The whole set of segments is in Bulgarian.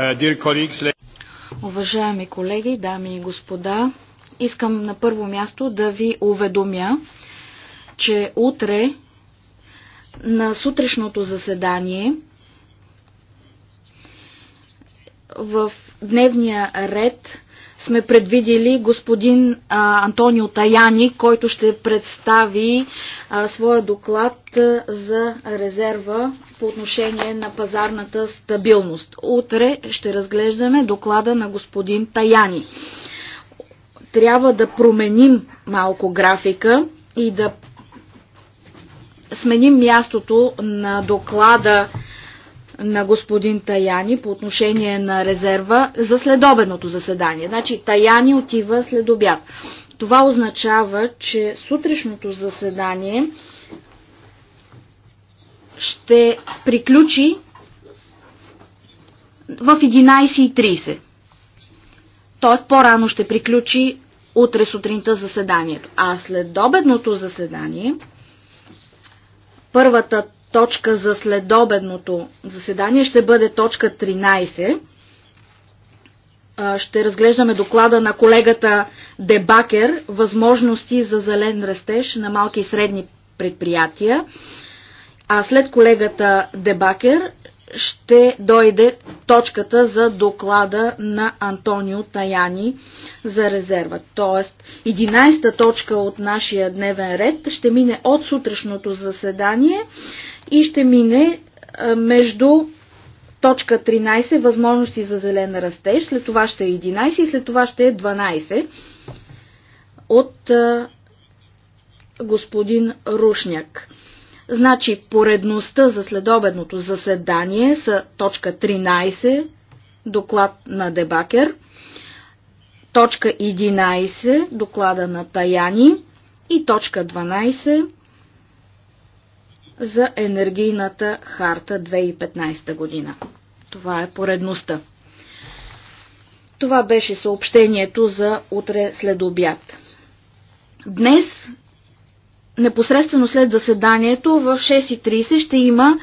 Uh, Уважаеми колеги, дами и господа, искам на първо място да ви уведомя, че утре на сутрешното заседание в дневния ред сме предвидели господин а, Антонио Таяни, който ще представи а, своя доклад а, за резерва по отношение на пазарната стабилност. Утре ще разглеждаме доклада на господин Таяни. Трябва да променим малко графика и да сменим мястото на доклада на господин Таяни по отношение на резерва за следобеното заседание. Значи Таяни отива след обяд. Това означава, че сутрешното заседание ще приключи в 11.30. Тоест по-рано ще приключи утре сутринта заседанието. А след обедното заседание първата точка за следобедното заседание ще бъде точка 13. Ще разглеждаме доклада на колегата Дебакер «Възможности за зелен растеж на малки и средни предприятия». А след колегата Дебакер ще дойде точката за доклада на Антонио Таяни за резерва. Тоест, 11-та точка от нашия дневен ред ще мине от сутрешното заседание и ще мине между точка 13 възможности за зелен растеж, след това ще е 11 и след това ще е 12 от господин Рушняк. Значи поредността за следобедното заседание са точка 13, доклад на Дебакер, точка 11, доклада на Таяни и точка 12, за енергийната харта 2015 година. Това е поредността. Това беше съобщението за утре след обяд. Днес, непосредствено след заседанието, в 6.30 ще има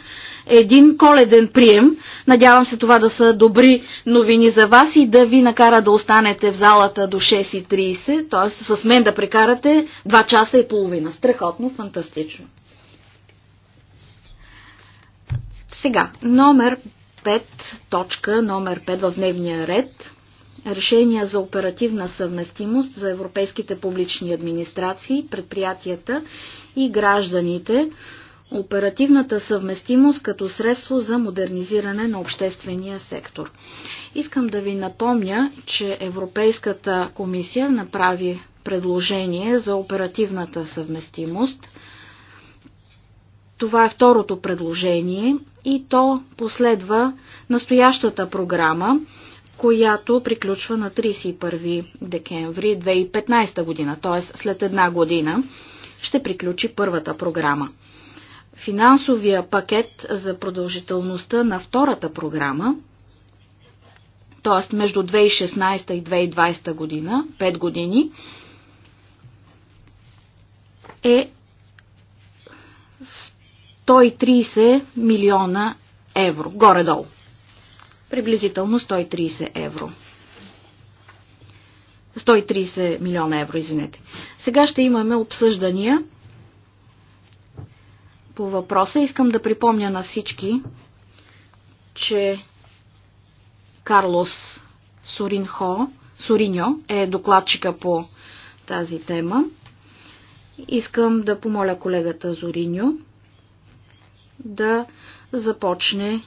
един коледен прием. Надявам се това да са добри новини за вас и да ви накара да останете в залата до 6.30, т.е. с мен да прекарате 2 часа и половина. Страхотно, фантастично. Сега, номер 5, точка номер 5 в дневния ред. решение за оперативна съвместимост за европейските публични администрации, предприятията и гражданите. Оперативната съвместимост като средство за модернизиране на обществения сектор. Искам да ви напомня, че Европейската комисия направи предложение за оперативната съвместимост. Това е второто предложение и то последва настоящата програма, която приключва на 31 декември 2015 година, т.е. след една година ще приключи първата програма. Финансовия пакет за продължителността на втората програма, т.е. между 2016 и 2020 година, 5 години, е 130 милиона евро. Горе-долу. Приблизително 130 евро. 130 милиона евро, извинете. Сега ще имаме обсъждания по въпроса. Искам да припомня на всички, че Карлос Соринхо, Сориньо е докладчика по тази тема. Искам да помоля колегата Зориньо да започне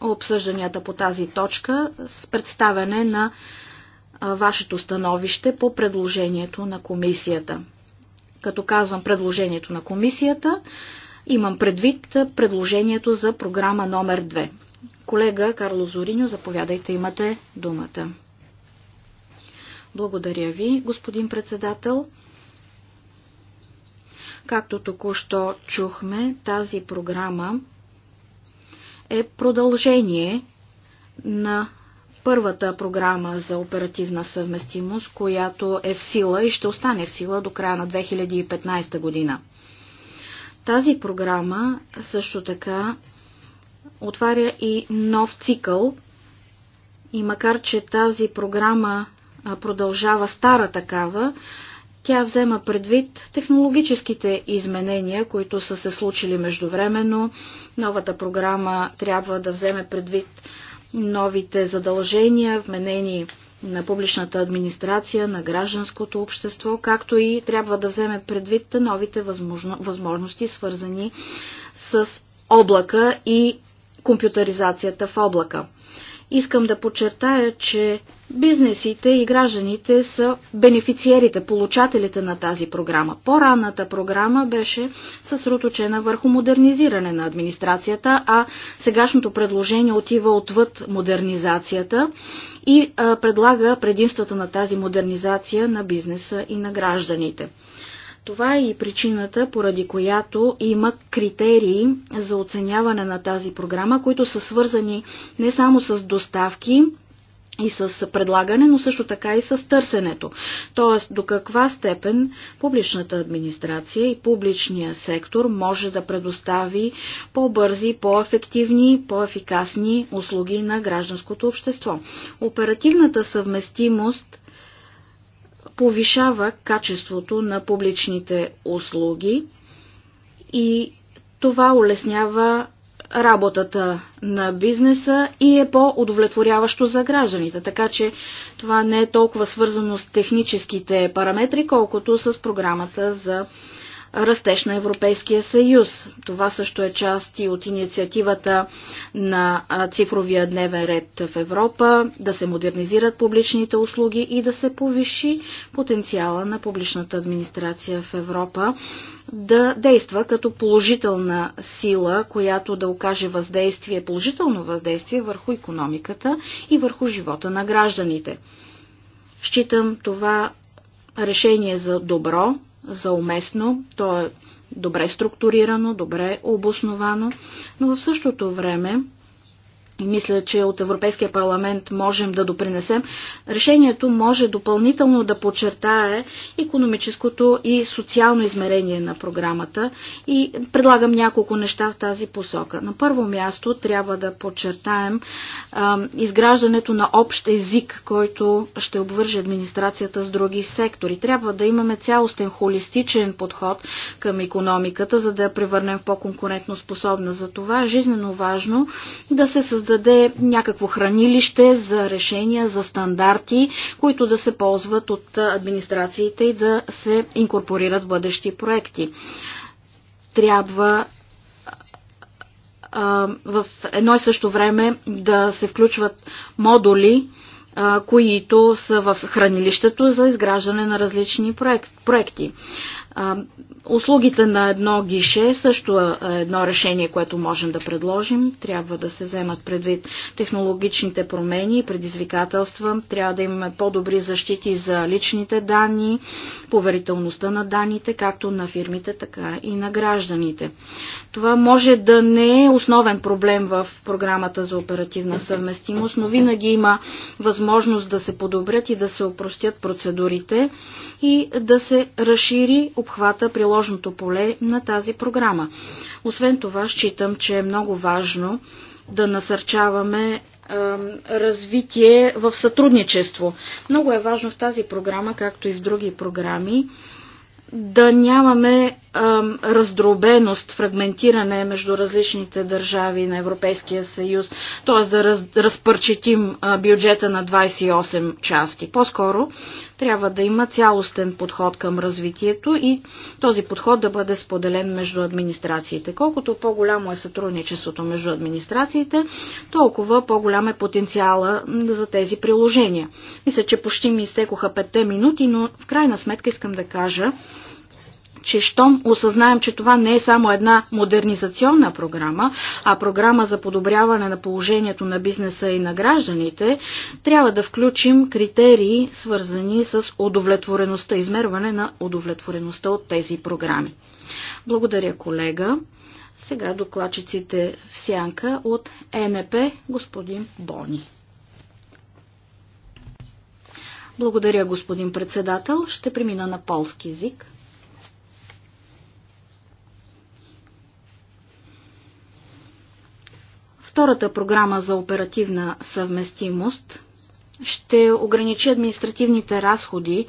обсъжданията по тази точка с представяне на вашето становище по предложението на комисията. Като казвам предложението на комисията, имам предвид предложението за програма номер 2. Колега Карло Зориньо, заповядайте, имате думата. Благодаря ви, господин председател. Както току-що чухме, тази програма е продължение на първата програма за оперативна съвместимост, която е в сила и ще остане в сила до края на 2015 година. Тази програма също така отваря и нов цикъл и макар, че тази програма продължава стара такава, тя взема предвид технологическите изменения, които са се случили междувременно. Новата програма трябва да вземе предвид новите задължения, вменени на публичната администрация, на гражданското общество, както и трябва да вземе предвид новите възможно, възможности, свързани с облака и компютъризацията в облака. Искам да подчертая, че бизнесите и гражданите са бенефициерите, получателите на тази програма. По-ранната програма беше съсроточена върху модернизиране на администрацията, а сегашното предложение отива отвъд модернизацията и а, предлага предимствата на тази модернизация на бизнеса и на гражданите. Това е и причината, поради която има критерии за оценяване на тази програма, които са свързани не само с доставки, и с предлагане, но също така и с търсенето. Тоест, до каква степен публичната администрация и публичния сектор може да предостави по-бързи, по-ефективни, по-ефикасни услуги на гражданското общество. Оперативната съвместимост повишава качеството на публичните услуги и това улеснява работата на бизнеса и е по-удовлетворяващо за гражданите. Така че това не е толкова свързано с техническите параметри, колкото с програмата за растеж на Европейския съюз. Това също е част и от инициативата на цифровия дневен ред в Европа, да се модернизират публичните услуги и да се повиши потенциала на публичната администрация в Европа да действа като положителна сила, която да окаже въздействие, положително въздействие върху економиката и върху живота на гражданите. Считам това решение за добро, за уместно, то е добре структурирано, добре обосновано, но в същото време и мисля, че от Европейския парламент можем да допринесем, решението може допълнително да подчертае економическото и социално измерение на програмата и предлагам няколко неща в тази посока. На първо място трябва да подчертаем а, изграждането на общ език, който ще обвърже администрацията с други сектори. Трябва да имаме цялостен холистичен подход към економиката, за да я превърнем в по-конкурентно способна. За това е жизненно важно да се създаде създаде някакво хранилище за решения, за стандарти, които да се ползват от администрациите и да се инкорпорират в бъдещи проекти. Трябва в едно и също време да се включват модули, които са в хранилището за изграждане на различни проекти услугите на едно гише също е едно решение, което можем да предложим. Трябва да се вземат предвид технологичните промени и предизвикателства. Трябва да имаме по-добри защити за личните данни, поверителността на данните, както на фирмите, така и на гражданите. Това може да не е основен проблем в програмата за оперативна съвместимост, но винаги има възможност да се подобрят и да се опростят процедурите и да се разшири обхвата приложното поле на тази програма. Освен това, считам, че е много важно да насърчаваме развитие в сътрудничество. Много е важно в тази програма, както и в други програми, да нямаме ам, раздробеност, фрагментиране между различните държави на Европейския съюз, т.е. да раз, разпърчетим а, бюджета на 28 части. По-скоро трябва да има цялостен подход към развитието и този подход да бъде споделен между администрациите. Колкото по-голямо е сътрудничеството между администрациите, толкова по-голям е потенциала за тези приложения. Мисля, че почти ми изтекоха петте минути, но в крайна сметка искам да кажа, че щом осъзнаем, че това не е само една модернизационна програма, а програма за подобряване на положението на бизнеса и на гражданите, трябва да включим критерии, свързани с удовлетвореността, измерване на удовлетвореността от тези програми. Благодаря, колега. Сега докладчиците в сянка от ЕНП господин Бони. Благодаря, господин председател. Ще премина на полски език. втората програма за оперативна съвместимост ще ограничи административните разходи,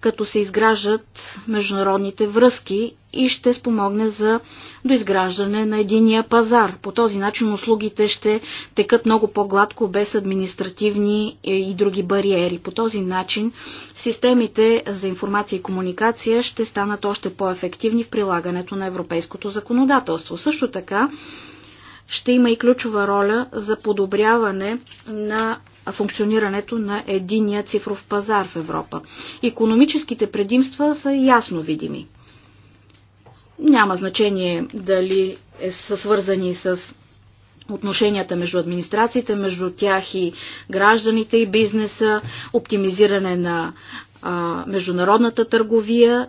като се изграждат международните връзки и ще спомогне за доизграждане на единия пазар. По този начин услугите ще текат много по-гладко без административни и други бариери. По този начин системите за информация и комуникация ще станат още по-ефективни в прилагането на европейското законодателство. Също така ще има и ключова роля за подобряване на функционирането на единия цифров пазар в Европа. Економическите предимства са ясно видими. Няма значение дали е- са свързани с отношенията между администрациите, между тях и гражданите и бизнеса, оптимизиране на а, международната търговия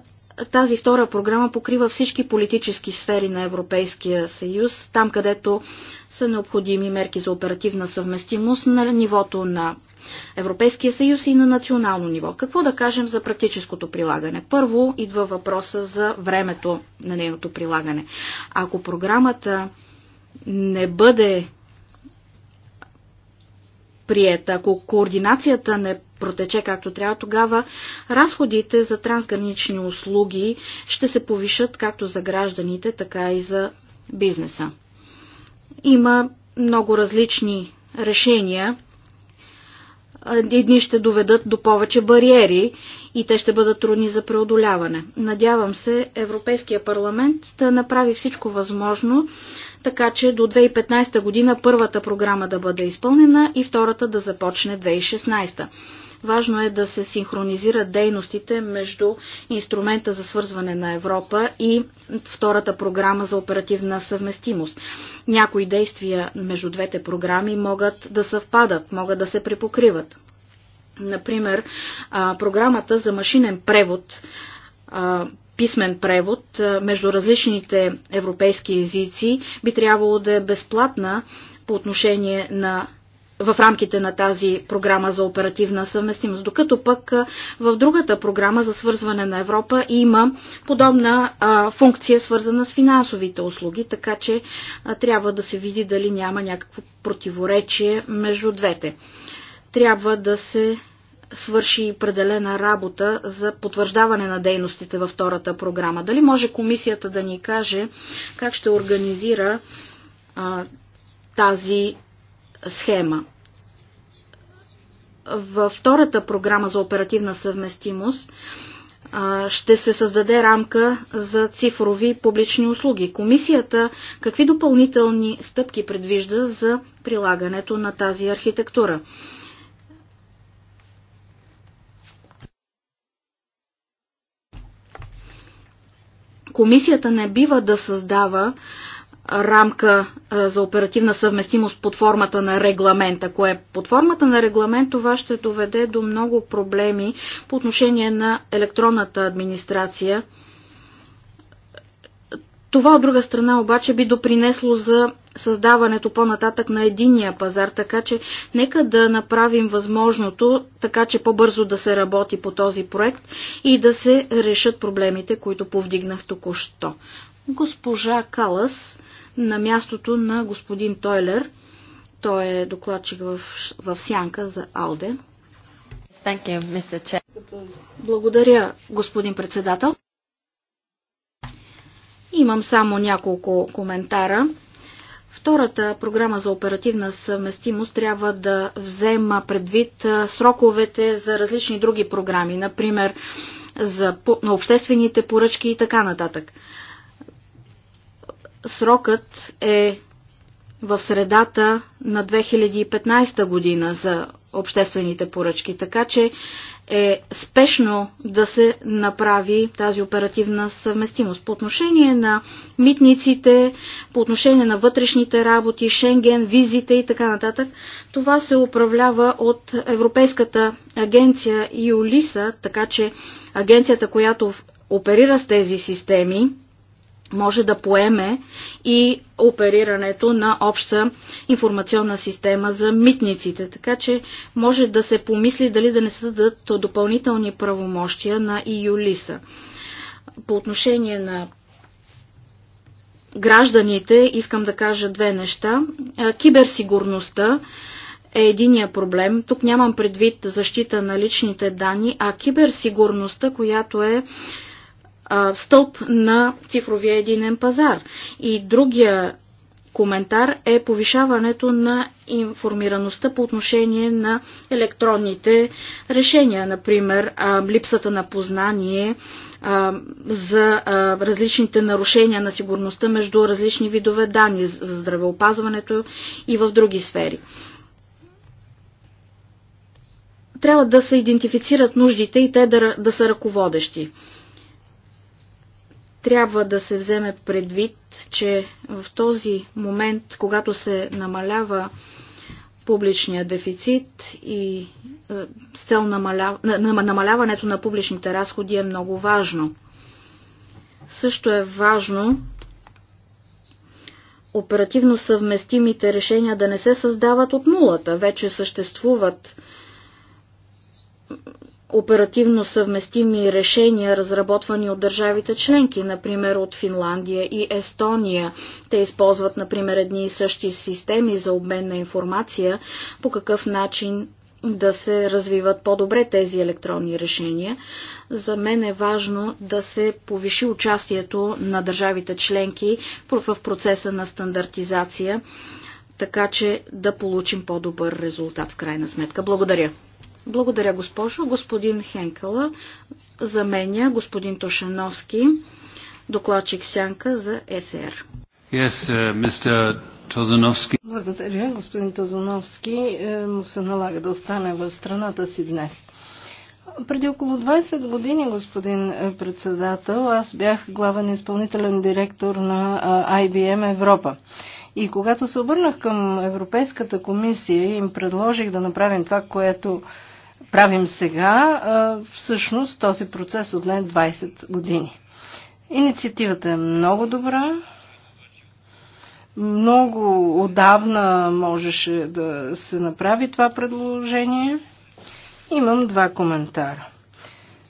тази втора програма покрива всички политически сфери на Европейския съюз, там където са необходими мерки за оперативна съвместимост на нивото на Европейския съюз и на национално ниво. Какво да кажем за практическото прилагане? Първо идва въпроса за времето на нейното прилагане. Ако програмата не бъде приета, ако координацията не протече както трябва, тогава разходите за трансгранични услуги ще се повишат както за гражданите, така и за бизнеса. Има много различни решения. Едни ще доведат до повече бариери и те ще бъдат трудни за преодоляване. Надявам се Европейския парламент да направи всичко възможно, така че до 2015 година първата програма да бъде изпълнена и втората да започне 2016. Важно е да се синхронизират дейностите между инструмента за свързване на Европа и втората програма за оперативна съвместимост. Някои действия между двете програми могат да съвпадат, могат да се препокриват. Например, програмата за машинен превод писмен превод между различните европейски езици би трябвало да е безплатна по отношение на в рамките на тази програма за оперативна съвместимост. Докато пък в другата програма за свързване на Европа има подобна а, функция, свързана с финансовите услуги, така че а, трябва да се види дали няма някакво противоречие между двете. Трябва да се свърши определена работа за потвърждаване на дейностите във втората програма. Дали може комисията да ни каже как ще организира а, тази схема. Във втората програма за оперативна съвместимост ще се създаде рамка за цифрови публични услуги. Комисията какви допълнителни стъпки предвижда за прилагането на тази архитектура? Комисията не бива да създава рамка за оперативна съвместимост под формата на регламент. Ако е под формата на регламент, това ще доведе до много проблеми по отношение на електронната администрация. Това от друга страна обаче би допринесло за създаването по-нататък на единния пазар, така че нека да направим възможното, така че по-бързо да се работи по този проект и да се решат проблемите, които повдигнах току-що. Госпожа Калас на мястото на господин Тойлер. Той е докладчик в, в Сянка за Алде. You, Благодаря, господин председател. Имам само няколко коментара. Втората програма за оперативна съвместимост трябва да взема предвид сроковете за различни други програми, например за, на обществените поръчки и така нататък. Срокът е в средата на 2015 година за обществените поръчки, така че е спешно да се направи тази оперативна съвместимост. По отношение на митниците, по отношение на вътрешните работи, Шенген, визите и така нататък, това се управлява от Европейската агенция и ОЛИСА, така че агенцията, която оперира с тези системи, може да поеме и оперирането на обща информационна система за митниците. Така че може да се помисли дали да не се дадат допълнителни правомощия на ИЮЛИСа. По отношение на гражданите искам да кажа две неща. Е, киберсигурността е единия проблем. Тук нямам предвид защита на личните данни, а киберсигурността, която е стълб на цифровия единен пазар. И другия коментар е повишаването на информираността по отношение на електронните решения, например липсата на познание за различните нарушения на сигурността между различни видове данни за здравеопазването и в други сфери. Трябва да се идентифицират нуждите и те да, да са ръководещи трябва да се вземе предвид, че в този момент, когато се намалява публичния дефицит и е, с цел намаляването на публичните разходи е много важно. Също е важно оперативно съвместимите решения да не се създават от нулата. Вече съществуват оперативно съвместими решения, разработвани от държавите членки, например от Финландия и Естония. Те използват, например, едни и същи системи за обмен на информация, по какъв начин да се развиват по-добре тези електронни решения. За мен е важно да се повиши участието на държавите членки в процеса на стандартизация, така че да получим по-добър резултат в крайна сметка. Благодаря. Благодаря, госпожо. Господин Хенкела заменя господин Тошановски, докладчик Сянка за СР. Yes, uh, Благодаря, господин Тозановски. Е, му се налага да остане в страната си днес. Преди около 20 години, господин е, председател, аз бях главен изпълнителен директор на е, IBM Европа. И когато се обърнах към Европейската комисия и им предложих да направим това, което правим сега, всъщност този процес отне 20 години. Инициативата е много добра. Много отдавна можеше да се направи това предложение. Имам два коментара.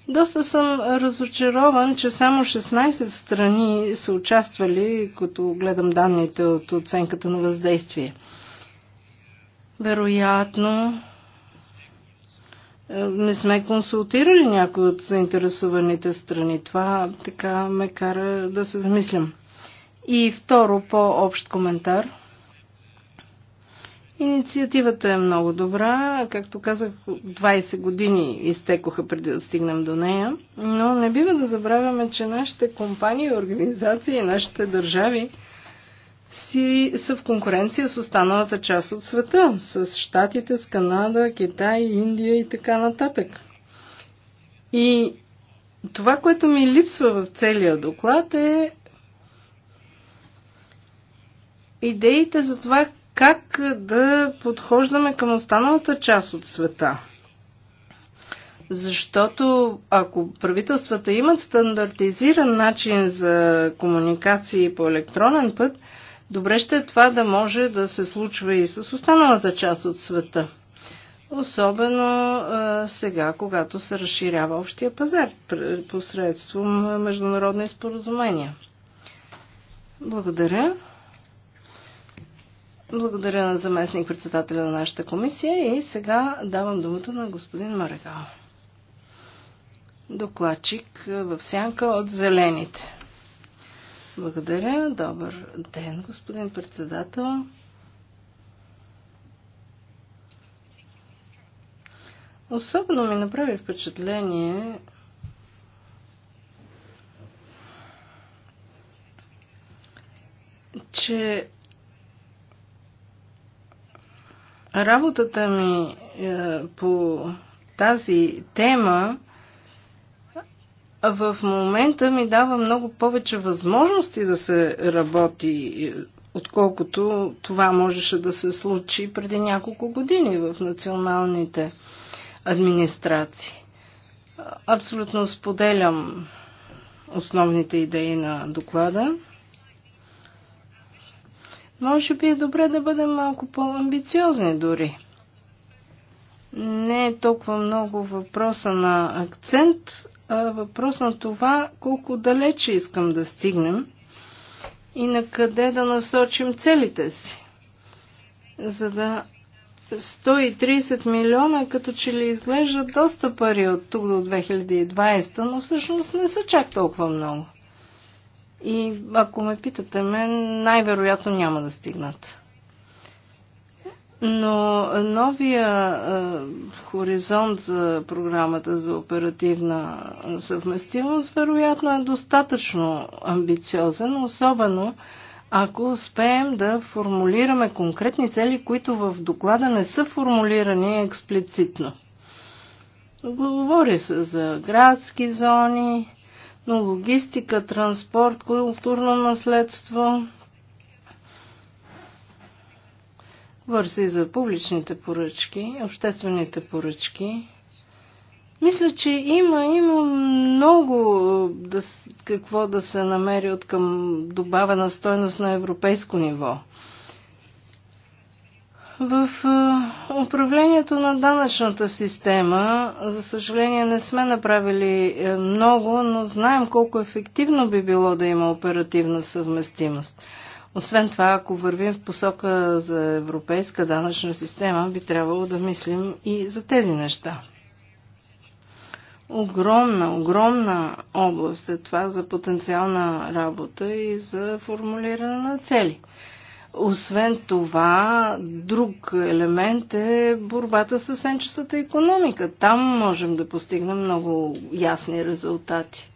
Доста съм разочарован, че само 16 страни са участвали, като гледам данните от оценката на въздействие. Вероятно, е, не сме консултирали някои от заинтересованите страни. Това така ме кара да се замислям. И второ, по-общ коментар. Инициативата е много добра. Както казах, 20 години изтекоха преди да стигнем до нея. Но не бива да забравяме, че нашите компании, организации, нашите държави си са в конкуренция с останалата част от света, с Штатите, с Канада, Китай, Индия и така нататък. И това, което ми липсва в целия доклад е идеите за това как да подхождаме към останалата част от света. Защото ако правителствата имат стандартизиран начин за комуникации по електронен път – Добре ще е това да може да се случва и с останалата част от света. Особено а, сега, когато се разширява общия пазар посредством международни споразумения. Благодаря. Благодаря на заместник председателя на нашата комисия и сега давам думата на господин Марегал. Докладчик в сянка от зелените. Благодаря. Добър ден, господин председател. Особено ми направи впечатление че работата ми е, по тази тема в момента ми дава много повече възможности да се работи, е, отколкото това можеше да се случи преди няколко години в националните администрации. Абсолютно споделям основните идеи на доклада. Може би е добре да бъдем малко по-амбициозни дори. Не е толкова много въпроса на акцент, въпрос на това колко далече искам да стигнем и на къде да насочим целите си. За да 130 милиона като че ли изглежда доста пари от тук до 2020, но всъщност не са чак толкова много. И ако ме питате мен, най-вероятно няма да стигнат. Но новия е, хоризонт за програмата за оперативна съвместимост вероятно е достатъчно амбициозен, особено ако успеем да формулираме конкретни цели, които в доклада не са формулирани експлицитно. Говори се за градски зони, но логистика, транспорт, културно наследство – говори и за публичните поръчки, обществените поръчки. Мисля, че има, има много да, какво да се намери от към добавена стойност на европейско ниво. В е, управлението на данъчната система, за съжаление, не сме направили е, много, но знаем колко ефективно би било да има оперативна съвместимост. Освен това, ако вървим в посока за европейска данъчна система, би трябвало да мислим и за тези неща. Огромна, огромна област е това за потенциална работа и за формулиране на цели. Освен това, друг елемент е борбата с сенчестата економика. Там можем да постигнем много ясни резултати.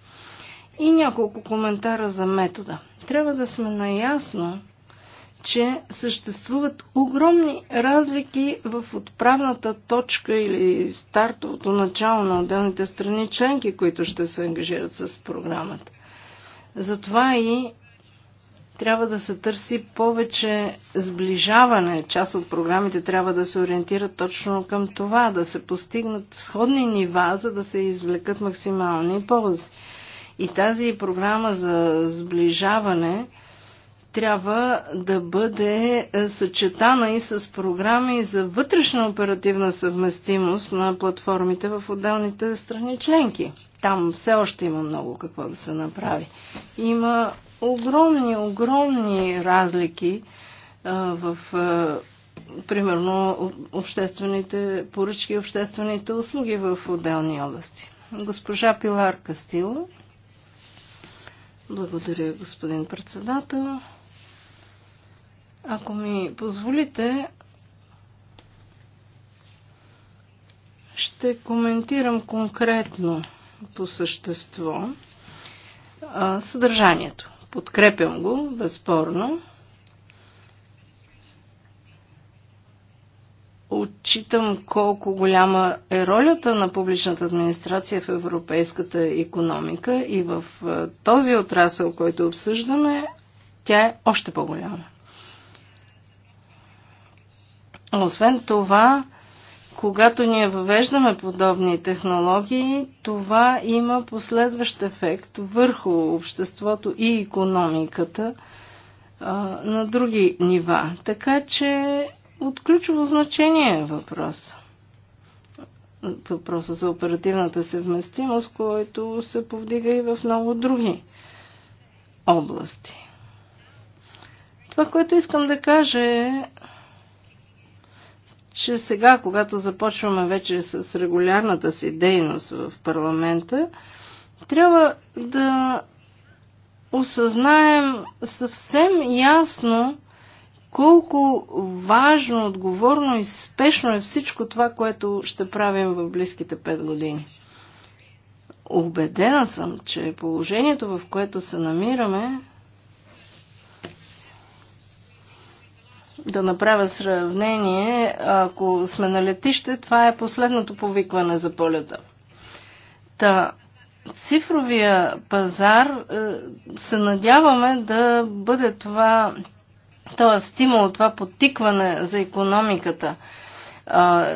И няколко коментара за метода. Трябва да сме наясно, че съществуват огромни разлики в отправната точка или стартовото начало на отделните страни членки, които ще се ангажират с програмата. Затова и трябва да се търси повече сближаване. Част от програмите трябва да се ориентират точно към това, да се постигнат сходни нива, за да се извлекат максимални ползи. И тази програма за сближаване трябва да бъде е, съчетана и с програми за вътрешна оперативна съвместимост на платформите в отделните страни членки. Там все още има много какво да се направи. Има огромни, огромни разлики е, в е, примерно обществените поръчки, обществените услуги в отделни области. Госпожа Пилар Кастило. Благодаря, господин председател. Ако ми позволите, ще коментирам конкретно по същество съдържанието. Подкрепям го, безспорно. отчитам колко голяма е ролята на публичната администрация в европейската економика и в е, този отрасъл, който обсъждаме, тя е още по-голяма. Освен това, когато ние въвеждаме подобни технологии, това има последващ ефект върху обществото и економиката а, на други нива. Така че от ключово значение е въпрос. Въпроса за оперативната съвместимост, който се повдига и в много други области. Това, което искам да кажа е, че сега, когато започваме вече с регулярната си дейност в парламента, трябва да осъзнаем съвсем ясно колко важно, отговорно и спешно е всичко това, което ще правим в близките 5 години. Обедена съм, че положението, в което се намираме, да направя сравнение, ако сме на летище, това е последното повикване за полета. Та, цифровия пазар е, се надяваме да бъде това Тоест, стимул това подтикване за економиката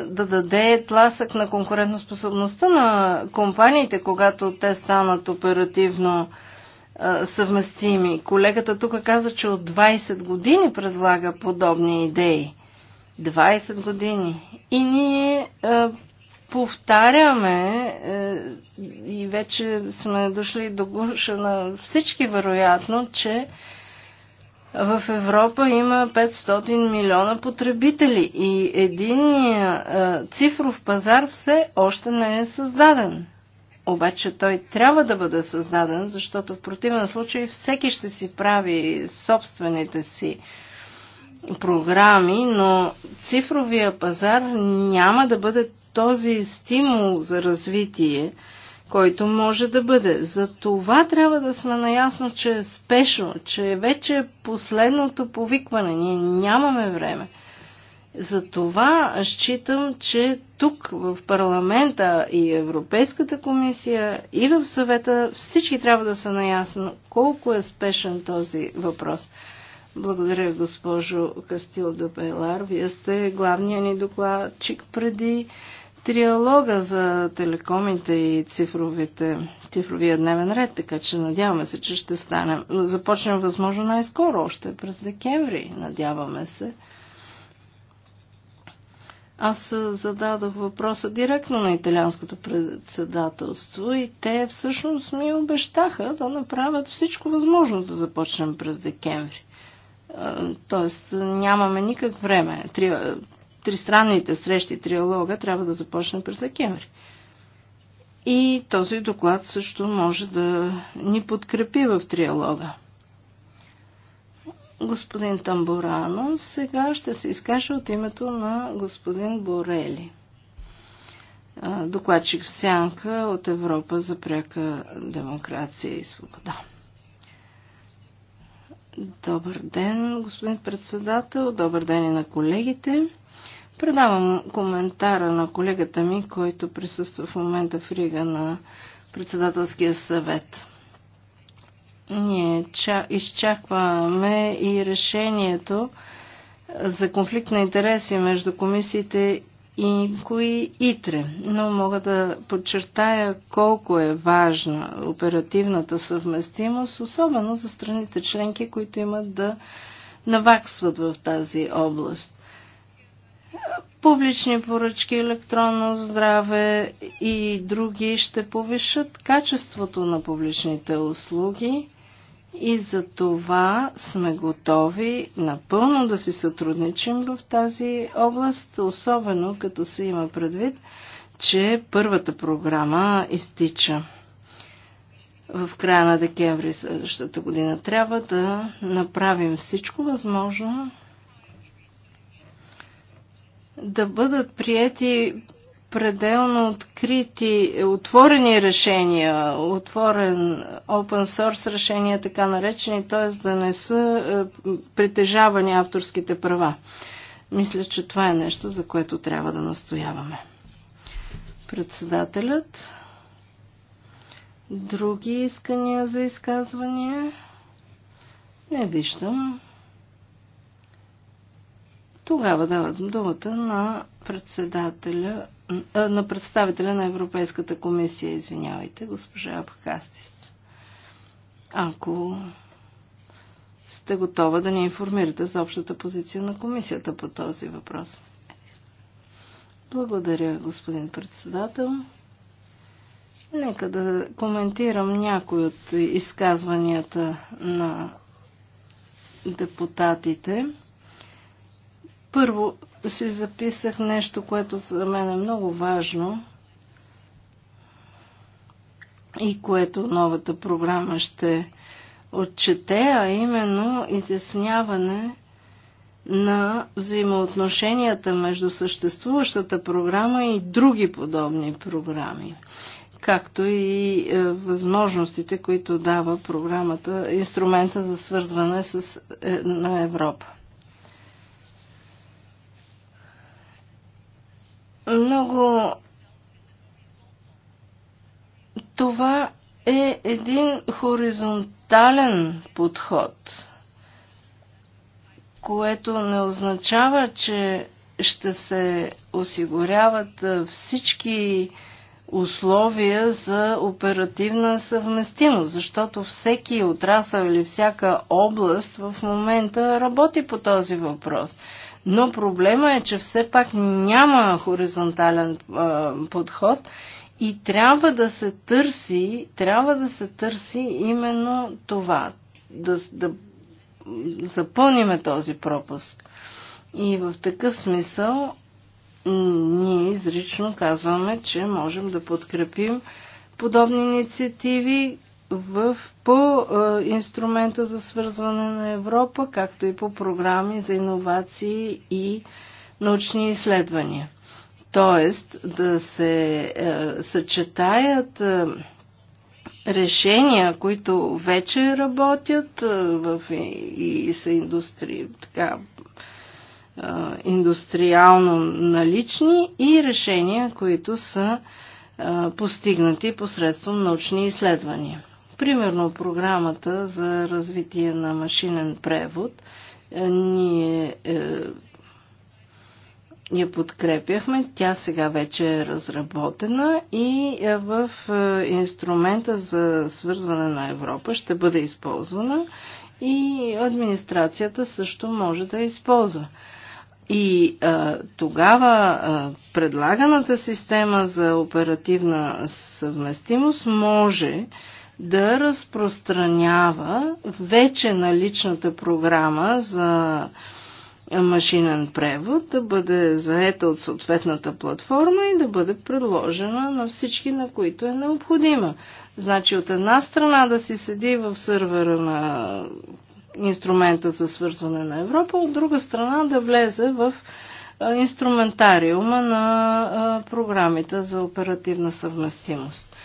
да даде тласък на конкурентоспособността на компаниите, когато те станат оперативно съвместими. Колегата тук каза, че от 20 години предлага подобни идеи. 20 години. И ние е, повтаряме и вече сме дошли до гуша на всички, вероятно, че в Европа има 500 милиона потребители и един е, цифров пазар все още не е създаден. Обаче той трябва да бъде създаден, защото в противен случай всеки ще си прави собствените си програми, но цифровия пазар няма да бъде този стимул за развитие, който може да бъде. За това трябва да сме наясно, че е спешно, че е вече последното повикване. Ние нямаме време. За това считам, че тук в парламента и Европейската комисия и в съвета всички трябва да са наясно колко е спешен този въпрос. Благодаря, госпожо Кастил Добелар. Вие сте главният ни докладчик преди триалога за телекомите и цифровите, цифровия дневен ред, така че надяваме се, че ще стане. Започнем възможно най-скоро, още през декември, надяваме се. Аз зададох въпроса директно на италианското председателство и те всъщност ми обещаха да направят всичко възможно да започнем през декември. Е, тоест нямаме никак време тристранните срещи, триалога трябва да започне през декември. И този доклад също може да ни подкрепи в триалога. Господин Тамбурано сега ще се изкаже от името на господин Борели. Докладчик в сянка от Европа за пряка демокрация и свобода. Добър ден, господин председател. Добър ден и на колегите. Предавам коментара на колегата ми, който присъства в момента в Рига на председателския съвет. Ние изчакваме и решението за конфликт на интереси между комисиите и кои ИТРЕ, но мога да подчертая колко е важна оперативната съвместимост, особено за страните членки, които имат да наваксват в тази област публични поръчки, електронно здраве и други ще повишат качеството на публичните услуги и за това сме готови напълно да си сътрудничим в тази област, особено като се има предвид, че първата програма изтича в края на декември следващата година. Трябва да направим всичко възможно да бъдат приети пределно открити, отворени решения, отворен open source решения, така наречени, т.е. да не са е, притежавани авторските права. Мисля, че това е нещо, за което трябва да настояваме. Председателят. Други искания за изказвания? Не виждам. Тогава дават думата на председателя, на представителя на Европейската комисия, извинявайте, госпожа Абхастис. Ако сте готова да ни информирате за общата позиция на комисията по този въпрос. Благодаря, господин председател. Нека да коментирам някои от изказванията на депутатите. Първо си записах нещо, което за мен е много важно и което новата програма ще отчете, а именно изясняване на взаимоотношенията между съществуващата програма и други подобни програми, както и е, възможностите, които дава програмата, инструмента за свързване с, е, на Европа. много това е един хоризонтален подход, което не означава, че ще се осигуряват всички условия за оперативна съвместимост, защото всеки отрасъл или всяка област в момента работи по този въпрос – но проблема е, че все пак няма хоризонтален а, подход и трябва да се търси, трябва да се търси именно това, да, да запълниме този пропуск. И в такъв смисъл ние изрично казваме, че можем да подкрепим подобни инициативи, в, по е, инструмента за свързване на Европа, както и по програми за иновации и научни изследвания. Тоест да се е, съчетаят е, решения, които вече работят е, в, и, и са индустри, така, е, индустриално налични и решения, които са е, постигнати посредством научни изследвания. Примерно програмата за развитие на машинен превод. Е, ние е, я подкрепяхме. Тя сега вече е разработена и е, в инструмента за свързване на Европа ще бъде използвана и администрацията също може да използва. И а, тогава а, предлаганата система за оперативна съвместимост може а, да разпространява вече наличната програма за машинен превод, да бъде заета от съответната платформа и да бъде предложена на всички, на които е необходима. Значи от една страна да си седи в сървъра на инструмента за свързване на Европа, от друга страна да влезе в инструментариума на програмите за оперативна съвместимост.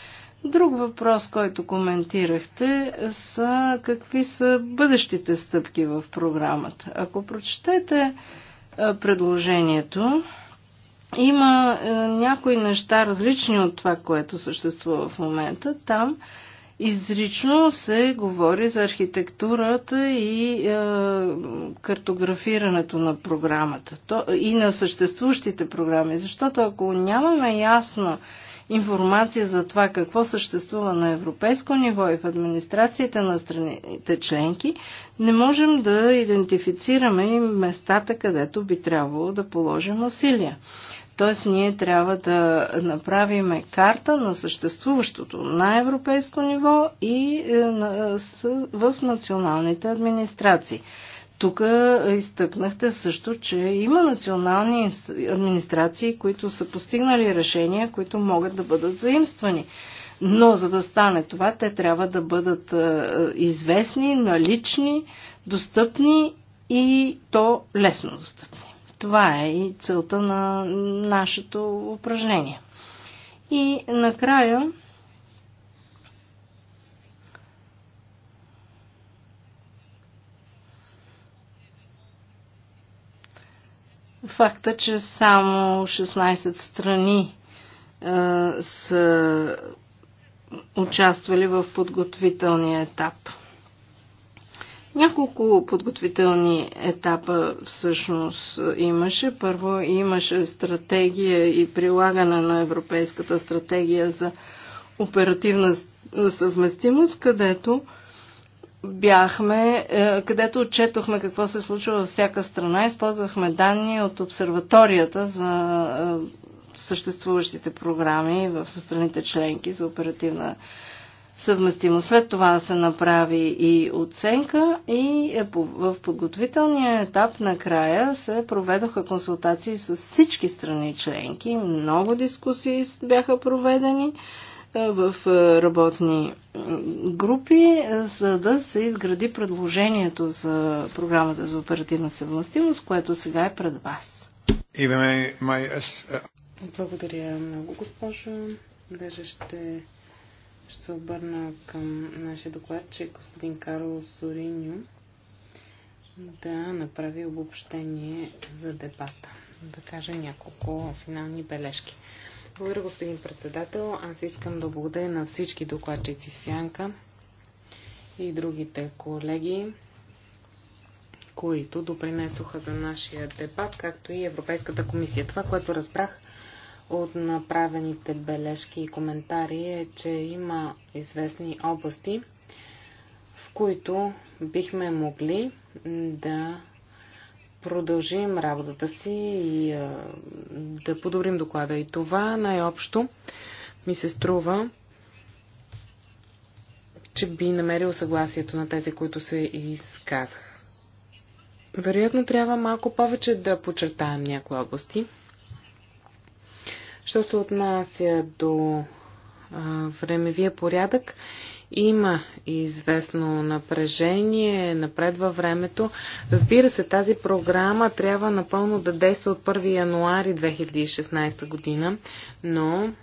Друг въпрос, който коментирахте, са какви са бъдещите стъпки в програмата. Ако прочетете е, предложението, има е, някои неща различни от това, което съществува в момента. Там изрично се говори за архитектурата и е, картографирането на програмата и на съществуващите програми. Защото ако нямаме ясно информация за това какво съществува на европейско ниво и в администрацията на страните членки, не можем да идентифицираме и местата, където би трябвало да положим усилия. Тоест ние трябва да направим карта на съществуващото на европейско ниво и е, в националните администрации. Тук изтъкнахте също, че има национални администрации, които са постигнали решения, които могат да бъдат заимствани. Но за да стане това, те трябва да бъдат известни, налични, достъпни и то лесно достъпни. Това е и целта на нашето упражнение. И накрая факта, че само 16 страни а, са участвали в подготвителния етап. Няколко подготвителни етапа всъщност имаше. Първо имаше стратегия и прилагане на Европейската стратегия за оперативна съвместимост, където бяхме, е, където отчетохме какво се случва във всяка страна. Използвахме данни от обсерваторията за е, съществуващите програми в страните членки за оперативна съвместимо. След това се направи и оценка и е, в подготовителния етап накрая се проведоха консултации с всички страни членки. Много дискусии бяха проведени в е, работни групи, е, за да се изгради предложението за програмата за оперативна съвместимост, което сега е пред вас. Е, Благодаря много, госпожо. Даже ще, ще се обърна към нашия докладчик, господин Карло Сориньо, да направи обобщение за дебата. Да каже няколко финални бележки. Благодаря, господин председател. Аз искам да благодаря на всички докладчици в Сянка и другите колеги, които допринесоха за нашия дебат, както и Европейската комисия. Това, което разбрах от направените бележки и коментари е, че има известни области, в които бихме могли да продължим работата си и а, да подобрим доклада. И това най-общо ми се струва, че би намерил съгласието на тези, които се изказах. Вероятно трябва малко повече да подчертаем някои области. Що се отнася до а, времевия порядък, има известно напрежение напред във времето. Разбира се, тази програма трябва напълно да действа от 1 януари 2016 година, но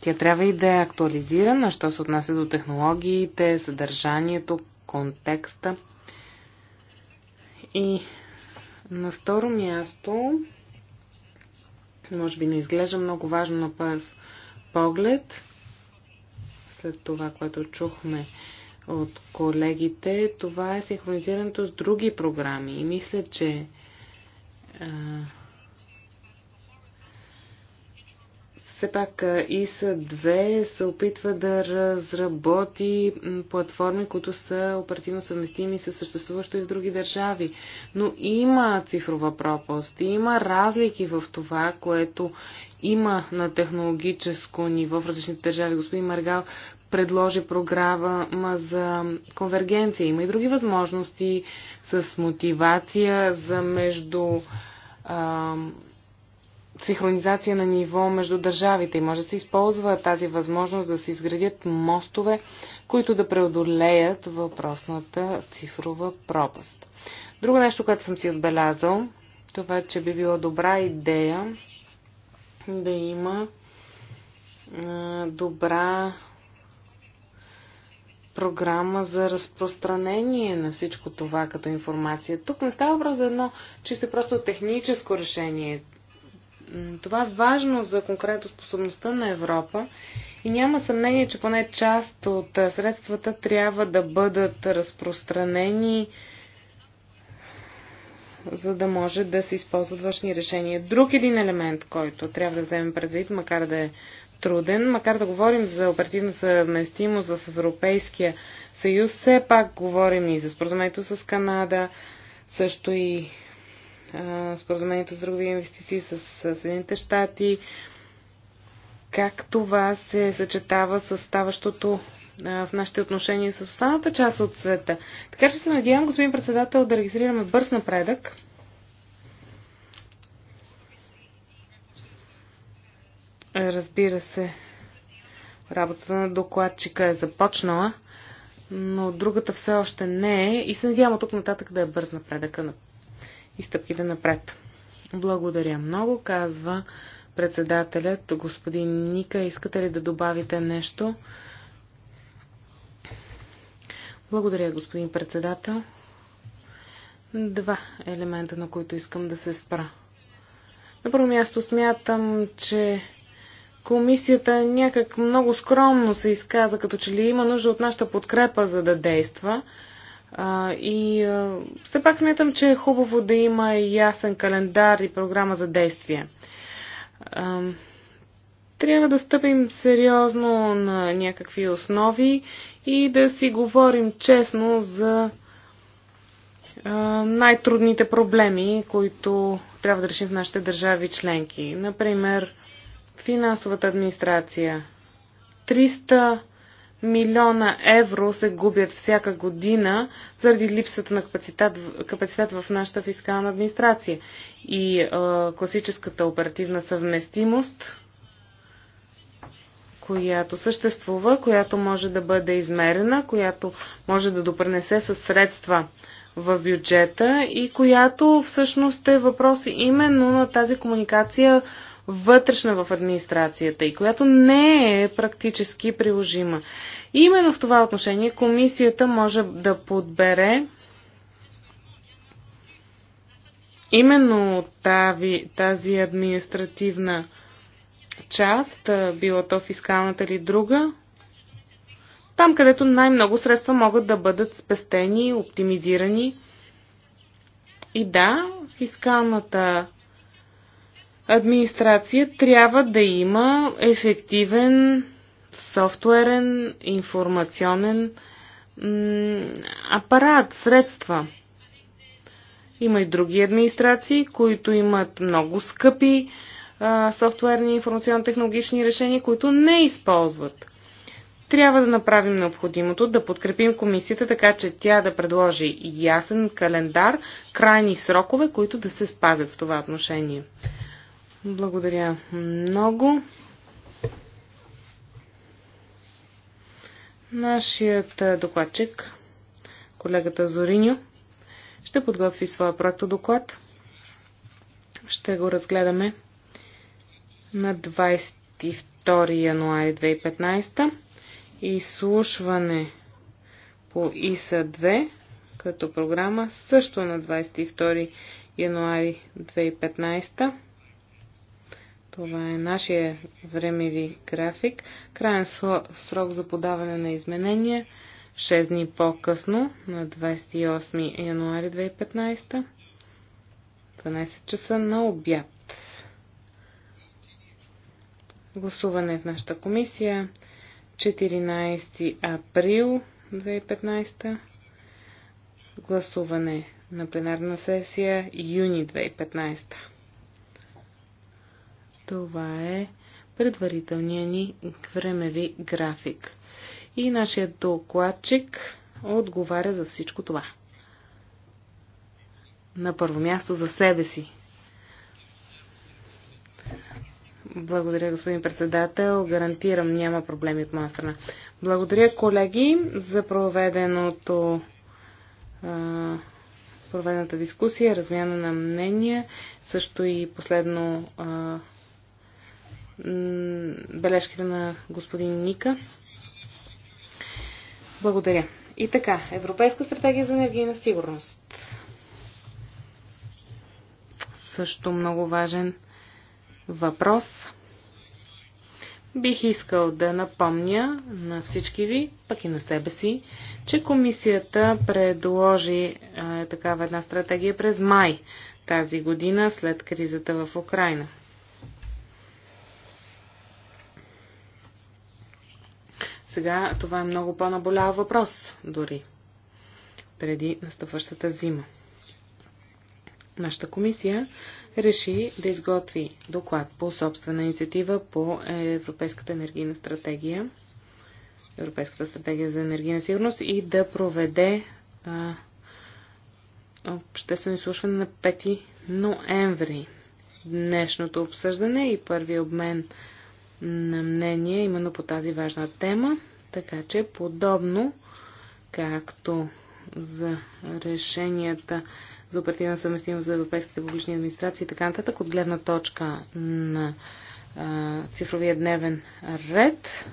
тя трябва и да е актуализирана, що се отнася до технологиите, съдържанието, контекста. И на второ място, може би не изглежда много важно на първ поглед, след това, което чухме от колегите, това е синхронизирането с други програми. И мисля, че а, все пак ИСА 2 се опитва да разработи платформи, които са оперативно съвместими с съществуващо и в други държави. Но има цифрова пропаст, има разлики в това, което има на технологическо ниво в различните държави. Господин Маргал предложи програма за конвергенция. Има и други възможности с мотивация за между синхронизация на ниво между държавите и може да се използва тази възможност да се изградят мостове, които да преодолеят въпросната цифрова пропаст. Друго нещо, което съм си отбелязал, това, че би била добра идея да има добра програма за разпространение на всичко това като информация. Тук не става въпрос за едно чисто просто техническо решение. Това е важно за способността на Европа и няма съмнение, че поне част от средствата трябва да бъдат разпространени, за да може да се използват външни решения. Друг един елемент, който трябва да вземем предвид, макар да е труден, макар да говорим за оперативна съвместимост в Европейския съюз, все пак говорим и за споразумението с Канада, също и споразумението за други инвестиции с Съединените щати, как това се съчетава с ставащото в нашите отношения с останата част от света. Така че се надявам, господин председател, да регистрираме бърз напредък. Разбира се, работата на докладчика е започнала, но другата все още не е и се надявам от тук нататък да е бърз напредъка на и стъпките напред. Благодаря много, казва председателят. Господин Ника, искате ли да добавите нещо? Благодаря, господин председател. Два елемента, на които искам да се спра. На първо място смятам, че комисията някак много скромно се изказа, като че ли има нужда от нашата подкрепа, за да действа. А, и а, все пак смятам, че е хубаво да има ясен календар и програма за действие. А, трябва да стъпим сериозно на някакви основи и да си говорим честно за най-трудните проблеми, които трябва да решим в нашите държави членки. Например, финансовата администрация. 300 милиона евро се губят всяка година заради липсата на капацитет, капацитет в нашата фискална администрация. И е, класическата оперативна съвместимост, която съществува, която може да бъде измерена, която може да допренесе със средства в бюджета и която всъщност е въпрос именно на тази комуникация вътрешна в администрацията и която не е практически приложима. И именно в това отношение комисията може да подбере именно тази, тази административна част, било то фискалната или друга, там където най-много средства могат да бъдат спестени, оптимизирани. И да, фискалната администрация трябва да има ефективен софтуерен, информационен апарат, средства. Има и други администрации, които имат много скъпи а, софтуерни информационно-технологични решения, които не използват. Трябва да направим необходимото, да подкрепим комисията, така че тя да предложи ясен календар, крайни срокове, които да се спазят в това отношение. Благодаря много. Нашият докладчик, колегата Зориньо, ще подготви своя доклад. Ще го разгледаме на 22 януари 2015 изслушване по ИСА 2 като програма също на 22 януари 2015 това е нашия времеви график. Крайен срок за подаване на изменения 6 дни по-късно, на 28 януари 2015, 12 часа на обяд. Гласуване в нашата комисия 14 април 2015. Гласуване на пленарна сесия юни 2015. Това е предварителният ни времеви график. И нашият докладчик отговаря за всичко това. На първо място за себе си. Благодаря, господин председател. Гарантирам, няма проблеми от моя страна. Благодаря, колеги, за проведеното проведената дискусия, размяна на мнения, също и последно а, бележките на господин Ника. Благодаря. И така, Европейска стратегия за енергийна сигурност. Също много важен въпрос. Бих искал да напомня на всички ви, пък и на себе си, че комисията предложи е, такава една стратегия през май тази година след кризата в Украина. Сега това е много по-наболял въпрос дори преди настъпващата зима. Нашата комисия реши да изготви доклад по собствена инициатива по Европейската енергийна стратегия, Европейската стратегия за енергийна сигурност и да проведе а, обществено изслушване на 5 ноември. Днешното обсъждане и първи обмен на мнение именно по тази важна тема, така че подобно както за решенията за оперативна съвместимост за европейските публични администрации и така нататък, от гледна точка на а, цифровия дневен ред,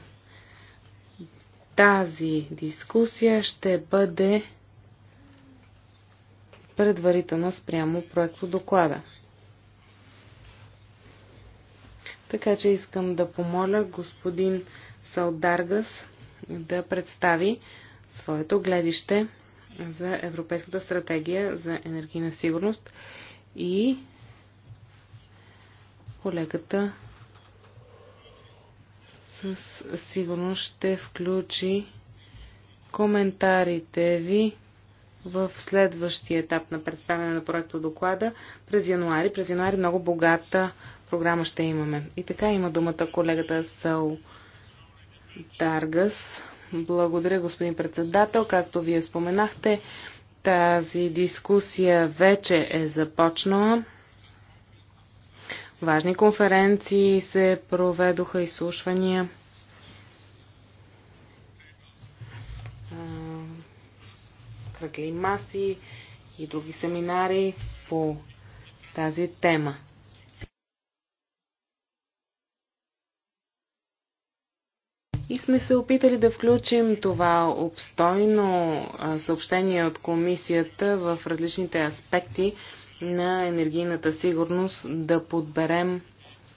тази дискусия ще бъде предварителна спрямо проекто доклада. Така че искам да помоля господин Салдаргас да представи своето гледище за Европейската стратегия за енергийна сигурност и колегата със сигурност ще включи коментарите ви в следващия етап на представяне на проекта доклада през януари. През януари много богата програма ще имаме. И така има думата колегата Сал Даргас. Благодаря, господин председател. Както вие споменахте, тази дискусия вече е започнала. Важни конференции се проведоха, изслушвания. кръгли маси и други семинари по тази тема. И сме се опитали да включим това обстойно съобщение от комисията в различните аспекти на енергийната сигурност, да подберем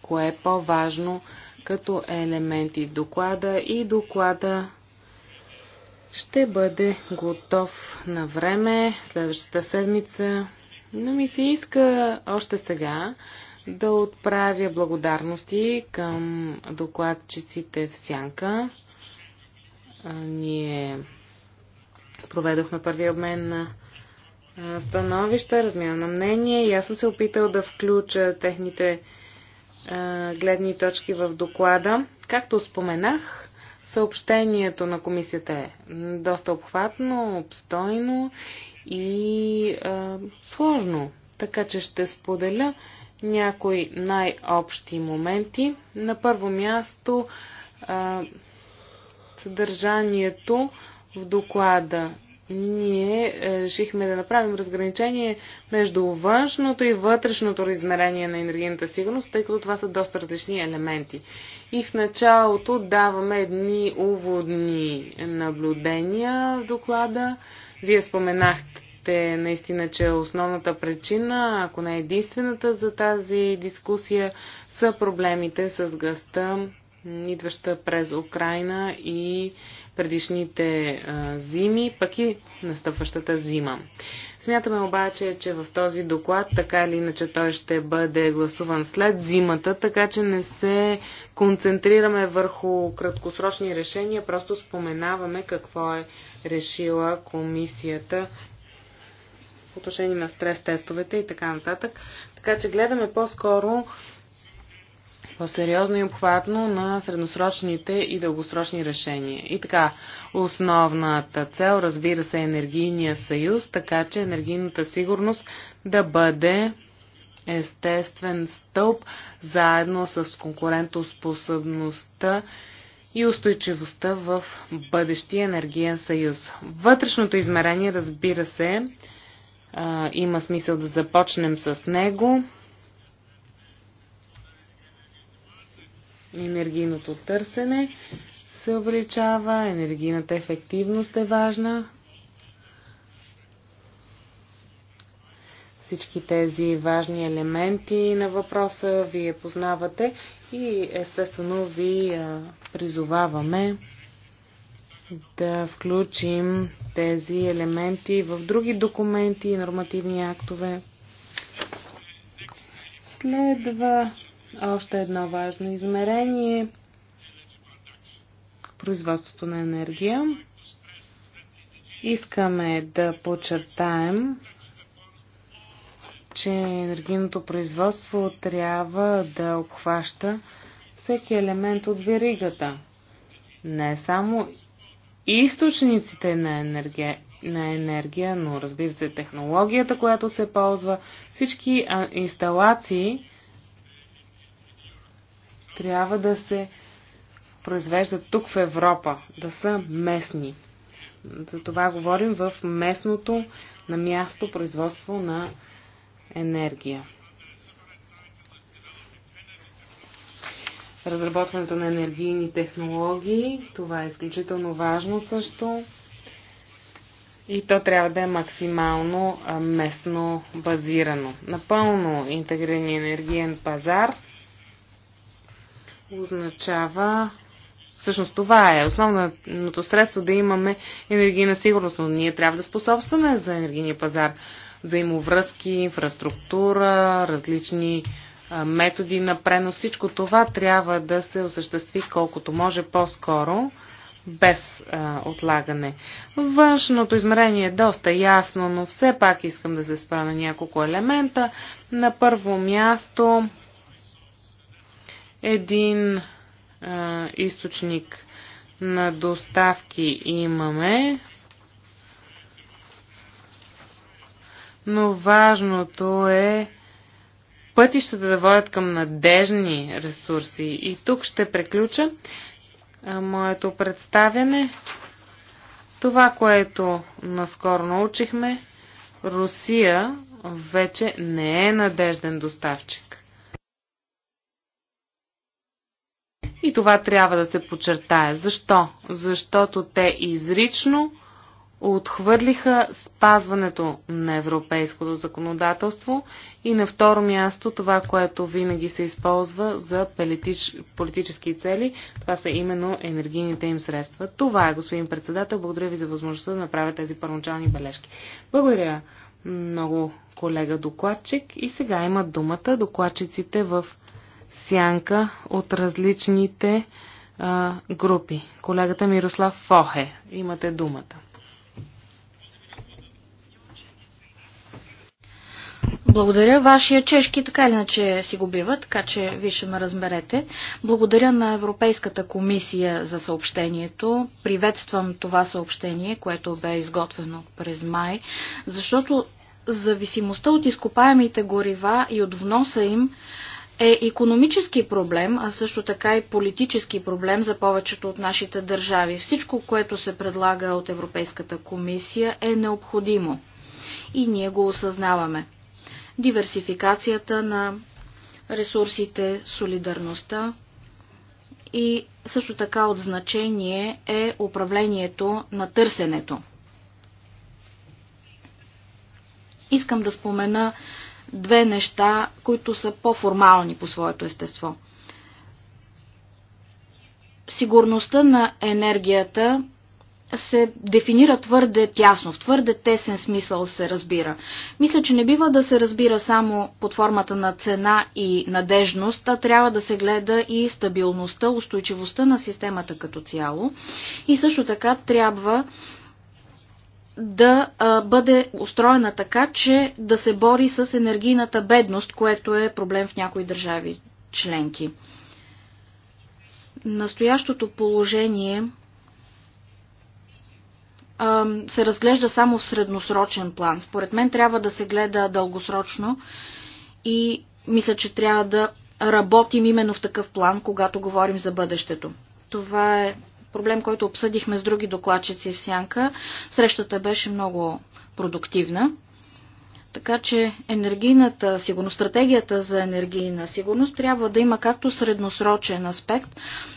кое е по-важно като елементи в доклада и доклада ще бъде готов на време следващата седмица, но ми се иска още сега да отправя благодарности към докладчиците в Сянка. Ние проведохме първи обмен на становища, размяна на мнение и аз съм се опитал да включа техните гледни точки в доклада. Както споменах, Съобщението на комисията е доста обхватно, обстойно и е, сложно. Така че ще споделя някои най-общи моменти. На първо място е, съдържанието в доклада ние е, решихме да направим разграничение между външното и вътрешното измерение на енергийната сигурност, тъй като това са доста различни елементи. И в началото даваме едни уводни наблюдения в доклада. Вие споменахте наистина, че основната причина, ако не единствената за тази дискусия, са проблемите с гъста идваща през Украина и предишните а, зими, пък и настъпващата зима. Смятаме обаче, че в този доклад, така или иначе той ще бъде гласуван след зимата, така че не се концентрираме върху краткосрочни решения, просто споменаваме какво е решила комисията по отношение на стрес тестовете и така нататък. Така че гледаме по-скоро по сериозно и обхватно на средносрочните и дългосрочни решения. И така, основната цел, разбира се, е енергийния съюз, така че енергийната сигурност да бъде естествен стълб заедно с конкурентоспособността и устойчивостта в бъдещия енергиен съюз. Вътрешното измерение, разбира се, има смисъл да започнем с него. енергийното търсене се увеличава, енергийната ефективност е важна. Всички тези важни елементи на въпроса вие познавате и естествено ви призоваваме да включим тези елементи в други документи и нормативни актове. Следва още едно важно измерение производството на енергия. Искаме да подчертаем, че енергийното производство трябва да обхваща всеки елемент от веригата. Не само източниците на енергия, на енергия но разбира се технологията, която се ползва, всички инсталации, трябва да се произвеждат тук в Европа, да са местни. За това говорим в местното на място производство на енергия. Разработването на енергийни технологии, това е изключително важно също. И то трябва да е максимално местно базирано. Напълно интегриран енергиен пазар – означава Всъщност това е основното средство да имаме енергийна сигурност, но ние трябва да способстваме за енергийния пазар. Взаимовръзки, инфраструктура, различни методи на пренос. Всичко това трябва да се осъществи колкото може по-скоро, без а, отлагане. Външното измерение е доста ясно, но все пак искам да се спра на няколко елемента. На първо място един а, източник на доставки имаме, но важното е пътищата да водят към надежни ресурси. И тук ще преключа а, моето представяне. Това, което наскоро научихме, Русия вече не е надежден доставчик. И това трябва да се подчертае. Защо? Защото те изрично отхвърлиха спазването на европейското законодателство и на второ място това, което винаги се използва за политич... политически цели, това са именно енергийните им средства. Това е, господин председател. Благодаря ви за възможността да направя тези първоначални бележки. Благодаря много колега докладчик и сега имат думата докладчиците в сянка от различните а, групи. Колегата Мирослав Фохе, имате думата. Благодаря. Вашия чешки така или иначе си го бива, така че ви ще ме разберете. Благодаря на Европейската комисия за съобщението. Приветствам това съобщение, което бе изготвено през май, защото зависимостта от изкопаемите горива и от вноса им е економически проблем, а също така и политически проблем за повечето от нашите държави. Всичко, което се предлага от Европейската комисия е необходимо. И ние го осъзнаваме. Диверсификацията на ресурсите, солидарността и също така от значение е управлението на търсенето. Искам да спомена две неща, които са по-формални по своето естество. Сигурността на енергията се дефинира твърде тясно, в твърде тесен смисъл се разбира. Мисля, че не бива да се разбира само под формата на цена и надежност, а трябва да се гледа и стабилността, устойчивостта на системата като цяло. И също така трябва да а, бъде устроена така, че да се бори с енергийната бедност, което е проблем в някои държави членки. Настоящото положение а, се разглежда само в средносрочен план. Според мен трябва да се гледа дългосрочно и мисля, че трябва да работим именно в такъв план, когато говорим за бъдещето. Това е проблем, който обсъдихме с други докладчици в Сянка. Срещата беше много продуктивна. Така че енергийната сигурност, стратегията за енергийна сигурност трябва да има както средносрочен аспект,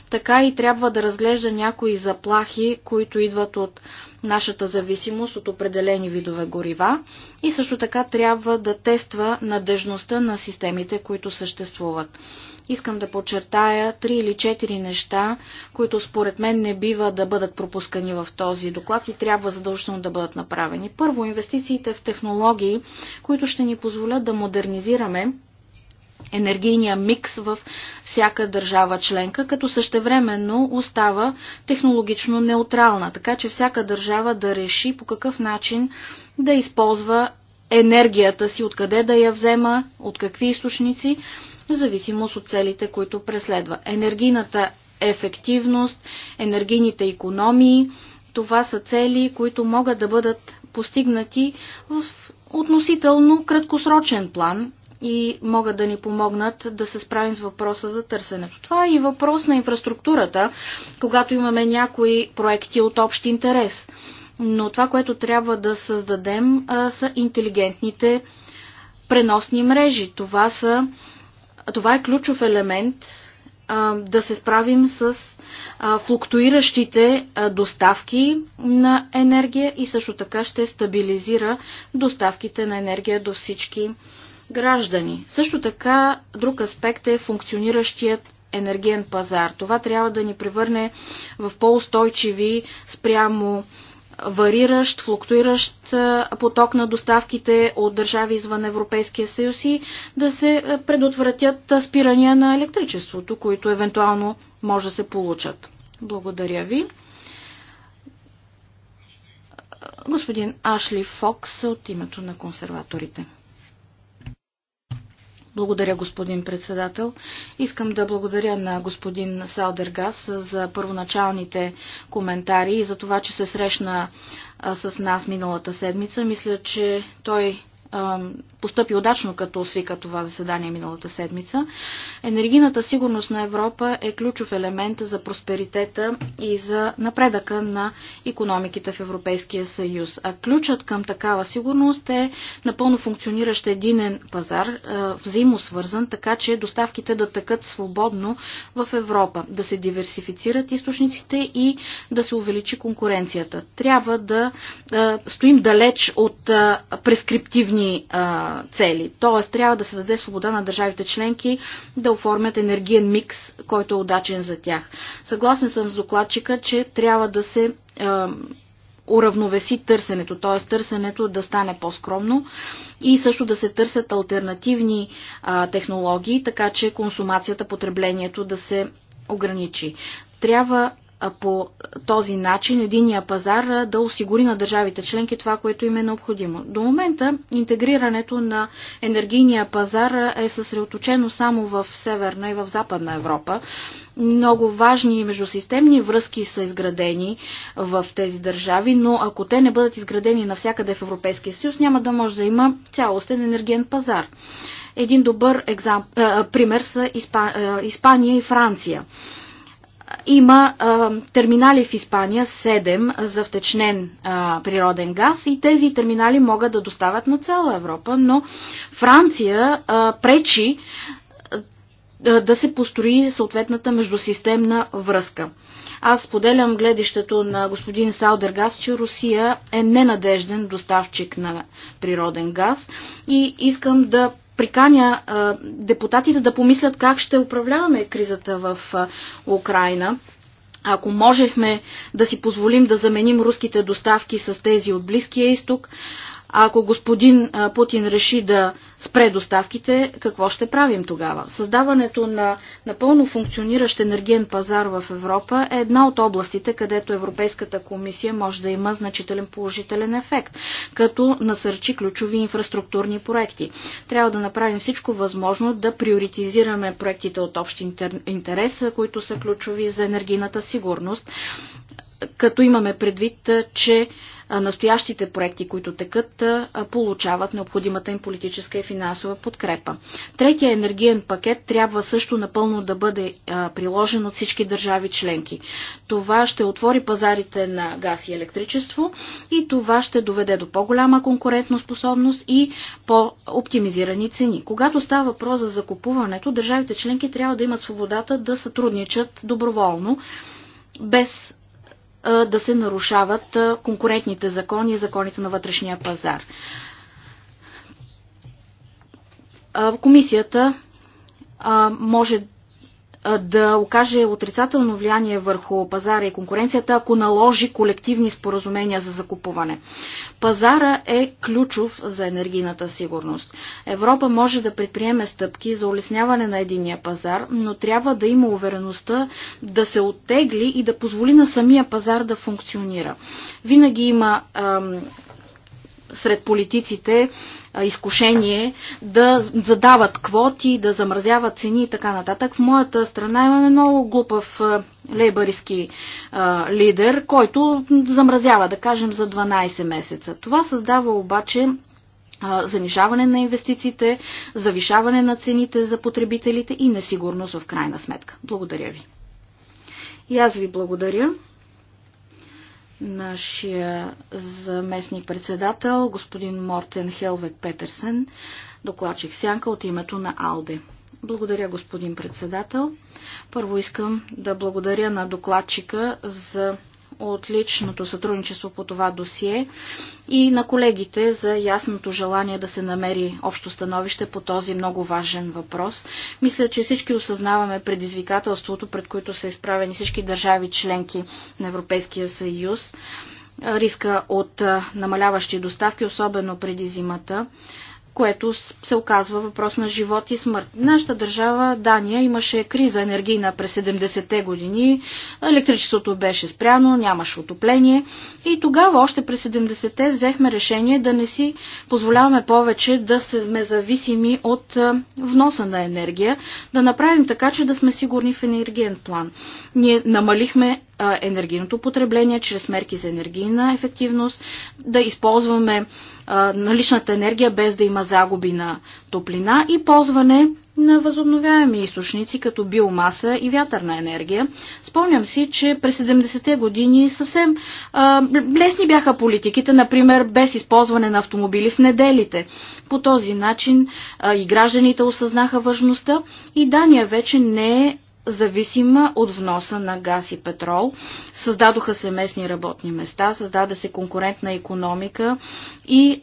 така и трябва да разглежда някои заплахи, които идват от нашата зависимост от определени видове горива и също така трябва да тества надежността на системите, които съществуват. Искам да подчертая три или четири неща, които според мен не бива да бъдат пропускани в този доклад и трябва задължително да бъдат направени. Първо, инвестициите в технологии, които ще ни позволят да модернизираме енергийния микс в всяка държава членка, като същевременно остава технологично неутрална, така че всяка държава да реши по какъв начин да използва енергията си, откъде да я взема, от какви източници в зависимост от целите, които преследва. Енергийната ефективност, енергийните економии, това са цели, които могат да бъдат постигнати в относително краткосрочен план и могат да ни помогнат да се справим с въпроса за търсенето. Това е и въпрос на инфраструктурата, когато имаме някои проекти от общ интерес. Но това, което трябва да създадем, са интелигентните преносни мрежи. Това са това е ключов елемент да се справим с флуктуиращите доставки на енергия и също така ще стабилизира доставките на енергия до всички граждани. Също така друг аспект е функциониращият енергиен пазар. Това трябва да ни превърне в по-устойчиви спрямо вариращ, флуктуиращ поток на доставките от държави извън Европейския съюз и да се предотвратят спирания на електричеството, които евентуално може да се получат. Благодаря ви. Господин Ашли Фокс от името на консерваторите. Благодаря, господин председател. Искам да благодаря на господин Салдергас за първоначалните коментари и за това, че се срещна с нас миналата седмица. Мисля, че той постъпи удачно, като свика това заседание миналата седмица. Енергийната сигурност на Европа е ключов елемент за просперитета и за напредъка на економиките в Европейския съюз. А ключът към такава сигурност е напълно функциониращ единен пазар, взаимосвързан, така че доставките да тъкат свободно в Европа, да се диверсифицират източниците и да се увеличи конкуренцията. Трябва да стоим далеч от прескриптивни енергийни а, цели. Тоест, трябва да се даде свобода на държавите членки да оформят енергиен микс, който е удачен за тях. Съгласен съм с докладчика, че трябва да се а, уравновеси търсенето, т.е. търсенето да стане по-скромно и също да се търсят альтернативни а, технологии, така че консумацията, потреблението да се ограничи. Трябва по този начин единия пазар да осигури на държавите членки това, което им е необходимо. До момента интегрирането на енергийния пазар е съсредоточено само в Северна и в Западна Европа. Много важни междусистемни връзки са изградени в тези държави, но ако те не бъдат изградени навсякъде в Европейския съюз, няма да може да има цялостен енергиен пазар. Един добър екзам... пример са Испания и Франция има а, терминали в Испания, 7 за втечнен а, природен газ и тези терминали могат да доставят на цяла Европа, но Франция а, пречи а, да се построи съответната междусистемна връзка. Аз поделям гледището на господин Саудергас, че Русия е ненадежден доставчик на природен газ и искам да приканя депутатите да помислят как ще управляваме кризата в Украина. Ако можехме да си позволим да заменим руските доставки с тези от Близкия изток, а ако господин Путин реши да спре доставките, какво ще правим тогава? Създаването на напълно функциониращ енергиен пазар в Европа е една от областите, където Европейската комисия може да има значителен положителен ефект, като насърчи ключови инфраструктурни проекти. Трябва да направим всичко възможно да приоритизираме проектите от общ интерес, които са ключови за енергийната сигурност, като имаме предвид, че настоящите проекти, които текат, получават необходимата им политическа и финансова подкрепа. Третия енергиен пакет трябва също напълно да бъде приложен от всички държави членки. Това ще отвори пазарите на газ и електричество и това ще доведе до по-голяма конкурентоспособност и по-оптимизирани цени. Когато става въпрос за закупуването, държавите членки трябва да имат свободата да сътрудничат доброволно без да се нарушават конкурентните закони и законите на вътрешния пазар. Комисията може да окаже отрицателно влияние върху пазара и конкуренцията, ако наложи колективни споразумения за закупуване. Пазара е ключов за енергийната сигурност. Европа може да предприеме стъпки за улесняване на единия пазар, но трябва да има увереността да се оттегли и да позволи на самия пазар да функционира. Винаги има ам, сред политиците изкушение да задават квоти, да замразяват цени и така нататък. В моята страна имаме много глупав лейбариски лидер, който замразява, да кажем, за 12 месеца. Това създава обаче занижаване на инвестициите, завишаване на цените за потребителите и несигурност в крайна сметка. Благодаря ви. И аз ви благодаря нашия заместник-председател, господин Мортен Хелвек Петерсен, докладчик Сянка от името на АЛДЕ. Благодаря, господин председател. Първо искам да благодаря на докладчика за от личното сътрудничество по това досие и на колегите за ясното желание да се намери общо становище по този много важен въпрос. Мисля, че всички осъзнаваме предизвикателството, пред което са изправени всички държави членки на Европейския съюз, риска от намаляващи доставки, особено преди зимата което се оказва въпрос на живот и смърт. Нашата държава, Дания, имаше криза енергийна през 70-те години, електричеството беше спряно, нямаше отопление и тогава, още през 70-те, взехме решение да не си позволяваме повече да сме зависими от вноса на енергия, да направим така, че да сме сигурни в енергиен план. Ние намалихме енергийното потребление, чрез мерки за енергийна ефективност, да използваме наличната енергия без да има загуби на топлина и ползване на възобновяеми източници, като биомаса и вятърна енергия. Спомням си, че през 70-те години съвсем а, лесни бяха политиките, например без използване на автомобили в неделите. По този начин а, и гражданите осъзнаха важността и Дания вече не е зависима от вноса на газ и петрол. Създадоха се местни работни места, създаде се конкурентна економика и е,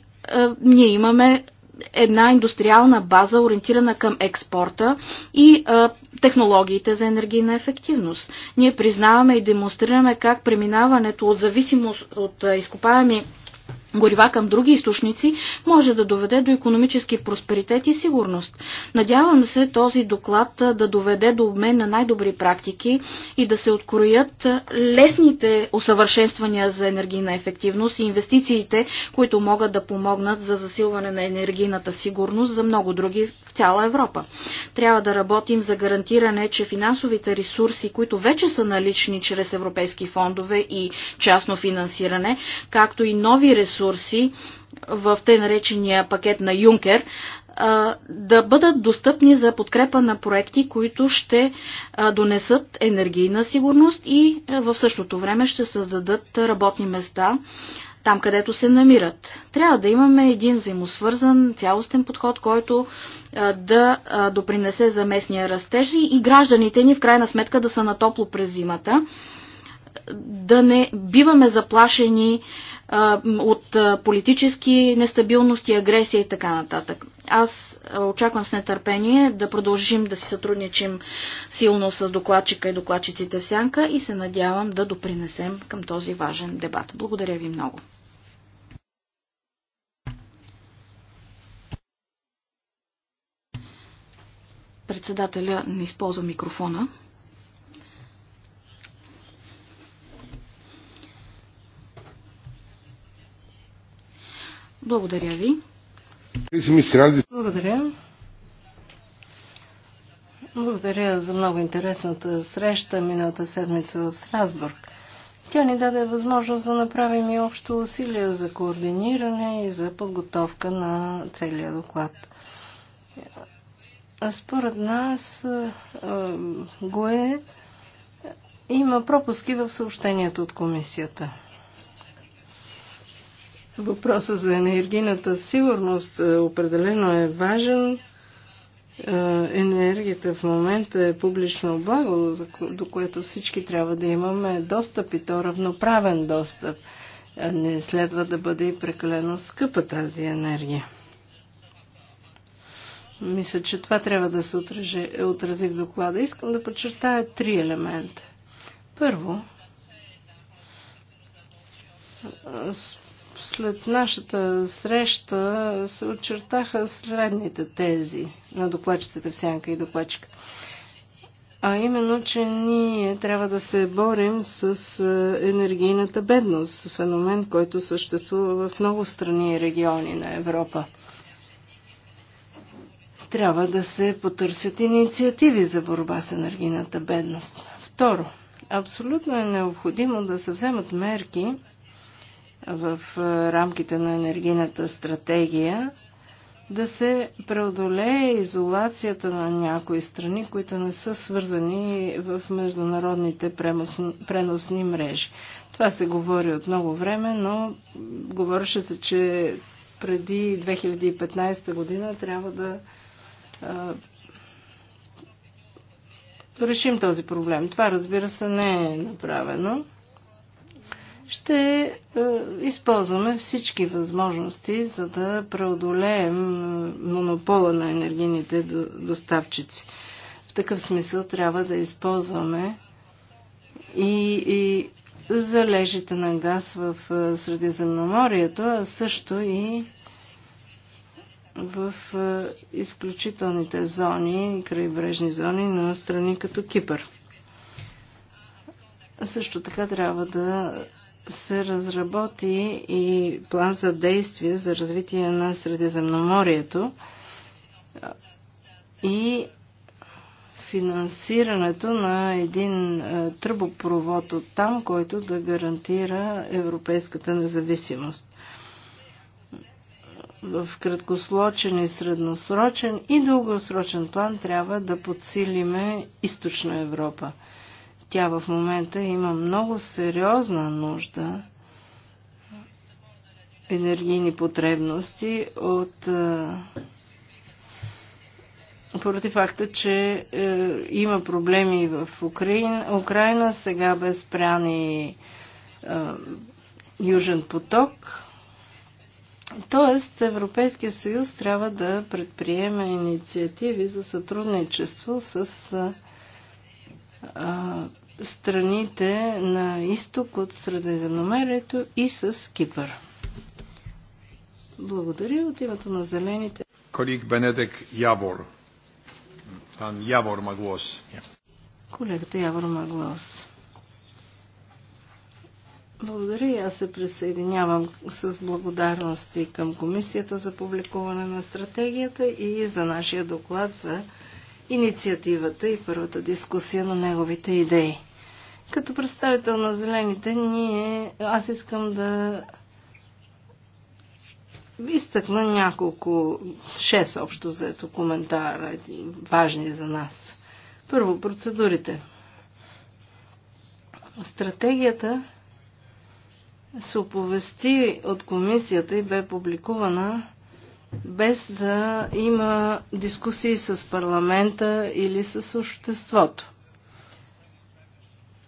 ние имаме една индустриална база, ориентирана към експорта и е, технологиите за енергийна ефективност. Ние признаваме и демонстрираме как преминаването от зависимост от е, изкопаеми горива към други източници, може да доведе до економически просперитет и сигурност. Надявам се този доклад да доведе до обмен на най-добри практики и да се откроят лесните усъвършенствания за енергийна ефективност и инвестициите, които могат да помогнат за засилване на енергийната сигурност за много други в цяла Европа. Трябва да работим за гарантиране, че финансовите ресурси, които вече са налични чрез европейски фондове и частно финансиране, както и нови ресурси, ресурси в тъй наречения пакет на Юнкер, да бъдат достъпни за подкрепа на проекти, които ще донесат енергийна сигурност и в същото време ще създадат работни места там, където се намират. Трябва да имаме един взаимосвързан, цялостен подход, който да допринесе за местния растеж и гражданите ни в крайна сметка да са на топло през зимата, да не биваме заплашени от политически нестабилности, агресия и така нататък. Аз очаквам с нетърпение да продължим да си сътрудничим силно с докладчика и докладчиците в сянка и се надявам да допринесем към този важен дебат. Благодаря ви много. Председателя не използва микрофона. Благодаря ви. Благодаря. Благодаря за много интересната среща миналата седмица в Страсбург. Тя ни даде възможност да направим и общо усилия за координиране и за подготовка на целия доклад. Според нас ГОЕ има пропуски в съобщението от комисията. Въпросът за енергийната сигурност е, определено е важен. Е, енергията в момента е публично благо, до което всички трябва да имаме достъп и то равноправен достъп. Е, не следва да бъде и прекалено скъпа тази енергия. Мисля, че това трябва да се отрази, отрази в доклада. Искам да подчертая три елемента. Първо, след нашата среща се очертаха следните тези на докладчицата в сянка и докладчика. А именно, че ние трябва да се борим с е, енергийната бедност, феномен, който съществува в много страни и региони на Европа. Трябва да се потърсят инициативи за борба с енергийната бедност. Второ, абсолютно е необходимо да се вземат мерки, в рамките на енергийната стратегия да се преодолее изолацията на някои страни, които не са свързани в международните преносни мрежи. Това се говори от много време, но говореше се, че преди 2015 година трябва да а, решим този проблем. Това, разбира се, не е направено ще е, използваме всички възможности, за да преодолеем монопола на енергийните доставчици. В такъв смисъл трябва да използваме и, и залежите на газ в е, Средиземноморието, а също и в е, изключителните зони, крайбрежни зони на страни като Кипър. Също така трябва да се разработи и план за действие за развитие на Средиземноморието и финансирането на един тръбопровод от там, който да гарантира европейската независимост. В краткосрочен и средносрочен и дългосрочен план трябва да подсилиме източна Европа. Тя в момента има много сериозна нужда енергийни потребности от поради факта, че е, има проблеми в Украина, Украина сега бе спрян и е, Южен поток. Тоест, Европейския съюз трябва да предприеме инициативи за сътрудничество с е, страните на изток от Средиземноморието и с Кипър. Благодаря от името на зелените. Колик Бенедек Явор. Пан Явор Маглос. Колегата Явор Маглос. Благодаря и аз се присъединявам с благодарности към Комисията за публикуване на стратегията и за нашия доклад за инициативата и първата дискусия на неговите идеи. Като представител на зелените, ние, аз искам да изтъкна няколко, шест общо заето коментара, важни за нас. Първо, процедурите. Стратегията се оповести от комисията и бе публикувана без да има дискусии с парламента или с обществото.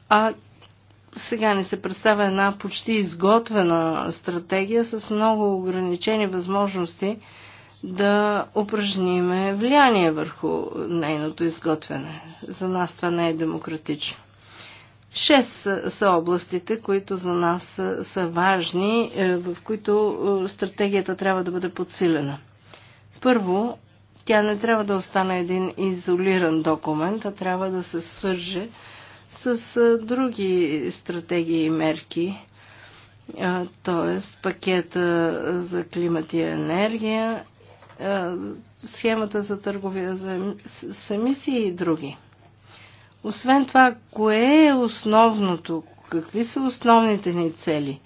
А сега ни се представя една почти изготвена стратегия с много ограничени възможности да упражниме влияние върху нейното изготвяне. За нас това не е демократично. Шест са областите, които за нас са важни, е, в които е, стратегията трябва да бъде подсилена. Първо, тя не трябва да остане един изолиран документ, а трябва да се свърже с други стратегии и мерки, т.е. пакета за климат и енергия, схемата за търговия за, с емисии и други. Освен това, кое е основното? Какви са основните ни цели?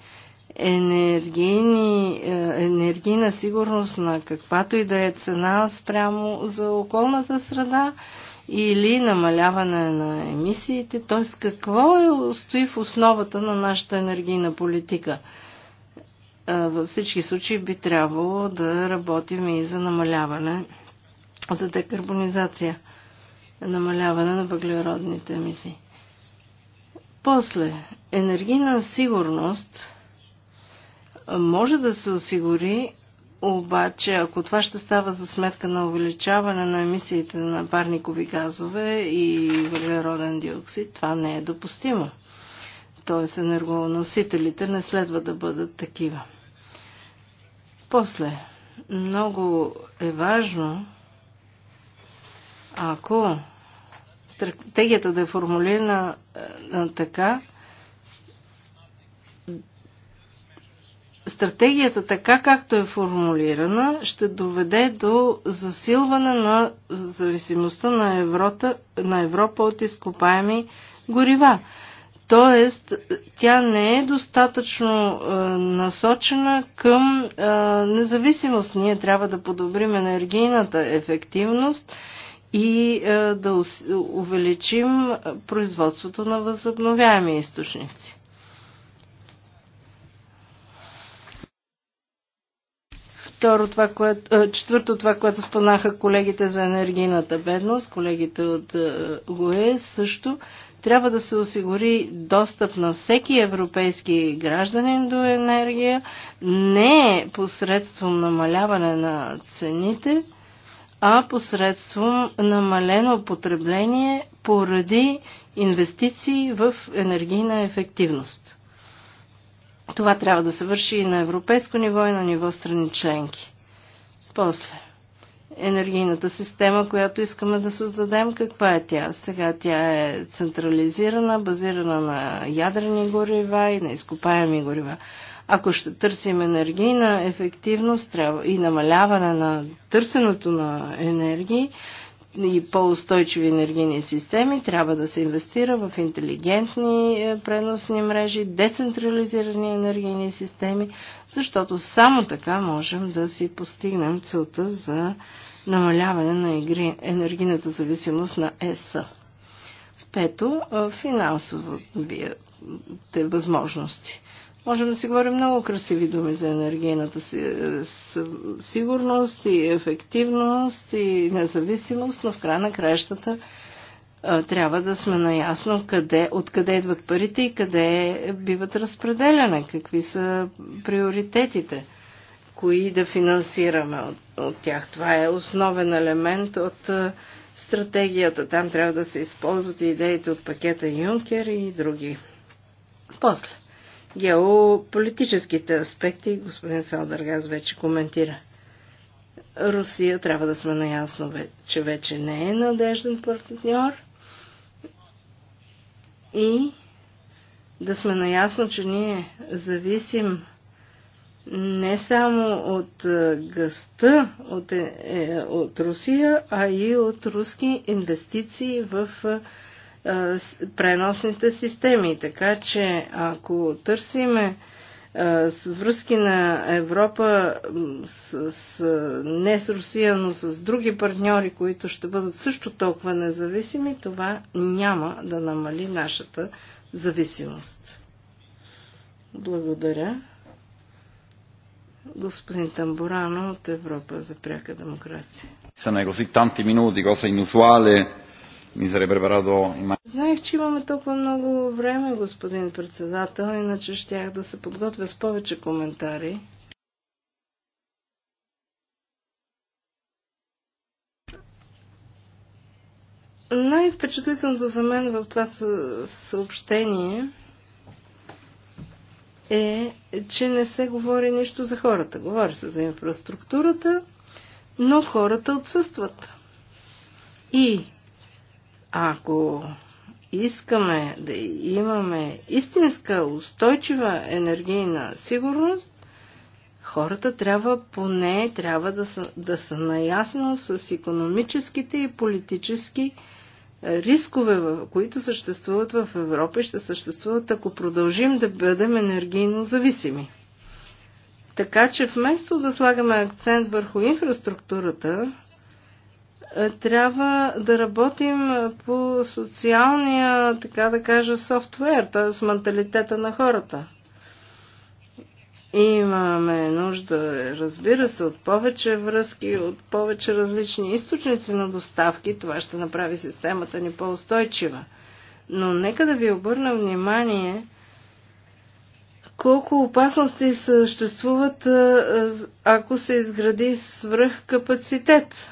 Енергийни, е, енергийна сигурност на каквато и да е цена спрямо за околната среда – или намаляване на емисиите, т.е. какво е, стои в основата на нашата енергийна политика. Във всички случаи би трябвало да работим и за намаляване, за декарбонизация, намаляване на въглеродните емисии. После, енергийна сигурност може да се осигури обаче, ако това ще става за сметка на увеличаване на емисиите на парникови газове и въглероден диоксид, това не е допустимо. Тоест, енергоносителите не следва да бъдат такива. После, много е важно, ако стратегията да е формулирана е, така, стратегията така както е формулирана ще доведе до засилване на зависимостта на, Еврота, на Европа от изкопаеми горива. Тоест, тя не е достатъчно е, насочена към е, независимост. Ние трябва да подобрим енергийната ефективност и е, да увеличим е, производството на възобновяеми източници. Второ, това, което, е, четвърто, това, което спонаха колегите за енергийната бедност, колегите от ГОЕ също, трябва да се осигури достъп на всеки европейски гражданин до енергия, не е посредством намаляване на цените, а посредством намалено потребление поради инвестиции в енергийна ефективност. Това трябва да се върши и на европейско ниво, и на ниво страни членки. После. Енергийната система, която искаме да създадем, каква е тя? Сега тя е централизирана, базирана на ядрени горива и на изкопаеми горива. Ако ще търсим енергийна ефективност трябва, и намаляване на търсеното на енергии, и по-устойчиви енергийни системи, трябва да се инвестира в интелигентни е, преносни мрежи, децентрализирани енергийни системи, защото само така можем да си постигнем целта за намаляване на енергийната зависимост на ЕС. Пето, е, финансовите възможности. Можем да си говорим много красиви думи за енергийната си, е, сигурност и ефективност и независимост, но в края на краищата е, трябва да сме наясно къде, откъде идват парите и къде биват разпределяне, какви са приоритетите, кои да финансираме от, от тях. Това е основен елемент от е, стратегията. Там трябва да се използват идеите от пакета Юнкер и други. После. Геополитическите аспекти господин Салдъргаз вече коментира. Русия трябва да сме наясно, че вече не е надежден партньор и да сме наясно, че ние зависим не само от е, гъста от, е, е, от Русия, а и от руски инвестиции в е, преносните системи. Така че ако търсиме с връзки на Европа с, с, не с Русия, но с други партньори, които ще бъдат също толкова независими, това няма да намали нашата зависимост. Благодаря. Господин Тамбурано от Европа за пряка демокрация. Sono così tanti minuti, cosa инусуале. Знаех, че имаме толкова много време, господин председател, иначе щях да се подготвя с повече коментари. Най-впечатлителното за мен в това съобщение е, че не се говори нищо за хората. Говори се за инфраструктурата, но хората отсъстват. И ако искаме да имаме истинска устойчива енергийна сигурност, хората трябва поне трябва да са, да са наясно с економическите и политически е, рискове, които съществуват в Европа и ще съществуват, ако продължим да бъдем енергийно зависими. Така че вместо да слагаме акцент върху инфраструктурата, трябва да работим по социалния, така да кажа, софтуер, т.е. менталитета на хората. Имаме нужда, разбира се, от повече връзки, от повече различни източници на доставки. Това ще направи системата ни по-устойчива. Но нека да ви обърна внимание колко опасности съществуват, ако се изгради свръхкапацитет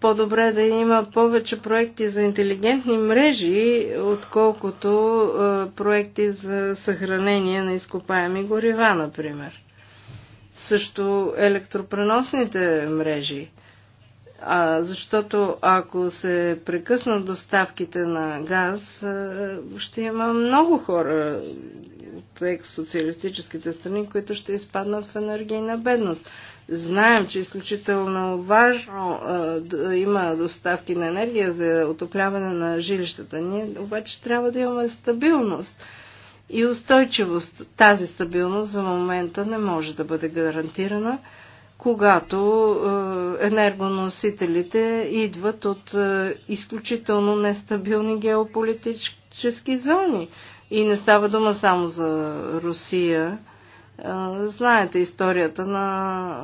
по-добре да има повече проекти за интелигентни мрежи, отколкото проекти за съхранение на изкопаеми горива, например. Също електропреносните мрежи. А, защото ако се прекъснат доставките на газ, ще има много хора от социалистическите страни, които ще изпаднат в енергийна бедност. Знаем, че е изключително важно да има доставки на енергия за отопляване на жилищата. Ние обаче трябва да имаме стабилност и устойчивост. Тази стабилност за момента не може да бъде гарантирана, когато енергоносителите идват от изключително нестабилни геополитически зони. И не става дума само за Русия Знаете историята на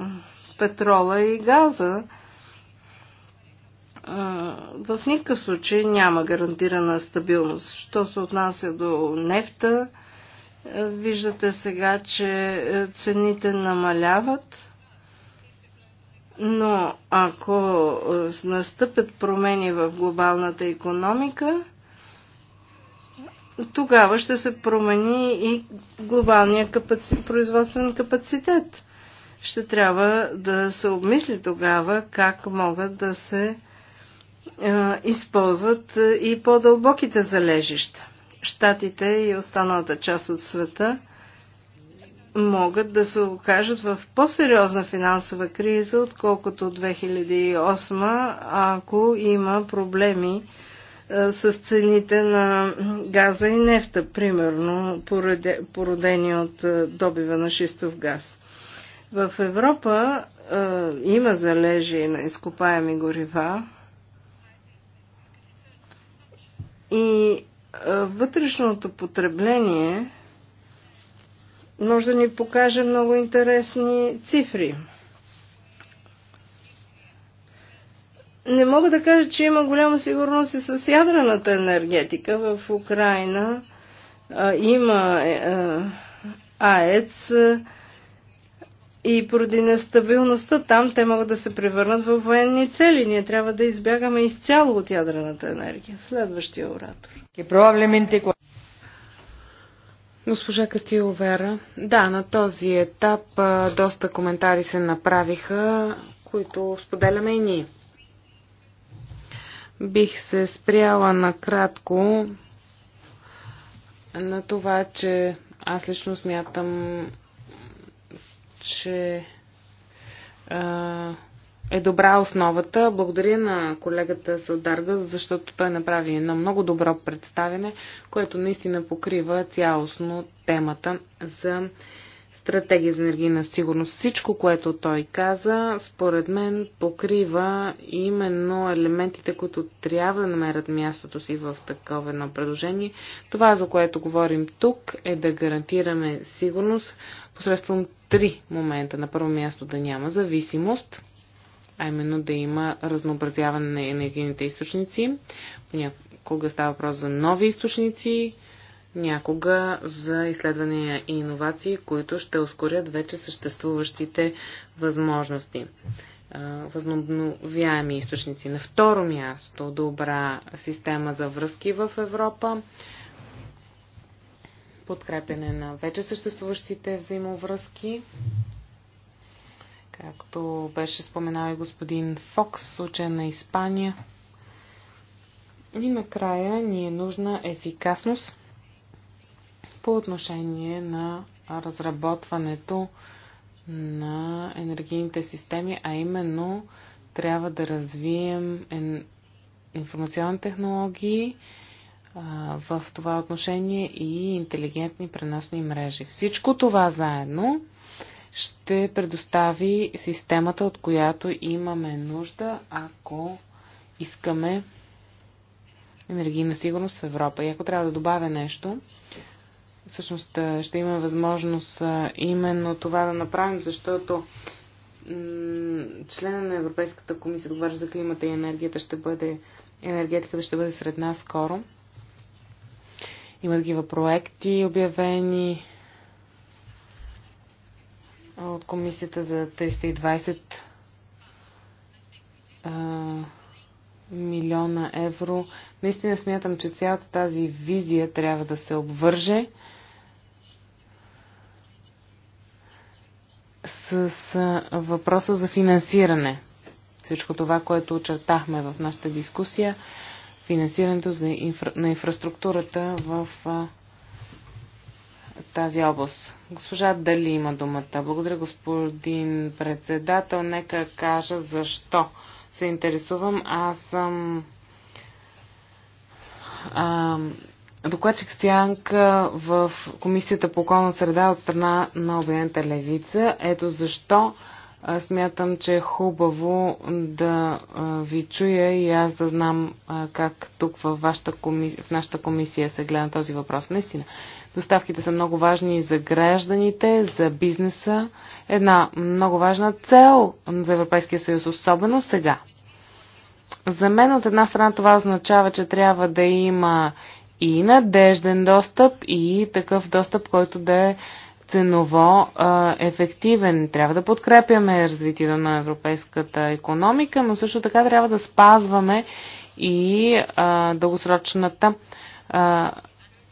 петрола и газа. В никакъв случай няма гарантирана стабилност. Що се отнася до нефта, виждате сега, че цените намаляват. Но ако настъпят промени в глобалната економика, тогава ще се промени и глобалния капаци... производствен капацитет. Ще трябва да се обмисли тогава как могат да се е, използват и по-дълбоките залежища. Штатите и останалата част от света могат да се окажат в по-сериозна финансова криза, отколкото 2008, ако има проблеми е, с цените на газа и нефта, примерно, породени от е, добива на шистов газ. В Европа е, има залежи на изкопаеми горива и е, вътрешното потребление може да ни покаже много интересни цифри. не мога да кажа, че има голяма сигурност и с ядрената енергетика. В Украина а, има а, е, е, АЕЦ а, е, и поради нестабилността там те могат да се превърнат в военни цели. Ние трябва да избягаме изцяло от ядрената енергия. Следващия оратор. Госпожа Кастило Вера, да, на този етап а, доста коментари се направиха, които споделяме и ние. Бих се спряла накратко на това, че аз лично смятам, че е добра основата. Благодаря на колегата Салдарга, защото той направи едно много добро представене, което наистина покрива цялостно темата за стратегия за енергийна сигурност. Всичко, което той каза, според мен покрива именно елементите, които трябва да намерят мястото си в такова едно предложение. Това, за което говорим тук, е да гарантираме сигурност посредством три момента. На първо място да няма зависимост, а именно да има разнообразяване на енергийните източници. Понякога става въпрос за нови източници, някога за изследвания и иновации, които ще ускорят вече съществуващите възможности. Възобновяеми източници. На второ място, добра система за връзки в Европа, подкрепене на вече съществуващите взаимовръзки, както беше споменал и господин Фокс, учен на Испания. И накрая ни е нужна ефикасност по отношение на разработването на енергийните системи, а именно трябва да развием информационни технологии в това отношение и интелигентни преносни мрежи. Всичко това заедно ще предостави системата, от която имаме нужда, ако искаме енергийна сигурност в Европа. И ако трябва да добавя нещо, всъщност ще имаме възможност именно това да направим, защото члена на Европейската комисия, отговарящ за климата и енергията, ще бъде, енергетиката ще бъде сред нас скоро. Има такива проекти, обявени от комисията за 320 а, милиона евро. Наистина смятам, че цялата тази визия трябва да се обвърже с въпроса за финансиране. Всичко това, което очертахме в нашата дискусия, финансирането за инфра... на инфраструктурата в а, тази област. Госпожа Дали има думата. Благодаря, господин председател. Нека кажа защо се интересувам. Аз съм а, докладчик Сянка в Комисията по околна среда от страна на Обединената левица. Ето защо смятам, че е хубаво да ви чуя и аз да знам как тук в, вашата комисия, в нашата комисия се гледа този въпрос. Наистина, доставките са много важни за гражданите, за бизнеса. Една много важна цел за Европейския съюз, особено сега. За мен от една страна това означава, че трябва да има и надежден достъп, и такъв достъп, който да е ценово а, ефективен. Трябва да подкрепяме развитието на европейската економика, но също така трябва да спазваме и а, дългосрочната а,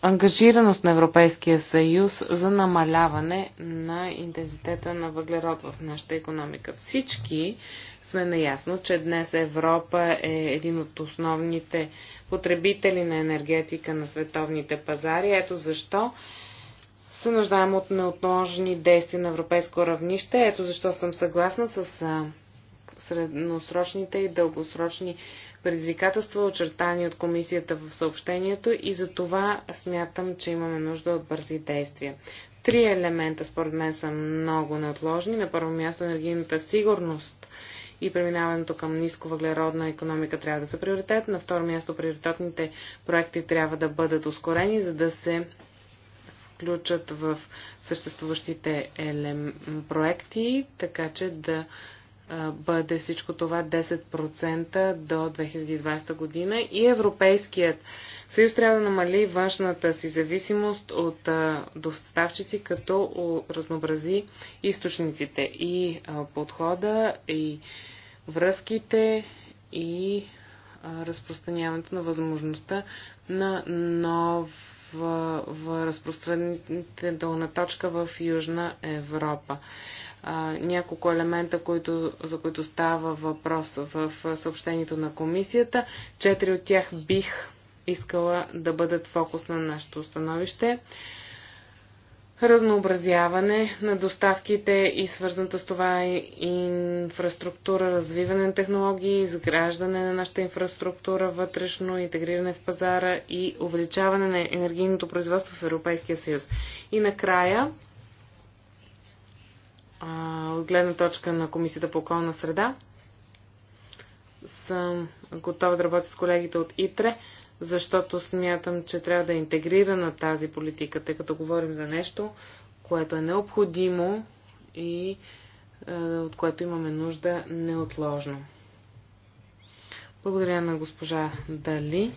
ангажираност на Европейския съюз за намаляване на интензитета на въглерод в нашата економика. Всички сме наясно, че днес Европа е един от основните потребители на енергетика на световните пазари. Ето защо се нуждаем от неотложни действия на европейско равнище. Ето защо съм съгласна с средносрочните и дългосрочни предизвикателства, очертани от комисията в съобщението и за това смятам, че имаме нужда от бързи действия. Три елемента според мен са много неотложни. На първо място енергийната сигурност – и преминаването към ниско въглеродна економика трябва да са приоритет. На второ място приоритетните проекти трябва да бъдат ускорени, за да се включат в съществуващите елем... проекти, така че да бъде всичко това 10% до 2020 година и Европейският съюз трябва да намали външната си зависимост от доставчици, като разнообрази източниците и подхода и връзките и разпространяването на възможността на нова разпространителна точка в Южна Европа. Няколко елемента, които, за които става въпрос в съобщението на комисията. Четири от тях бих искала да бъдат фокус на нашето становище разнообразяване на доставките и свързаната с това инфраструктура, развиване на технологии, изграждане на нашата инфраструктура вътрешно, интегриране в пазара и увеличаване на енергийното производство в Европейския съюз. И накрая, от гледна точка на Комисията по околна среда, съм готова да работя с колегите от ИТРЕ защото смятам, че трябва да е интегрирана тази политика, тъй като говорим за нещо, което е необходимо и е, от което имаме нужда неотложно. Благодаря на госпожа Дали.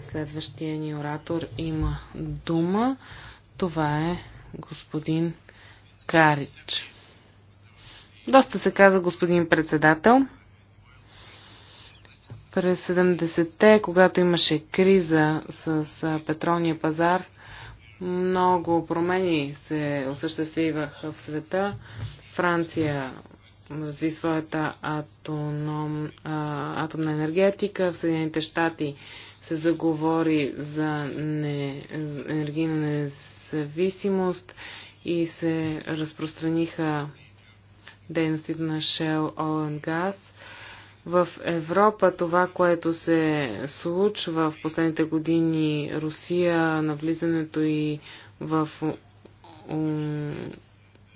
Следващия ни оратор има дума. Това е господин Карич. Доста се каза господин председател. През 70-те, когато имаше криза с петролния пазар, много промени се осъществиваха в света. Франция разви своята атоном, а, атомна енергетика. В Съединените щати се заговори за, не, за енергийна независимост и се разпространиха дейностите на Shell Oil and Gas в Европа това, което се случва в последните години, Русия, навлизането и в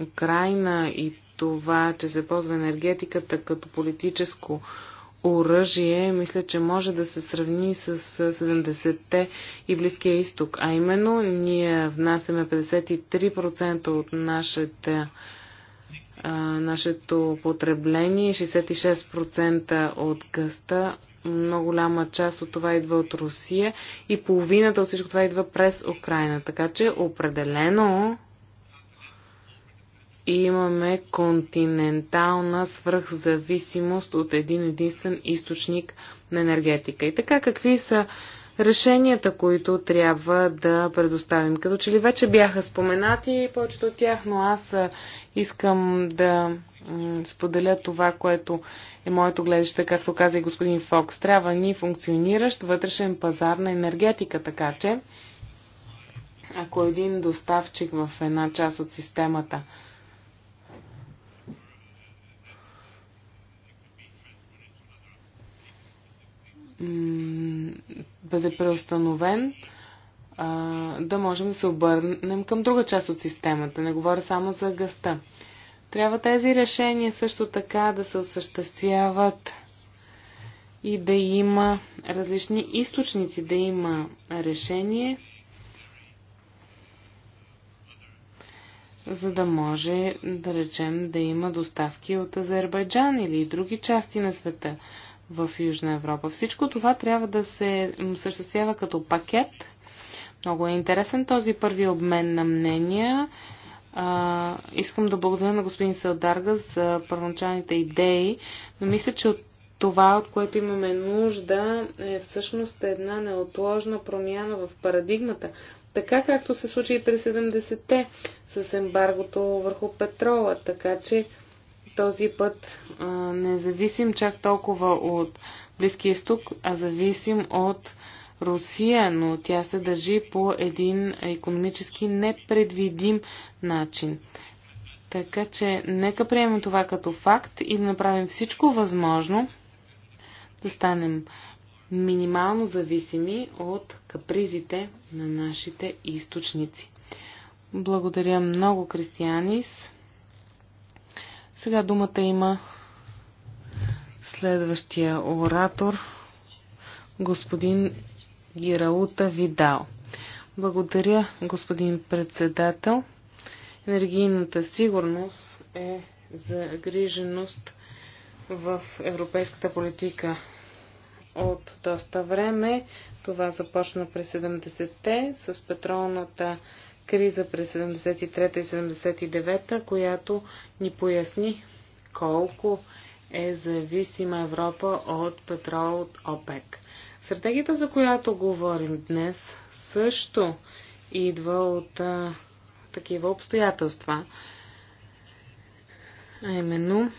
Украина и това, че се ползва енергетиката като политическо оръжие, мисля, че може да се сравни с 70-те и Близкия изток. А именно, ние внасяме 53% от нашата нашето потребление. 66% е от гъста, много голяма част от това идва от Русия и половината от всичко това идва през Украина. Така че определено имаме континентална свръхзависимост от един единствен източник на енергетика. И така, какви са решенията, които трябва да предоставим. Като че ли вече бяха споменати повечето от тях, но аз искам да споделя това, което е моето гледаще, както каза и господин Фокс. Трябва ни функциониращ вътрешен пазар на енергетика, така че ако един доставчик в една част от системата бъде преустановен, да можем да се обърнем към друга част от системата. Не говоря само за гъста. Трябва тези решения също така да се осъществяват и да има различни източници, да има решение, за да може, да речем, да има доставки от Азербайджан или други части на света в Южна Европа. Всичко това трябва да се осъществява като пакет. Много е интересен този първи обмен на мнения. А, искам да благодаря на господин Сълдарга за първоначалните идеи, но мисля, че от това, от което имаме нужда, е всъщност една неотложна промяна в парадигмата. Така както се случи и през 70-те с ембаргото върху петрола. Така че този път а, не зависим чак толкова от Близкия изток, а зависим от Русия, но тя се държи по един економически непредвидим начин. Така че нека приемем това като факт и да направим всичко възможно да станем минимално зависими от капризите на нашите източници. Благодаря много, Кристианис. Сега думата има следващия оратор, господин Гираута Видал. Благодаря, господин председател. Енергийната сигурност е загриженост в европейската политика от доста време. Това започна през 70-те с петролната криза през 73 и 79, която ни поясни колко е зависима Европа от петрол от ОПЕК. Стратегията, за която говорим днес, също идва от а, такива обстоятелства. А именно,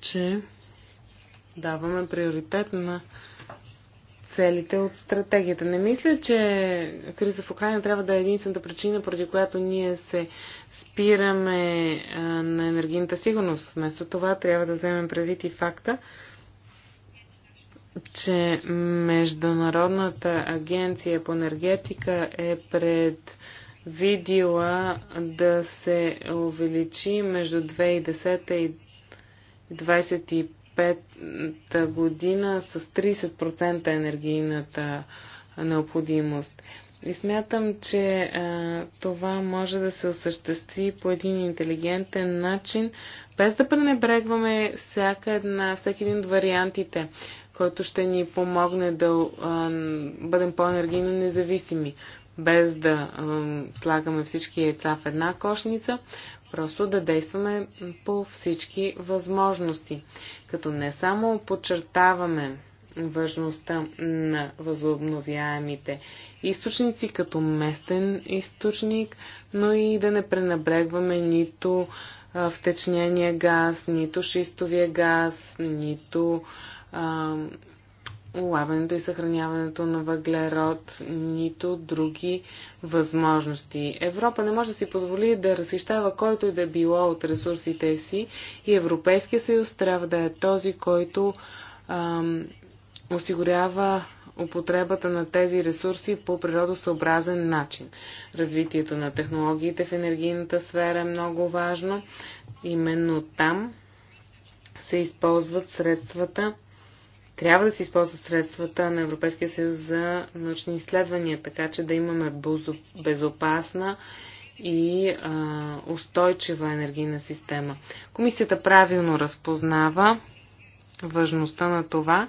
че даваме приоритет на целите от стратегията. Не мисля, че криза в Украина трябва да е единствената причина, поради която ние се спираме а, на енергийната сигурност. Вместо това трябва да вземем предвид и факта, че Международната агенция по енергетика е пред видила да се увеличи между 2010 и 2025 2025 година с 30% енергийната необходимост. И смятам, че е, това може да се осъществи по един интелигентен начин, без да пренебрегваме всяка една, всеки един от вариантите, който ще ни помогне да е, бъдем по-енергийно независими без да слагаме всички яйца в една кошница, просто да действаме по всички възможности, като не само подчертаваме важността на възобновяемите източници като местен източник, но и да не пренебрегваме нито втечнения газ, нито шистовия газ, нито а, улавянето и съхраняването на въглерод, нито други възможности. Европа не може да си позволи да разхищава който и да е било от ресурсите си и Европейския съюз трябва да е този, който ам, осигурява употребата на тези ресурси по природосъобразен начин. Развитието на технологиите в енергийната сфера е много важно. Именно там се използват средствата трябва да се използват средствата на Европейския съюз за научни изследвания, така че да имаме безопасна и а, устойчива енергийна система. Комисията правилно разпознава важността на това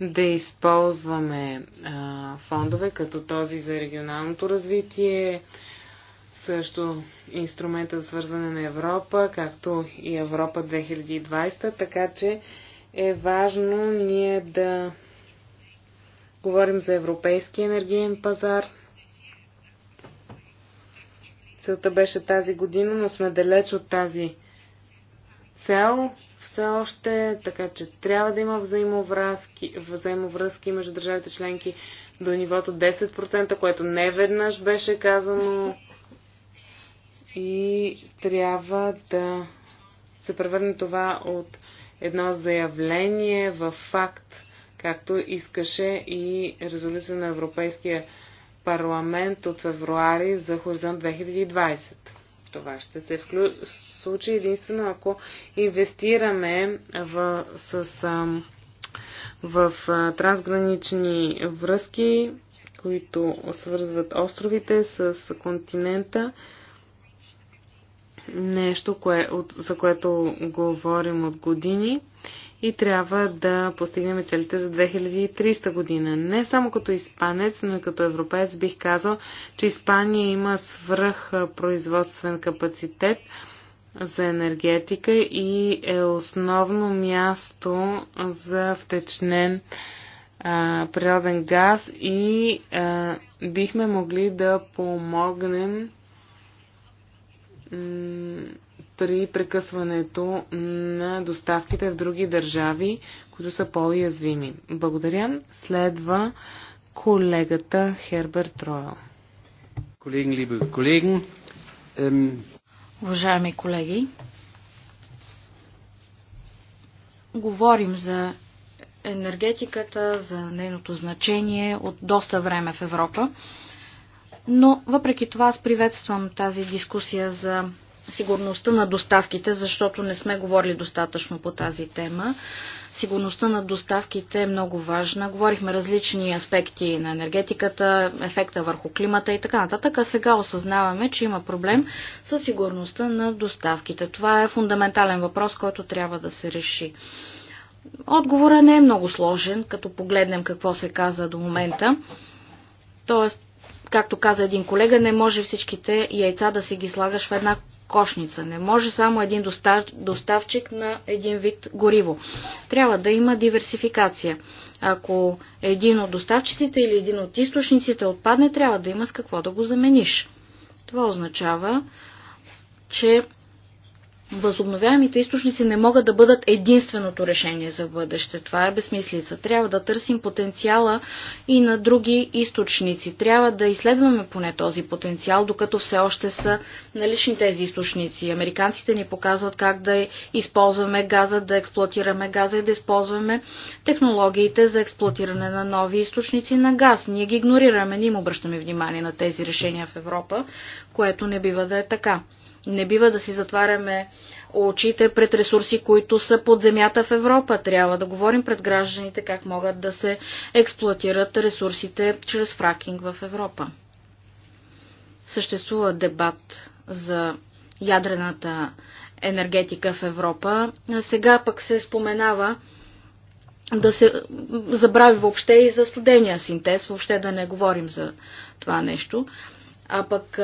да използваме а, фондове като този за регионалното развитие, също инструмента за свързване на Европа, както и Европа 2020, така че е важно ние да говорим за европейски енергиен пазар. Целта беше тази година, но сме далеч от тази цел все още, така че трябва да има взаимовръзки, взаимовръзки между държавите членки до нивото 10%, което не веднъж беше казано и трябва да се превърне това от едно заявление в факт, както искаше и резолюция на Европейския парламент от февруари за Хоризонт 2020. Това ще се вклю... случи единствено ако инвестираме в, с, а, в а, трансгранични връзки, които свързват островите с континента нещо, кое, от, за което говорим от години и трябва да постигнем целите за 2300 година. Не само като испанец, но и като европеец бих казал, че Испания има свръх производствен капацитет за енергетика и е основно място за втечнен а, природен газ и а, бихме могли да помогнем при прекъсването на доставките в други държави, които са по язвими Благодаря. Следва колегата Херберт Ройл. Колеги, либо колеги. Эм... Уважаеми колеги, говорим за енергетиката, за нейното значение от доста време в Европа. Но въпреки това аз приветствам тази дискусия за сигурността на доставките, защото не сме говорили достатъчно по тази тема. Сигурността на доставките е много важна. Говорихме различни аспекти на енергетиката, ефекта върху климата и така нататък. А сега осъзнаваме, че има проблем с сигурността на доставките. Това е фундаментален въпрос, който трябва да се реши. Отговорът не е много сложен, като погледнем какво се каза до момента. Тоест, както каза един колега, не може всичките яйца да си ги слагаш в една кошница. Не може само един достав, доставчик на един вид гориво. Трябва да има диверсификация. Ако един от доставчиците или един от източниците отпадне, трябва да има с какво да го замениш. Това означава, че възобновяемите източници не могат да бъдат единственото решение за бъдеще. Това е безмислица. Трябва да търсим потенциала и на други източници. Трябва да изследваме поне този потенциал, докато все още са налични тези източници. Американците ни показват как да използваме газа, да експлуатираме газа и да използваме технологиите за експлуатиране на нови източници на газ. Ние ги игнорираме, не им обръщаме внимание на тези решения в Европа, което не бива да е така. Не бива да си затваряме очите пред ресурси, които са под земята в Европа. Трябва да говорим пред гражданите как могат да се експлуатират ресурсите чрез фракинг в Европа. Съществува дебат за ядрената енергетика в Европа. Сега пък се споменава да се забрави въобще и за студения синтез, въобще да не говорим за това нещо а пък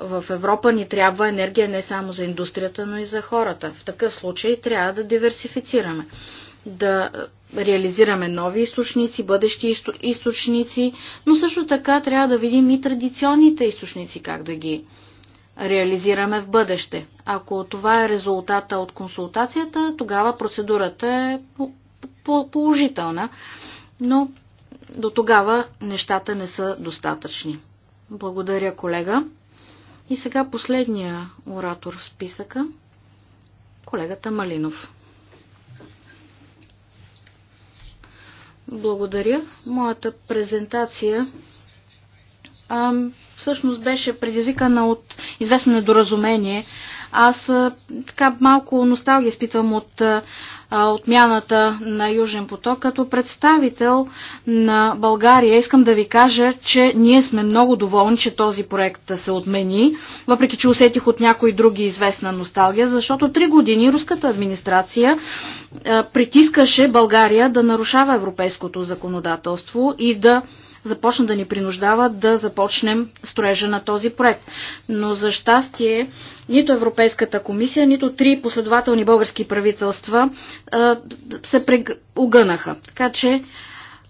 в Европа ни трябва енергия не само за индустрията, но и за хората. В такъв случай трябва да диверсифицираме, да реализираме нови източници, бъдещи източници, но също така трябва да видим и традиционните източници, как да ги реализираме в бъдеще. Ако това е резултата от консултацията, тогава процедурата е положителна, но до тогава нещата не са достатъчни. Благодаря, колега. И сега последния оратор в списъка колегата Малинов. Благодаря. Моята презентация а, всъщност беше предизвикана от известно недоразумение. Аз така малко носталгия изпитвам от отмяната на Южен поток. Като представител на България искам да ви кажа, че ние сме много доволни, че този проект се отмени, въпреки че усетих от някои други известна носталгия, защото три години руската администрация притискаше България да нарушава европейското законодателство и да започна да ни принуждава да започнем строежа на този проект. Но за щастие нито Европейската комисия, нито три последователни български правителства се огънаха. Така че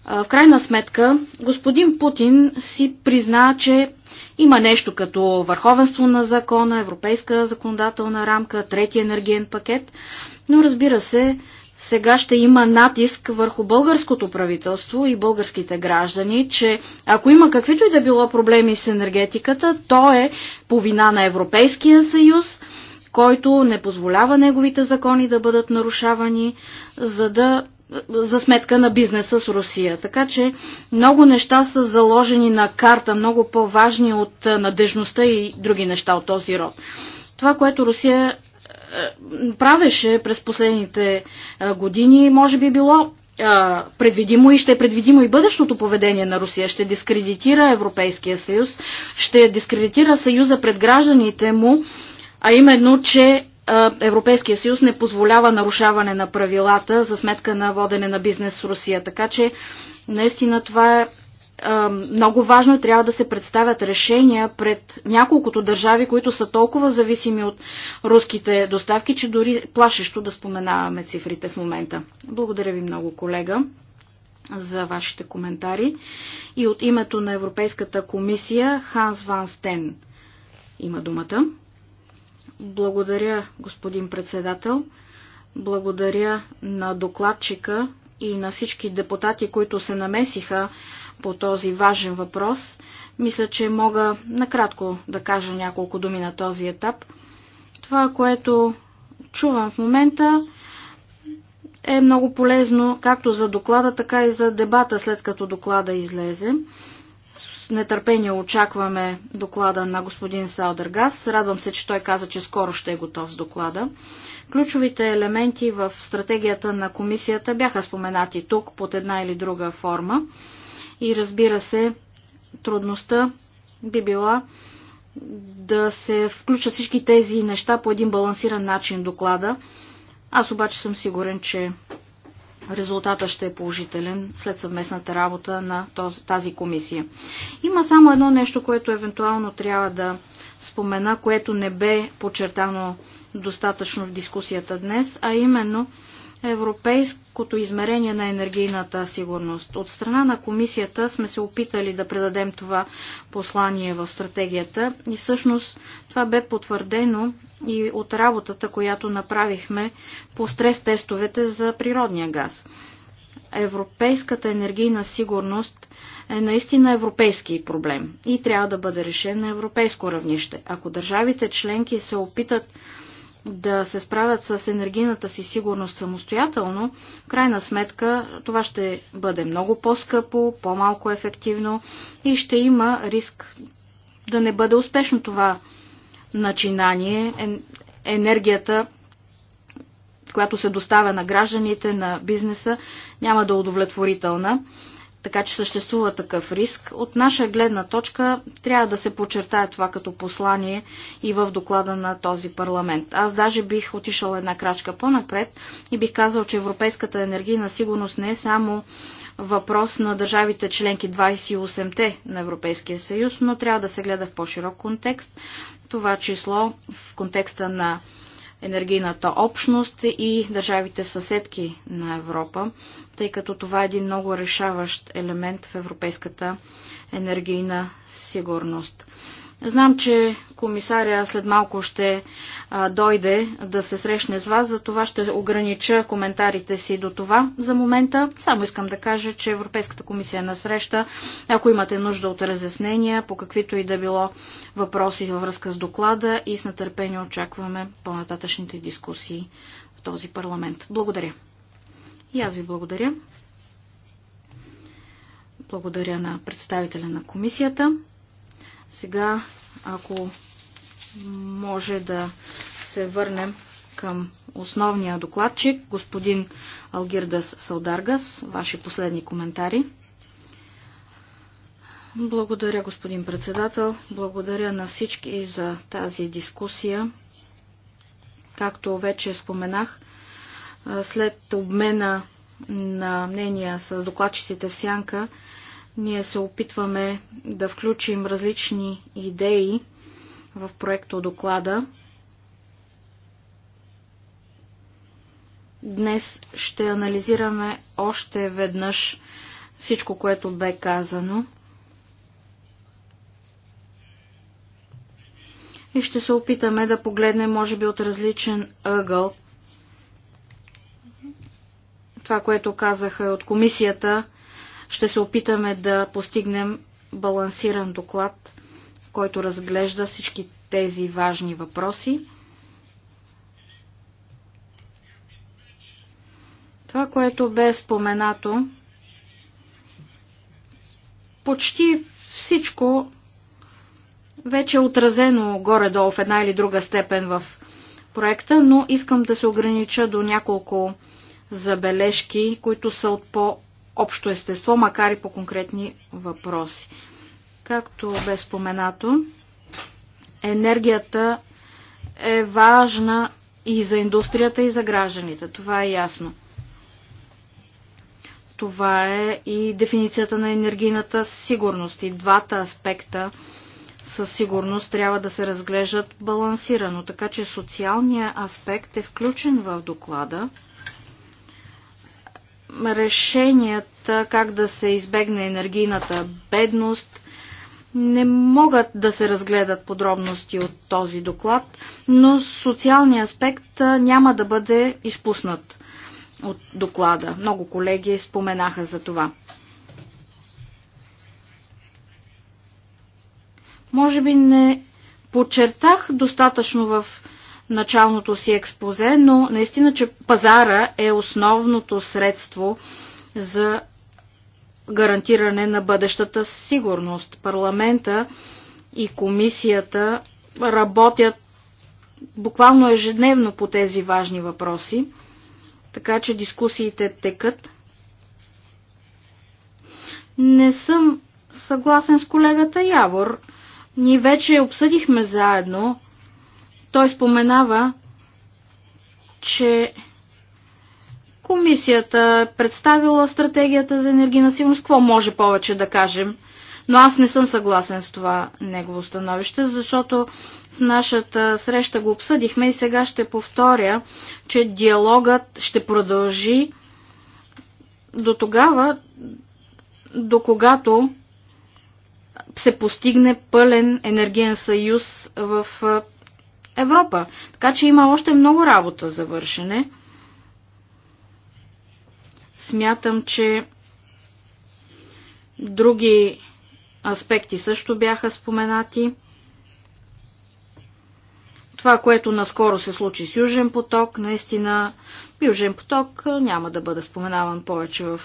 в крайна сметка, господин Путин си призна, че има нещо като върховенство на закона, европейска законодателна рамка, трети енергиен пакет, но разбира се, сега ще има натиск върху българското правителство и българските граждани, че ако има каквито и да било проблеми с енергетиката, то е по вина на Европейския съюз, който не позволява неговите закони да бъдат нарушавани, за да за сметка на бизнеса с Русия. Така че много неща са заложени на карта, много по-важни от надежността и други неща от този род. Това, което Русия е, правеше през последните е, години, може би било е, предвидимо и ще е предвидимо и бъдещото поведение на Русия. Ще дискредитира Европейския съюз, ще дискредитира съюза пред гражданите му, а именно, че Европейския съюз не позволява нарушаване на правилата за сметка на водене на бизнес с Русия. Така че, наистина, това е много важно е, трябва да се представят решения пред няколкото държави, които са толкова зависими от руските доставки, че дори плашещо да споменаваме цифрите в момента. Благодаря ви много, колега, за вашите коментари. И от името на Европейската комисия Ханс Ван Стен има думата. Благодаря, господин председател. Благодаря на докладчика и на всички депутати, които се намесиха по този важен въпрос. Мисля, че мога накратко да кажа няколко думи на този етап. Това, което чувам в момента, е много полезно както за доклада, така и за дебата след като доклада излезе. С нетърпение очакваме доклада на господин Саудергас. Радвам се, че той каза, че скоро ще е готов с доклада. Ключовите елементи в стратегията на комисията бяха споменати тук под една или друга форма. И разбира се, трудността би била да се включат всички тези неща по един балансиран начин доклада. Аз обаче съм сигурен, че резултата ще е положителен след съвместната работа на тази комисия. Има само едно нещо, което евентуално трябва да спомена, което не бе подчертано достатъчно в дискусията днес, а именно европейското измерение на енергийната сигурност. От страна на комисията сме се опитали да предадем това послание в стратегията и всъщност това бе потвърдено и от работата, която направихме по стрес-тестовете за природния газ. Европейската енергийна сигурност е наистина европейски проблем и трябва да бъде решен на европейско равнище. Ако държавите членки се опитат да се справят с енергийната си сигурност самостоятелно, в крайна сметка това ще бъде много по-скъпо, по-малко ефективно и ще има риск да не бъде успешно това начинание. Енергията, която се доставя на гражданите, на бизнеса, няма да е удовлетворителна така че съществува такъв риск. От наша гледна точка трябва да се подчертае това като послание и в доклада на този парламент. Аз даже бих отишъл една крачка по-напред и бих казал, че европейската енергийна сигурност не е само въпрос на държавите членки 28-те на Европейския съюз, но трябва да се гледа в по-широк контекст. Това число в контекста на енергийната общност и държавите съседки на Европа, тъй като това е един много решаващ елемент в европейската енергийна сигурност. Знам, че комисаря след малко ще а, дойде да се срещне с вас, за това ще огранича коментарите си до това за момента. Само искам да кажа, че Европейската комисия е на среща, ако имате нужда от разяснения по каквито и да било въпроси във връзка с доклада и с нетърпение очакваме по-нататъчните дискусии в този парламент. Благодаря. И аз ви благодаря. Благодаря на представителя на комисията. Сега, ако може да се върнем към основния докладчик, господин Алгирдас Салдаргас, ваши последни коментари. Благодаря, господин председател. Благодаря на всички за тази дискусия. Както вече споменах, след обмена на мнения с докладчиците в Сянка, ние се опитваме да включим различни идеи в проекто доклада. Днес ще анализираме още веднъж всичко, което бе казано. И ще се опитаме да погледнем, може би, от различен ъгъл това, което казаха от комисията ще се опитаме да постигнем балансиран доклад, който разглежда всички тези важни въпроси. Това, което бе споменато, почти всичко вече е отразено горе-долу в една или друга степен в проекта, но искам да се огранича до няколко забележки, които са от по общо естество, макар и по конкретни въпроси. Както бе споменато, енергията е важна и за индустрията, и за гражданите. Това е ясно. Това е и дефиницията на енергийната сигурност. И двата аспекта със сигурност трябва да се разглеждат балансирано, така че социалният аспект е включен в доклада решенията как да се избегне енергийната бедност не могат да се разгледат подробности от този доклад, но социалният аспект няма да бъде изпуснат от доклада. Много колеги споменаха за това. Може би не подчертах достатъчно в началното си експозе, но наистина, че пазара е основното средство за гарантиране на бъдещата сигурност. Парламента и комисията работят буквално ежедневно по тези важни въпроси, така че дискусиите текат. Не съм съгласен с колегата Явор. Ние вече обсъдихме заедно той споменава, че комисията е представила стратегията за енергийна сигурност. Какво може повече да кажем? Но аз не съм съгласен с това негово становище, защото в нашата среща го обсъдихме и сега ще повторя, че диалогът ще продължи до тогава, до когато се постигне пълен енергиен съюз в Европа. Така че има още много работа за вършене. Смятам, че други аспекти също бяха споменати. Това, което наскоро се случи с Южен поток, наистина Южен поток няма да бъде споменаван повече в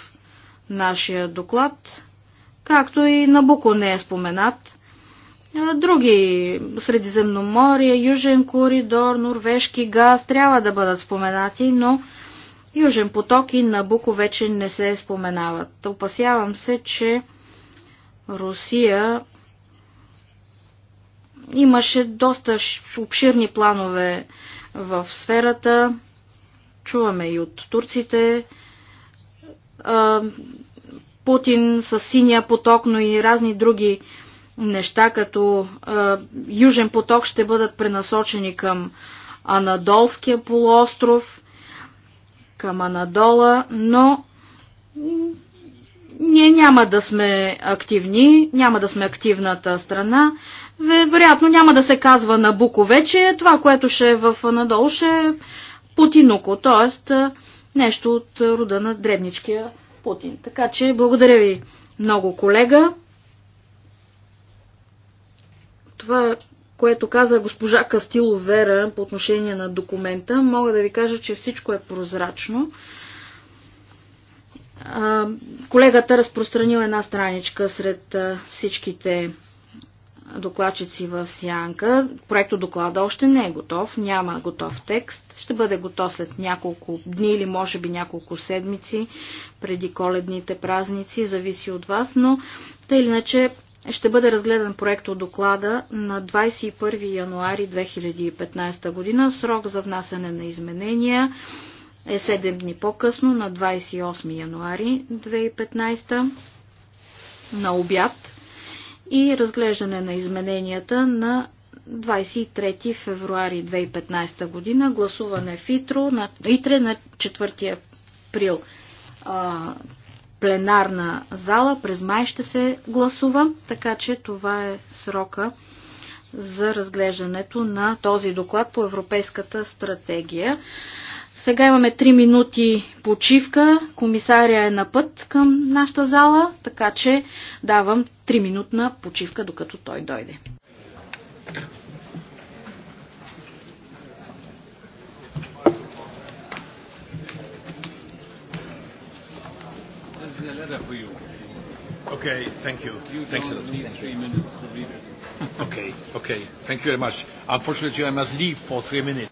нашия доклад, както и Набуко не е споменат. Други Средиземноморие, Южен коридор, норвежки газ трябва да бъдат споменати, но Южен поток и Набуко вече не се споменават. Опасявам се, че Русия имаше доста обширни планове в сферата. Чуваме и от турците. Путин с синия поток, но и разни други неща като а, Южен поток ще бъдат пренасочени към Анадолския полуостров, към Анадола, но ние няма да сме активни, няма да сме активната страна. Вероятно няма да се казва на Буко вече, това, което ще е в Анадол, ще е Путинуко, т.е. нещо от рода на древничкия Путин. Така че благодаря ви много, колега това, което каза госпожа Кастило Вера по отношение на документа, мога да ви кажа, че всичко е прозрачно. Колегата разпространил една страничка сред всичките докладчици в Сянка. Проекто доклада още не е готов, няма готов текст. Ще бъде готов след няколко дни или може би няколко седмици преди коледните празници, зависи от вас, но тъй или иначе ще бъде разгледан проект от доклада на 21 януари 2015 година. Срок за внасяне на изменения е 7 дни по-късно, на 28 януари 2015 на обяд и разглеждане на измененията на 23 февруари 2015 година, гласуване в ИТРО на, ИТРЕ на 4 април пленарна зала. През май ще се гласува, така че това е срока за разглеждането на този доклад по Европейската стратегия. Сега имаме 3 минути почивка. Комисария е на път към нашата зала, така че давам 3 минутна почивка, докато той дойде. Okay, thank you. you Thanks don't a lot. need three minutes to read it. okay, okay. Thank you very much. Unfortunately, I must leave for three minutes.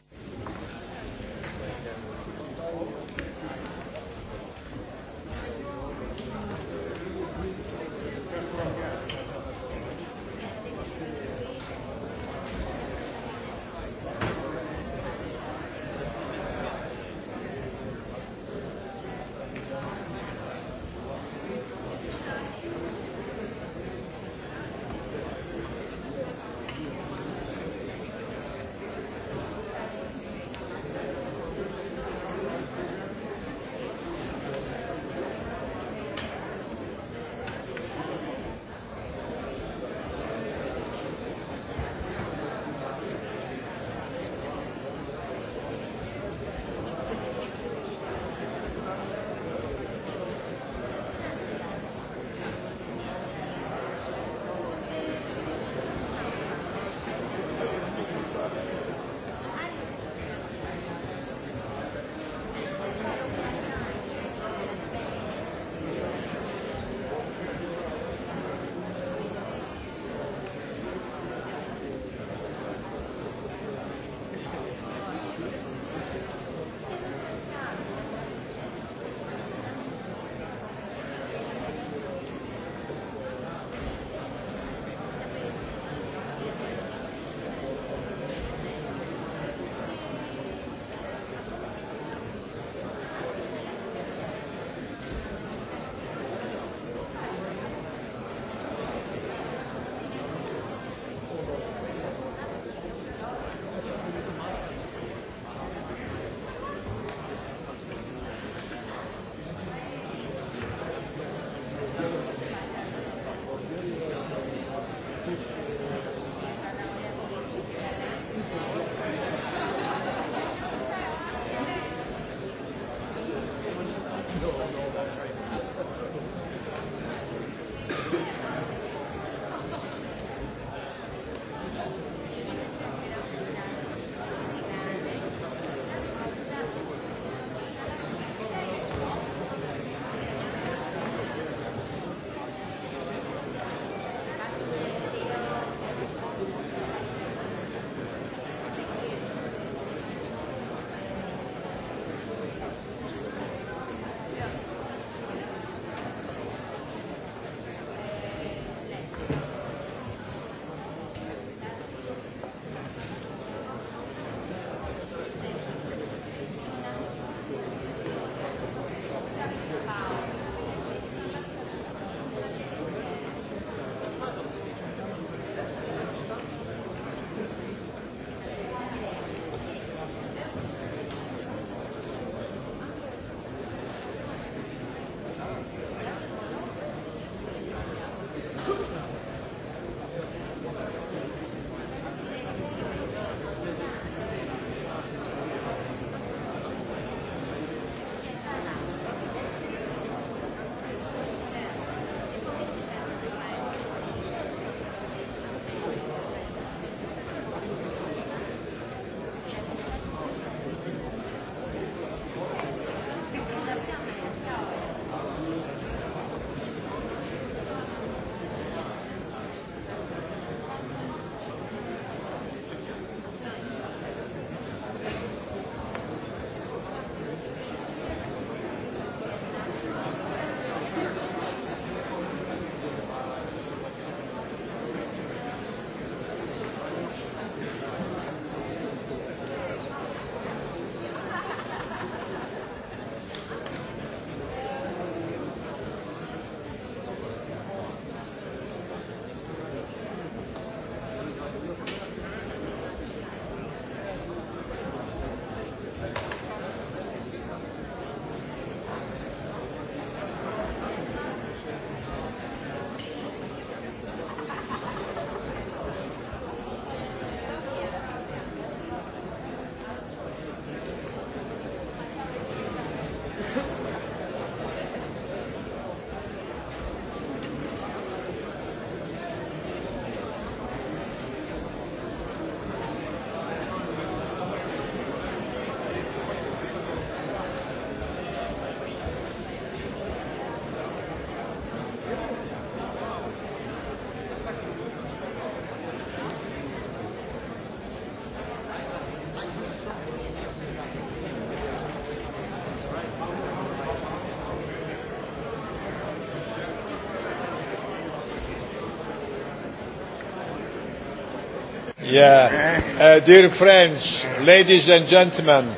Yeah. Uh, friends,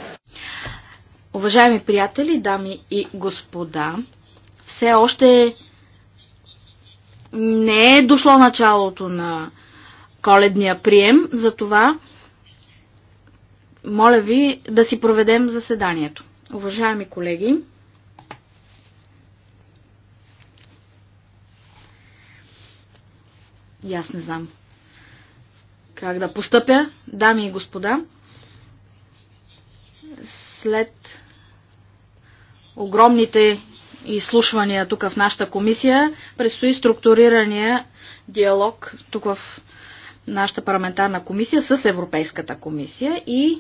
Уважаеми приятели, дами и господа, все още не е дошло началото на коледния прием, затова моля ви да си проведем заседанието. Уважаеми колеги, и аз не знам как да постъпя, дами и господа. След огромните изслушвания тук в нашата комисия, предстои структурирания диалог тук в нашата парламентарна комисия с Европейската комисия и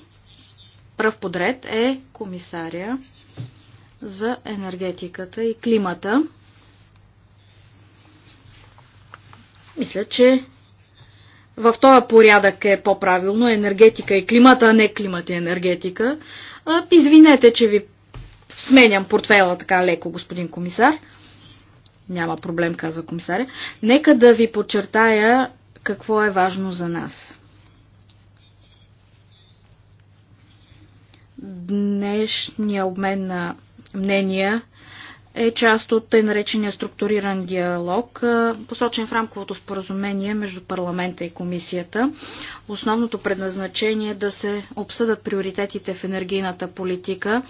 пръв подред е комисаря за енергетиката и климата. Мисля, че в този порядък е по-правилно енергетика и климата, а не климат и енергетика. А, извинете, че ви сменям портфела така леко, господин комисар. Няма проблем, казва комисаря. Нека да ви подчертая какво е важно за нас. Днешния обмен на мнения е част от тъй наречения структуриран диалог, посочен в рамковото споразумение между парламента и комисията. Основното предназначение е да се обсъдат приоритетите в енергийната политика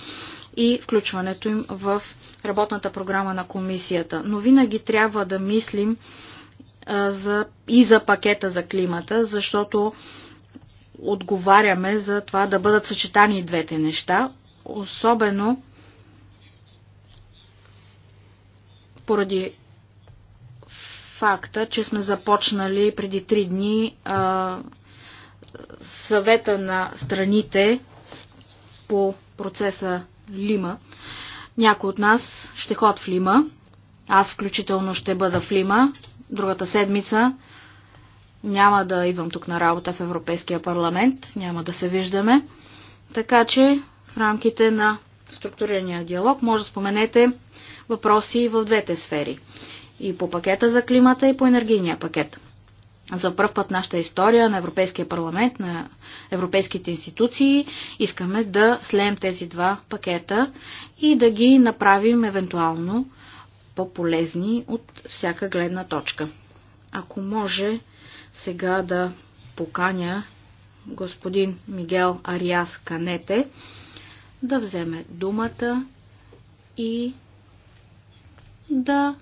и включването им в работната програма на комисията. Но винаги трябва да мислим за, и за пакета за климата, защото отговаряме за това да бъдат съчетани двете неща, особено поради факта, че сме започнали преди три дни а, съвета на страните по процеса Лима. Някои от нас ще ход в Лима. Аз включително ще бъда в Лима. Другата седмица няма да идвам тук на работа в Европейския парламент. Няма да се виждаме. Така че в рамките на структурирания диалог, може да споменете въпроси в двете сфери. И по пакета за климата, и по енергийния пакет. За първ път нашата история на Европейския парламент, на европейските институции, искаме да слеем тези два пакета и да ги направим евентуално по-полезни от всяка гледна точка. Ако може сега да поканя господин Мигел Ариас Канете, да вземе думата и да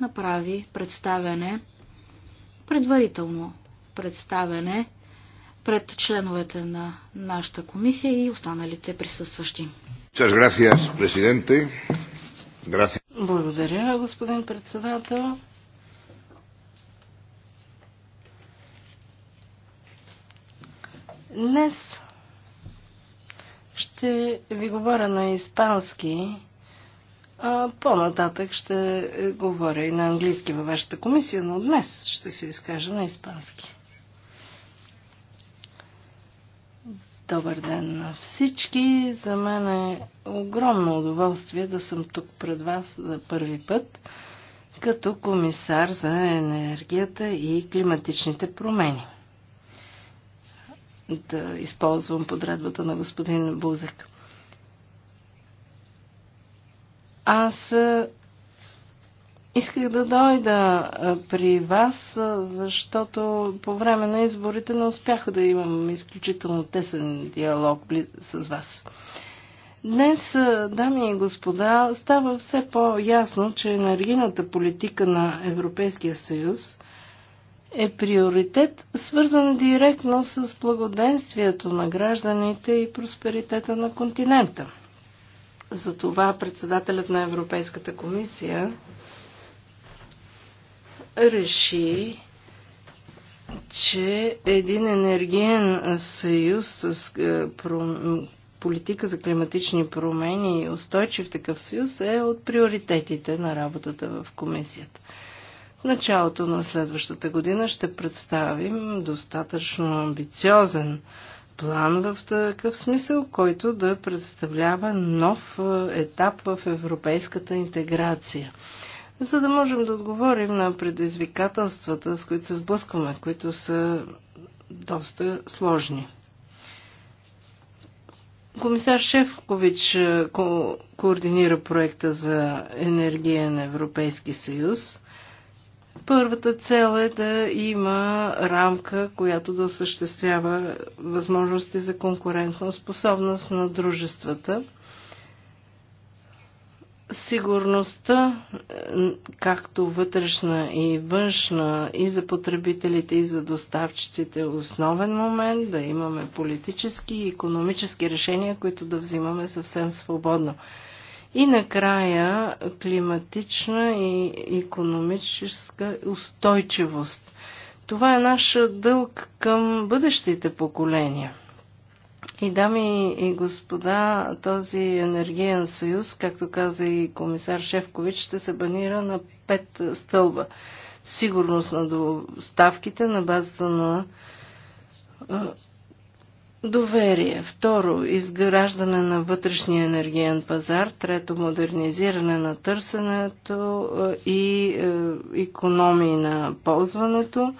направи представяне, предварително представяне пред членовете на нашата комисия и останалите присъстващи. Благодаря, господин председател. Днес ще ви говоря на испански, а по-нататък ще говоря и на английски във вашата комисия, но днес ще се изкажа на испански. Добър ден на всички! За мен е огромно удоволствие да съм тук пред вас за първи път като комисар за енергията и климатичните промени да използвам подредбата на господин Бузек. Аз исках да дойда при вас, защото по време на изборите не успях да имам изключително тесен диалог с вас. Днес, дами и господа, става все по-ясно, че енергийната политика на Европейския съюз е приоритет, свързан директно с благоденствието на гражданите и просперитета на континента. Затова председателят на Европейската комисия реши, че един енергиен съюз с е, политика за климатични промени и устойчив такъв съюз е от приоритетите на работата в комисията. В началото на следващата година ще представим достатъчно амбициозен план в такъв смисъл, който да представлява нов е, етап в европейската интеграция. За да можем да отговорим на предизвикателствата, с които се сблъскваме, които са доста сложни. Комисар Шефкович е, ко- координира проекта за енергия на Европейски съюз. Първата цел е да има рамка, която да осъществява възможности за конкурентна способност на дружествата. Сигурността, както вътрешна и външна, и за потребителите, и за доставчиците, е основен момент да имаме политически и економически решения, които да взимаме съвсем свободно. И накрая климатична и економическа устойчивост. Това е наш дълг към бъдещите поколения. И дами и господа, този енергиен съюз, както каза и комисар Шевкович, ще се банира на пет стълба. Сигурност на доставките на базата на доверие. Второ, изграждане на вътрешния енергиен пазар. Трето, модернизиране на търсенето и економии на ползването.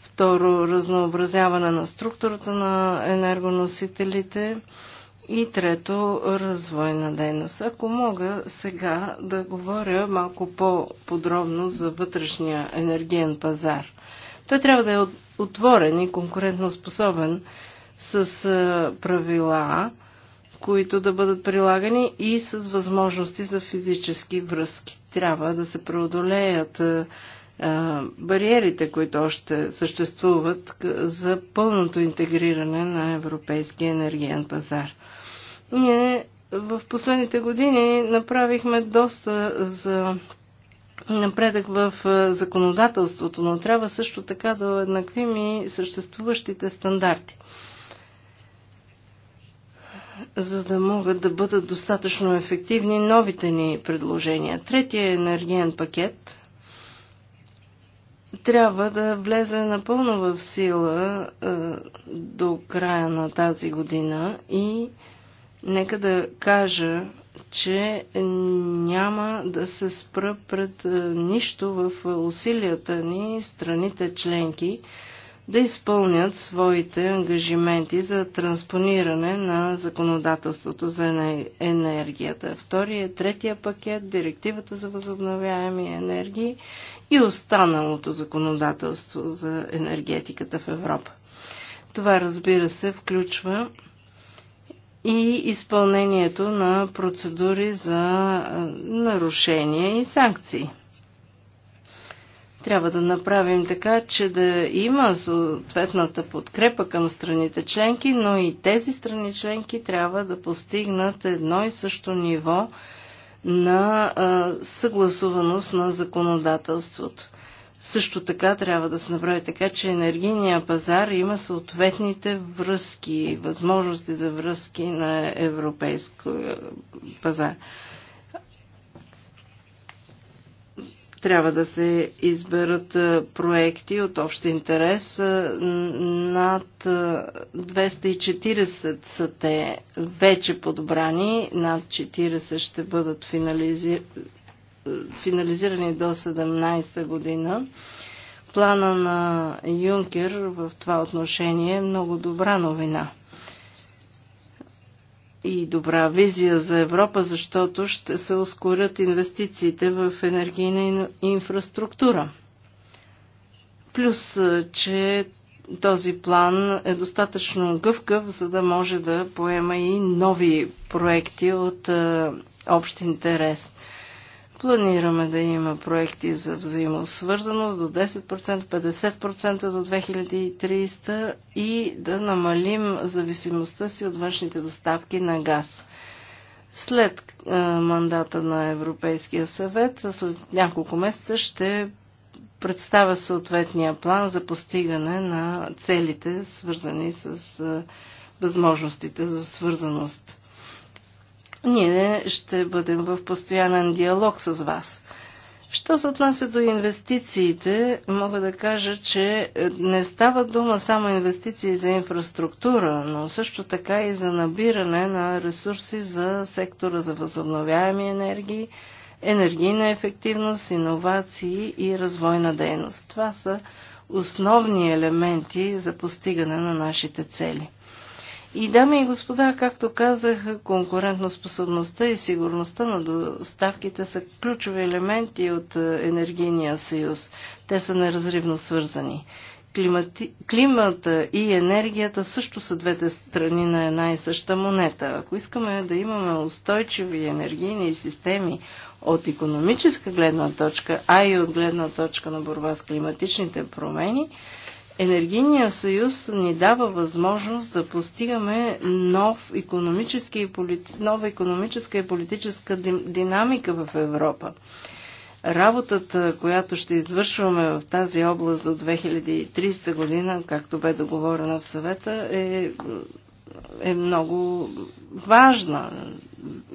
Второ, разнообразяване на структурата на енергоносителите. И трето, развой на дейност. Ако мога сега да говоря малко по-подробно за вътрешния енергиен пазар. Той трябва да е отворен и конкурентно способен, с е, правила, които да бъдат прилагани и с възможности за физически връзки. Трябва да се преодолеят е, е, бариерите, които още съществуват за пълното интегриране на европейския енергиен пазар. Ние в последните години направихме доста за напредък в законодателството, но трябва също така да еднаквим и съществуващите стандарти за да могат да бъдат достатъчно ефективни новите ни предложения. Третия енергиен пакет трябва да влезе напълно в сила е, до края на тази година и нека да кажа, че няма да се спра пред е, нищо в е, усилията ни страните членки да изпълнят своите ангажименти за транспониране на законодателството за енергията. Втория, третия пакет, директивата за възобновяеми енергии и останалото законодателство за енергетиката в Европа. Това, разбира се, включва и изпълнението на процедури за нарушения и санкции. Трябва да направим така, че да има съответната подкрепа към страните членки, но и тези страни членки трябва да постигнат едно и също ниво на съгласуваност на законодателството. Също така трябва да се направи така, че енергийния пазар има съответните връзки, възможности за връзки на европейско пазар. Трябва да се изберат проекти от общ интерес. Над 240 са те вече подбрани, над 40 ще бъдат финализи... финализирани до 17 година. Плана на Юнкер в това отношение е много добра новина – и добра визия за Европа, защото ще се ускорят инвестициите в енергийна инфраструктура. Плюс, че този план е достатъчно гъвкав, за да може да поема и нови проекти от общ интерес. Планираме да има проекти за взаимосвързаност до 10%, 50% до 2300 и да намалим зависимостта си от външните доставки на газ. След е, мандата на Европейския съвет, след няколко месеца ще представя съответния план за постигане на целите, свързани с е, възможностите за свързаност. Ние ще бъдем в постоянен диалог с вас. Що се отнася до инвестициите, мога да кажа, че не става дума само инвестиции за инфраструктура, но също така и за набиране на ресурси за сектора за възобновяеми енергии, енергийна ефективност, иновации и развойна дейност. Това са основни елементи за постигане на нашите цели. И, дами и господа, както казах, конкурентноспособността и сигурността на доставките са ключови елементи от е, енергийния съюз. Те са неразривно свързани. Климати... Климата и енергията също са двете страни на една и съща монета. Ако искаме да имаме устойчиви енергийни системи от економическа гледна точка, а и от гледна точка на борба с климатичните промени, Енергийният съюз ни дава възможност да постигаме нов економически и полит... нова економическа и политическа динамика в Европа. Работата, която ще извършваме в тази област до 2030 година, както бе договорена в съвета, е, е много важна.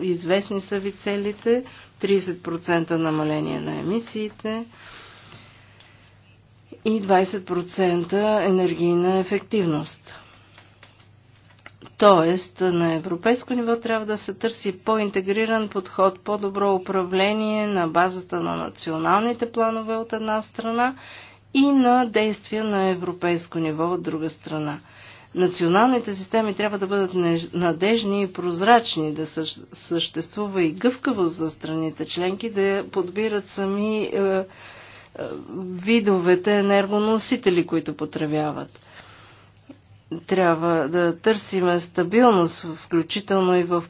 Известни са ви целите, 30% намаление на емисиите, и 20% енергийна ефективност. Тоест, на европейско ниво трябва да се търси по-интегриран подход, по-добро управление на базата на националните планове от една страна и на действия на европейско ниво от друга страна. Националните системи трябва да бъдат надежни и прозрачни, да съществува и гъвкавост за страните членки, да подбират сами е, е, видовете енергоносители, които потребяват. Трябва да търсиме стабилност, включително и в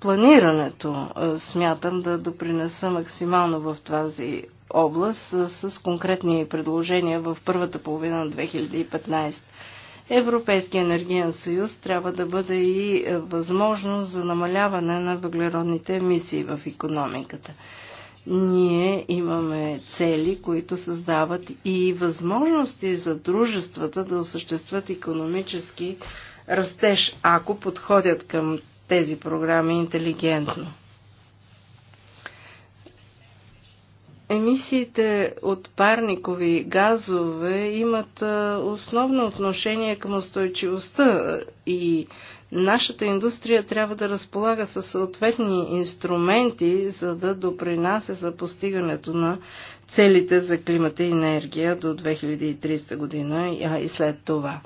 планирането. Е, смятам да допринеса максимално в тази област е, с конкретни предложения в първата половина на 2015. Европейския енергиен съюз трябва да бъде и възможност за намаляване на въглеродните емисии в економиката ние имаме цели, които създават и възможности за дружествата да осъществят економически растеж, ако подходят към тези програми интелигентно. Емисиите от парникови газове имат основно отношение към устойчивостта и Нашата индустрия трябва да разполага със съответни инструменти, за да допринася за постигането на целите за климата и енергия до 2030 година, а и след това.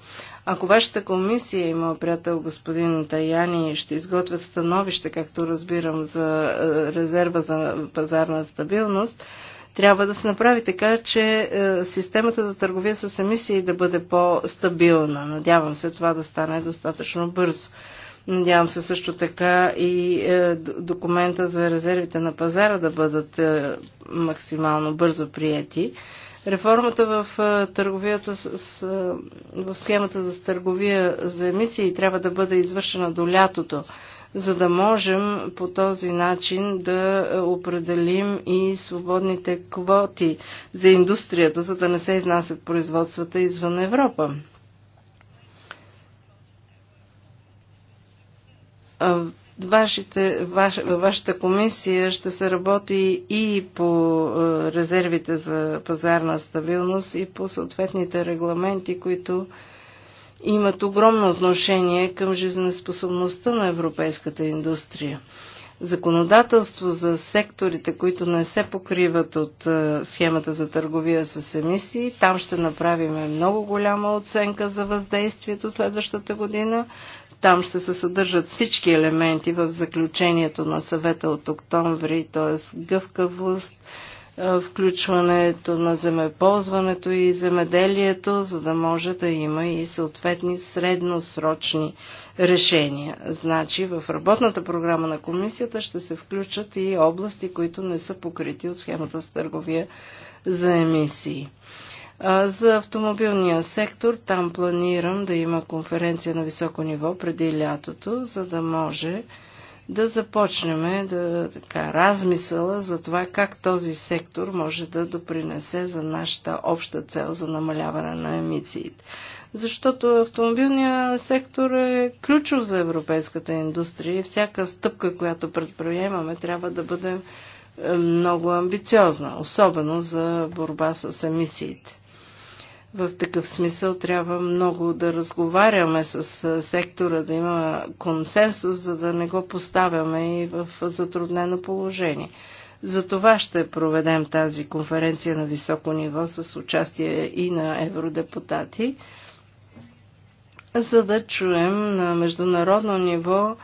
Ако вашата комисия има приятел господин Таяни ще изготвят становище, както разбирам, за е, резерва за пазарна стабилност, трябва да се направи така, че е, системата за търговия с емисии да бъде по-стабилна. Надявам се това да стане достатъчно бързо. Надявам се също така и е, документа за резервите на пазара да бъдат е, максимално бързо приети. Реформата в търговията с, с, в схемата за търговия за емисии трябва да бъде извършена до лятото за да можем по този начин да определим и свободните квоти за индустрията, за да не се изнасят производствата извън Европа. Вашите, ваш, вашата комисия ще се работи и по резервите за пазарна стабилност и по съответните регламенти, които имат огромно отношение към жизнеспособността на европейската индустрия. Законодателство за секторите, които не се покриват от е, схемата за търговия с емисии, там ще направим много голяма оценка за въздействието следващата година. Там ще се съдържат всички елементи в заключението на съвета от октомври, т.е. гъвкавост, е, включването на земеползването и земеделието, за да може да има и съответни средносрочни решения. Значи в работната програма на комисията ще се включат и области, които не са покрити от схемата с търговия за емисии. За автомобилния сектор там планирам да има конференция на високо ниво преди лятото, за да може да започнем да, така, размисъла за това как този сектор може да допринесе за нашата обща цел за намаляване на емисиите. Защото автомобилният сектор е ключов за европейската индустрия и всяка стъпка, която предприемаме, трябва да бъде е, много амбициозна, особено за борба с емисиите. В такъв смисъл трябва много да разговаряме с сектора, да има консенсус, за да не го поставяме и в затруднено положение. За това ще проведем тази конференция на високо ниво с участие и на евродепутати, за да чуем на международно ниво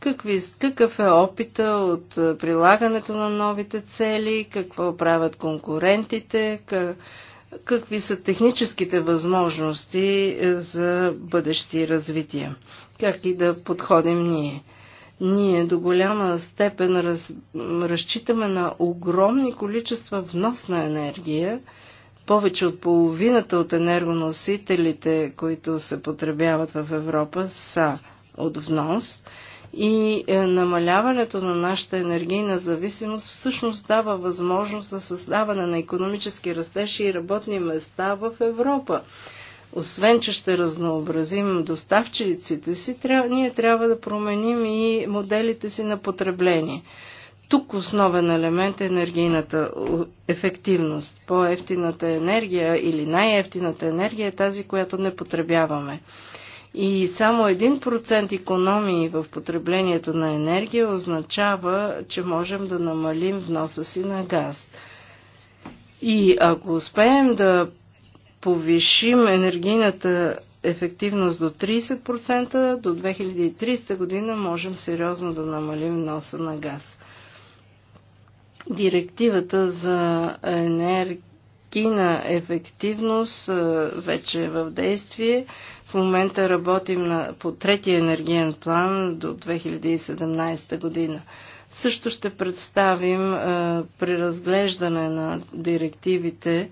какви, какъв е опита от прилагането на новите цели, какво правят конкурентите, как какви са техническите възможности е, за бъдещи развития, как и да подходим ние. Ние до голяма степен раз, разчитаме на огромни количества внос на енергия, повече от половината от енергоносителите, които се потребяват в Европа, са от внос – и е, намаляването на нашата енергийна зависимост всъщност дава възможност за създаване на економически растеж и работни места в Европа. Освен, че ще разнообразим доставчиците си, трябва, ние трябва да променим и моделите си на потребление. Тук основен елемент е енергийната ефективност. По-ефтината енергия или най-ефтината енергия е тази, която не потребяваме. И само 1% економии в потреблението на енергия означава, че можем да намалим вноса си на газ. И ако успеем да повишим енергийната ефективност до 30%, до 2300 година можем сериозно да намалим носа на газ. Директивата за енергийна ефективност вече е в действие. В момента работим на, по третия енергиен план до 2017 година. Също ще представим а, при разглеждане на директивите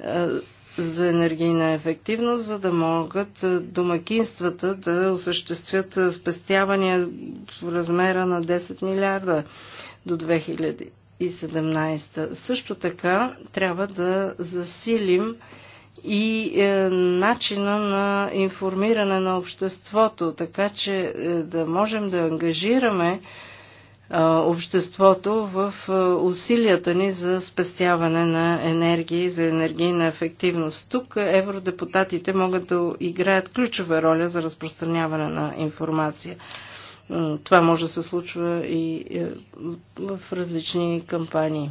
а, за енергийна ефективност, за да могат домакинствата да осъществят спестявания в размера на 10 милиарда до 2017. Също така трябва да засилим и е, начина на информиране на обществото, така че е, да можем да ангажираме е, обществото в е, усилията ни за спестяване на енергии, за енергийна ефективност. Тук евродепутатите могат да играят ключова роля за разпространяване на информация. Това може да се случва и е, в различни кампании.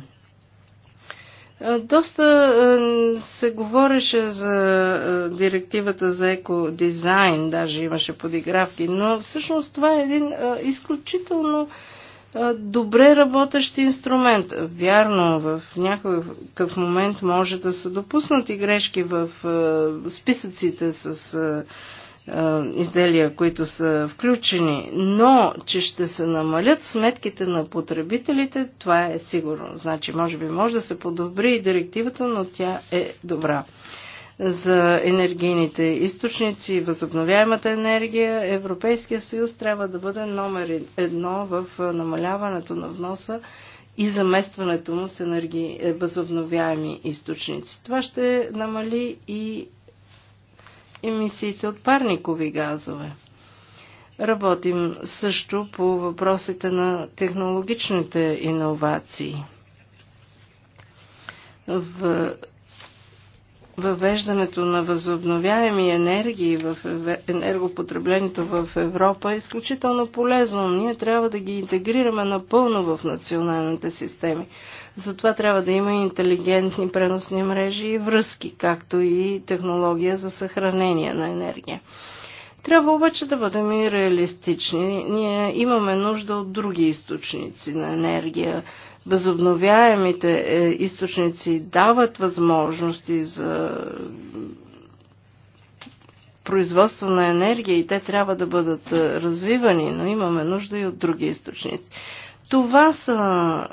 Доста се говореше за директивата за екодизайн, даже имаше подигравки, но всъщност това е един изключително добре работещ инструмент. Вярно, в някакъв момент може да са допуснати грешки в списъците с изделия, които са включени, но че ще се намалят сметките на потребителите, това е сигурно. Значи, може би може да се подобри и директивата, но тя е добра. За енергийните източници и възобновяемата енергия Европейския съюз трябва да бъде номер едно в намаляването на вноса и заместването му с енерги... Е, възобновяеми източници. Това ще намали и емисиите от парникови газове. Работим също по въпросите на технологичните иновации. В въвеждането на възобновяеми енергии в енергопотреблението в Европа е изключително полезно. Ние трябва да ги интегрираме напълно в националните системи. Затова трябва да има интелигентни преносни мрежи и връзки, както и технология за съхранение на енергия. Трябва обаче да бъдем и реалистични. Ние имаме нужда от други източници на енергия. Безобновяемите е, източници дават възможности за производство на енергия и те трябва да бъдат е, развивани, но имаме нужда и от други източници. Това са,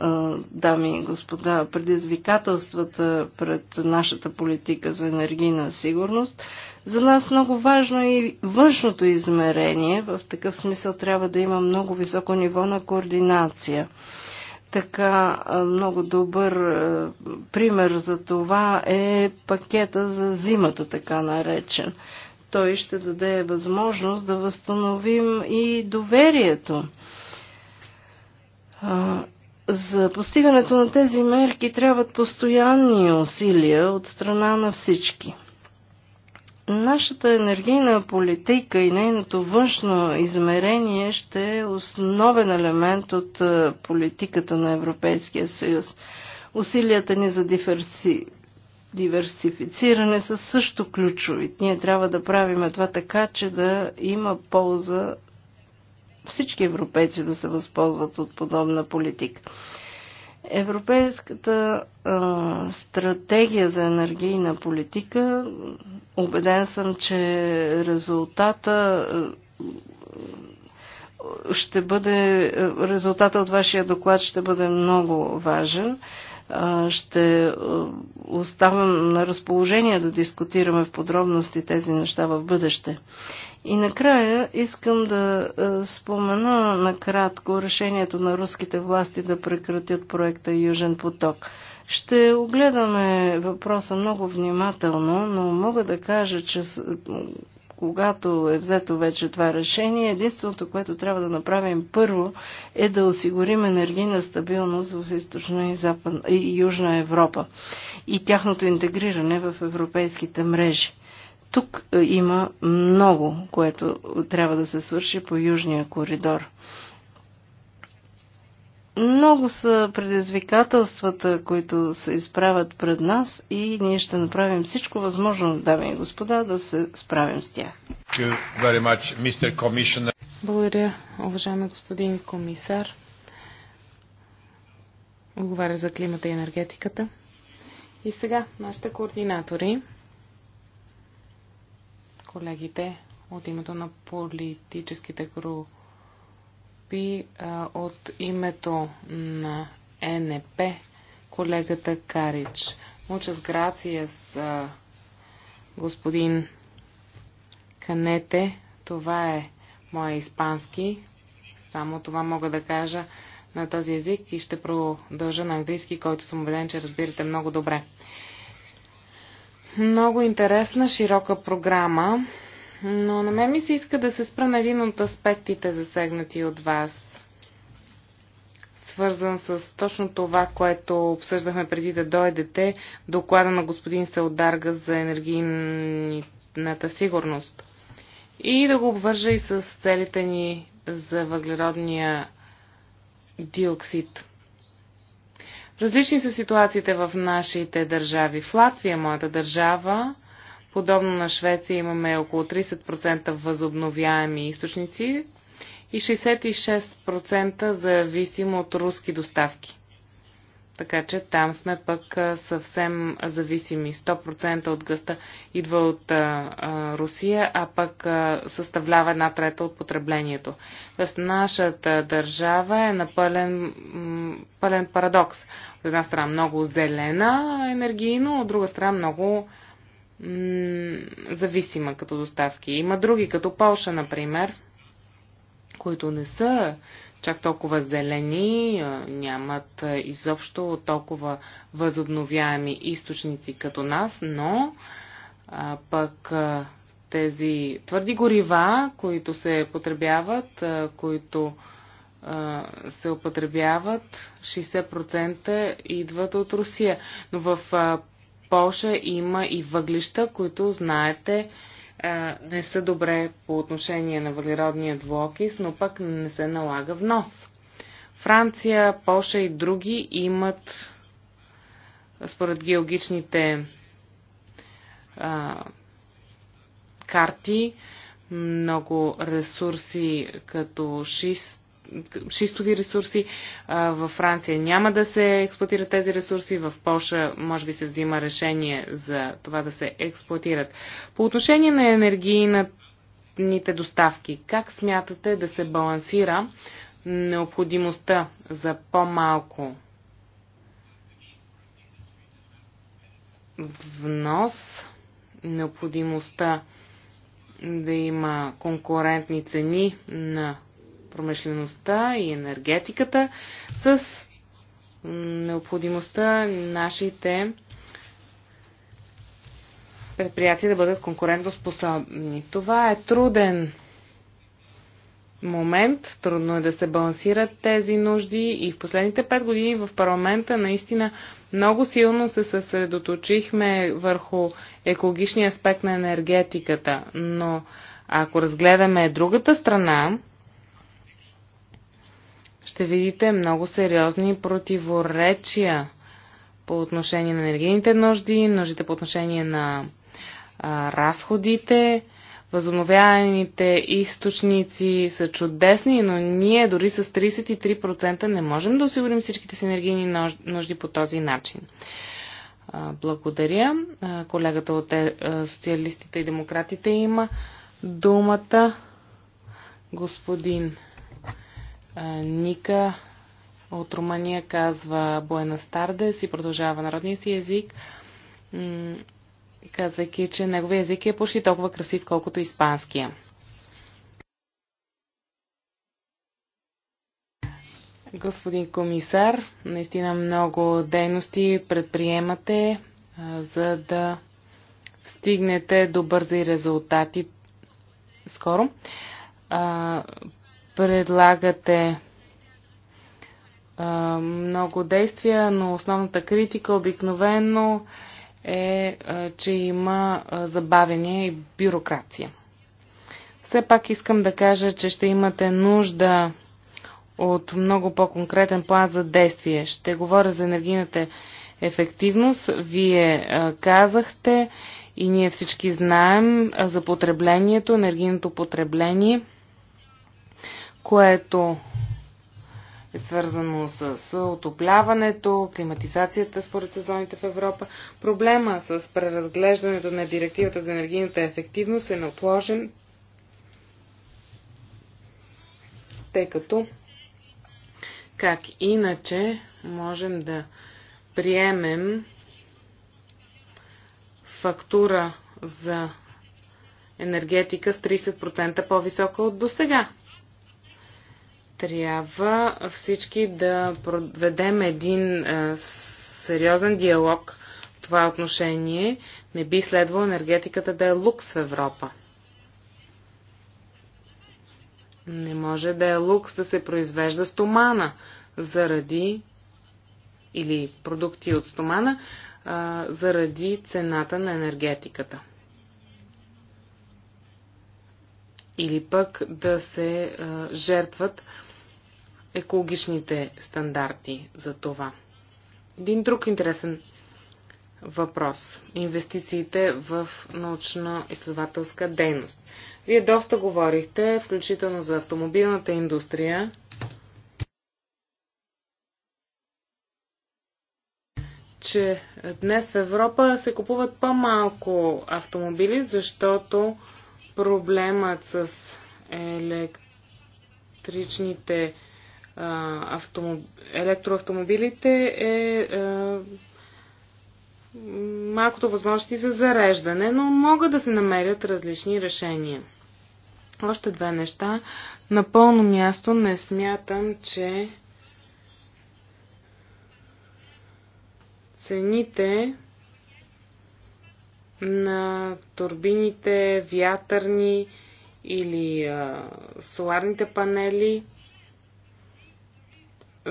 дами и господа, предизвикателствата пред нашата политика за енергийна сигурност. За нас много важно е и външното измерение. В такъв смисъл трябва да има много високо ниво на координация. Така много добър пример за това е пакета за зимата, така наречен. Той ще даде възможност да възстановим и доверието за постигането на тези мерки трябват постоянни усилия от страна на всички. Нашата енергийна политика и нейното външно измерение ще е основен елемент от политиката на Европейския съюз. Усилията ни за диверси... диверсифициране са също ключови. Ние трябва да правим това така, че да има полза всички европейци да се възползват от подобна политика. Европейската а, стратегия за енергийна политика, убеден съм, че резултата ще бъде, резултата от вашия доклад ще бъде много важен. Ще оставам на разположение да дискутираме в подробности тези неща в бъдеще. И накрая искам да е, спомена накратко решението на руските власти да прекратят проекта Южен поток. Ще огледаме въпроса много внимателно, но мога да кажа, че когато е взето вече това решение, единственото, което трябва да направим първо е да осигурим енергийна стабилност в източна и, запад, и южна Европа и тяхното интегриране в европейските мрежи. Тук е, има много, което трябва да се свърши по Южния коридор. Много са предизвикателствата, които се изправят пред нас и ние ще направим всичко възможно, дами и господа, да се справим с тях. Благодаря, уважаеми господин комисар. Отговаря за климата и енергетиката. И сега нашите координатори колегите от името на политическите групи, от името на НП, колегата Карич. грация с господин Канете. Това е моя испански. Само това мога да кажа на този език и ще продължа на английски, който съм убеден, че разбирате много добре. Много интересна, широка програма, но на мен ми се иска да се спра на един от аспектите, засегнати от вас, свързан с точно това, което обсъждахме преди да дойдете, доклада на господин Селдарга за енергийната сигурност. И да го обвържа и с целите ни за въглеродния диоксид. Различни са ситуациите в нашите държави. В Латвия, моята държава, подобно на Швеция, имаме около 30% възобновяеми източници и 66% зависимо от руски доставки. Така че там сме пък съвсем зависими. 100% от гъста идва от а, Русия, а пък а, съставлява една трета от потреблението. Тоест нашата държава е на пълен, пълен парадокс. От една страна много зелена енергийно, от друга страна много зависима като доставки. Има други, като Полша, например, които не са чак толкова зелени, нямат изобщо толкова възобновяеми източници като нас, но пък тези твърди горива, които се потребяват, които се употребяват, 60% идват от Русия. Но в Польша Полша има и въглища, които, знаете, а, не са добре по отношение на въглеродния двуокис, но пък не се налага внос. Франция, Польша и други имат според геологичните а, карти много ресурси като шист шистови ресурси. Във Франция няма да се експлуатират тези ресурси. В Польша може би се взима решение за това да се експлуатират. По отношение на енергийните доставки, как смятате да се балансира необходимостта за по-малко внос, необходимостта да има конкурентни цени на промишлеността и енергетиката с необходимостта нашите предприятия да бъдат конкурентоспособни. Това е труден момент, трудно е да се балансират тези нужди и в последните пет години в парламента наистина много силно се съсредоточихме върху екологичния аспект на енергетиката, но ако разгледаме другата страна, ще видите много сериозни противоречия по отношение на енергийните нужди, нуждите по отношение на а, разходите. Възобновяемите източници са чудесни, но ние дори с 33% не можем да осигурим всичките си енергийни нужди по този начин. Благодаря. Колегата от е, социалистите и демократите има думата господин Ника от Румъния казва Буена Стардес и продължава народния си език, казвайки, че неговия език е почти толкова красив, колкото испанския. Господин комисар, наистина много дейности предприемате, за да стигнете до бързи резултати скоро предлагате а, много действия, но основната критика обикновено е, а, че има а, забавение и бюрокрация. Все пак искам да кажа, че ще имате нужда от много по-конкретен план за действие. Ще говоря за енергийната ефективност. Вие а, казахте и ние всички знаем а, за потреблението, енергийното потребление – което е свързано с отопляването, климатизацията според сезоните в Европа. Проблема с преразглеждането на директивата за енергийната ефективност е неотложен, тъй като как иначе можем да приемем фактура за енергетика с 30% по-висока от досега трябва всички да проведем един а, е, сериозен диалог в това отношение. Не би следвало енергетиката да е лукс в Европа. Не може да е лукс да се произвежда стомана заради или продукти от стомана а, е, заради цената на енергетиката. Или пък да се а, е, жертват екологичните стандарти за това. Един друг интересен въпрос. Инвестициите в научно-изследователска дейност. Вие доста говорихте, включително за автомобилната индустрия. че днес в Европа се купуват по-малко автомобили, защото проблемът с електричните автомоб... електроавтомобилите е, е малкото възможности за зареждане, но могат да се намерят различни решения. Още две неща. На пълно място не смятам, че цените на турбините, вятърни или а, соларните панели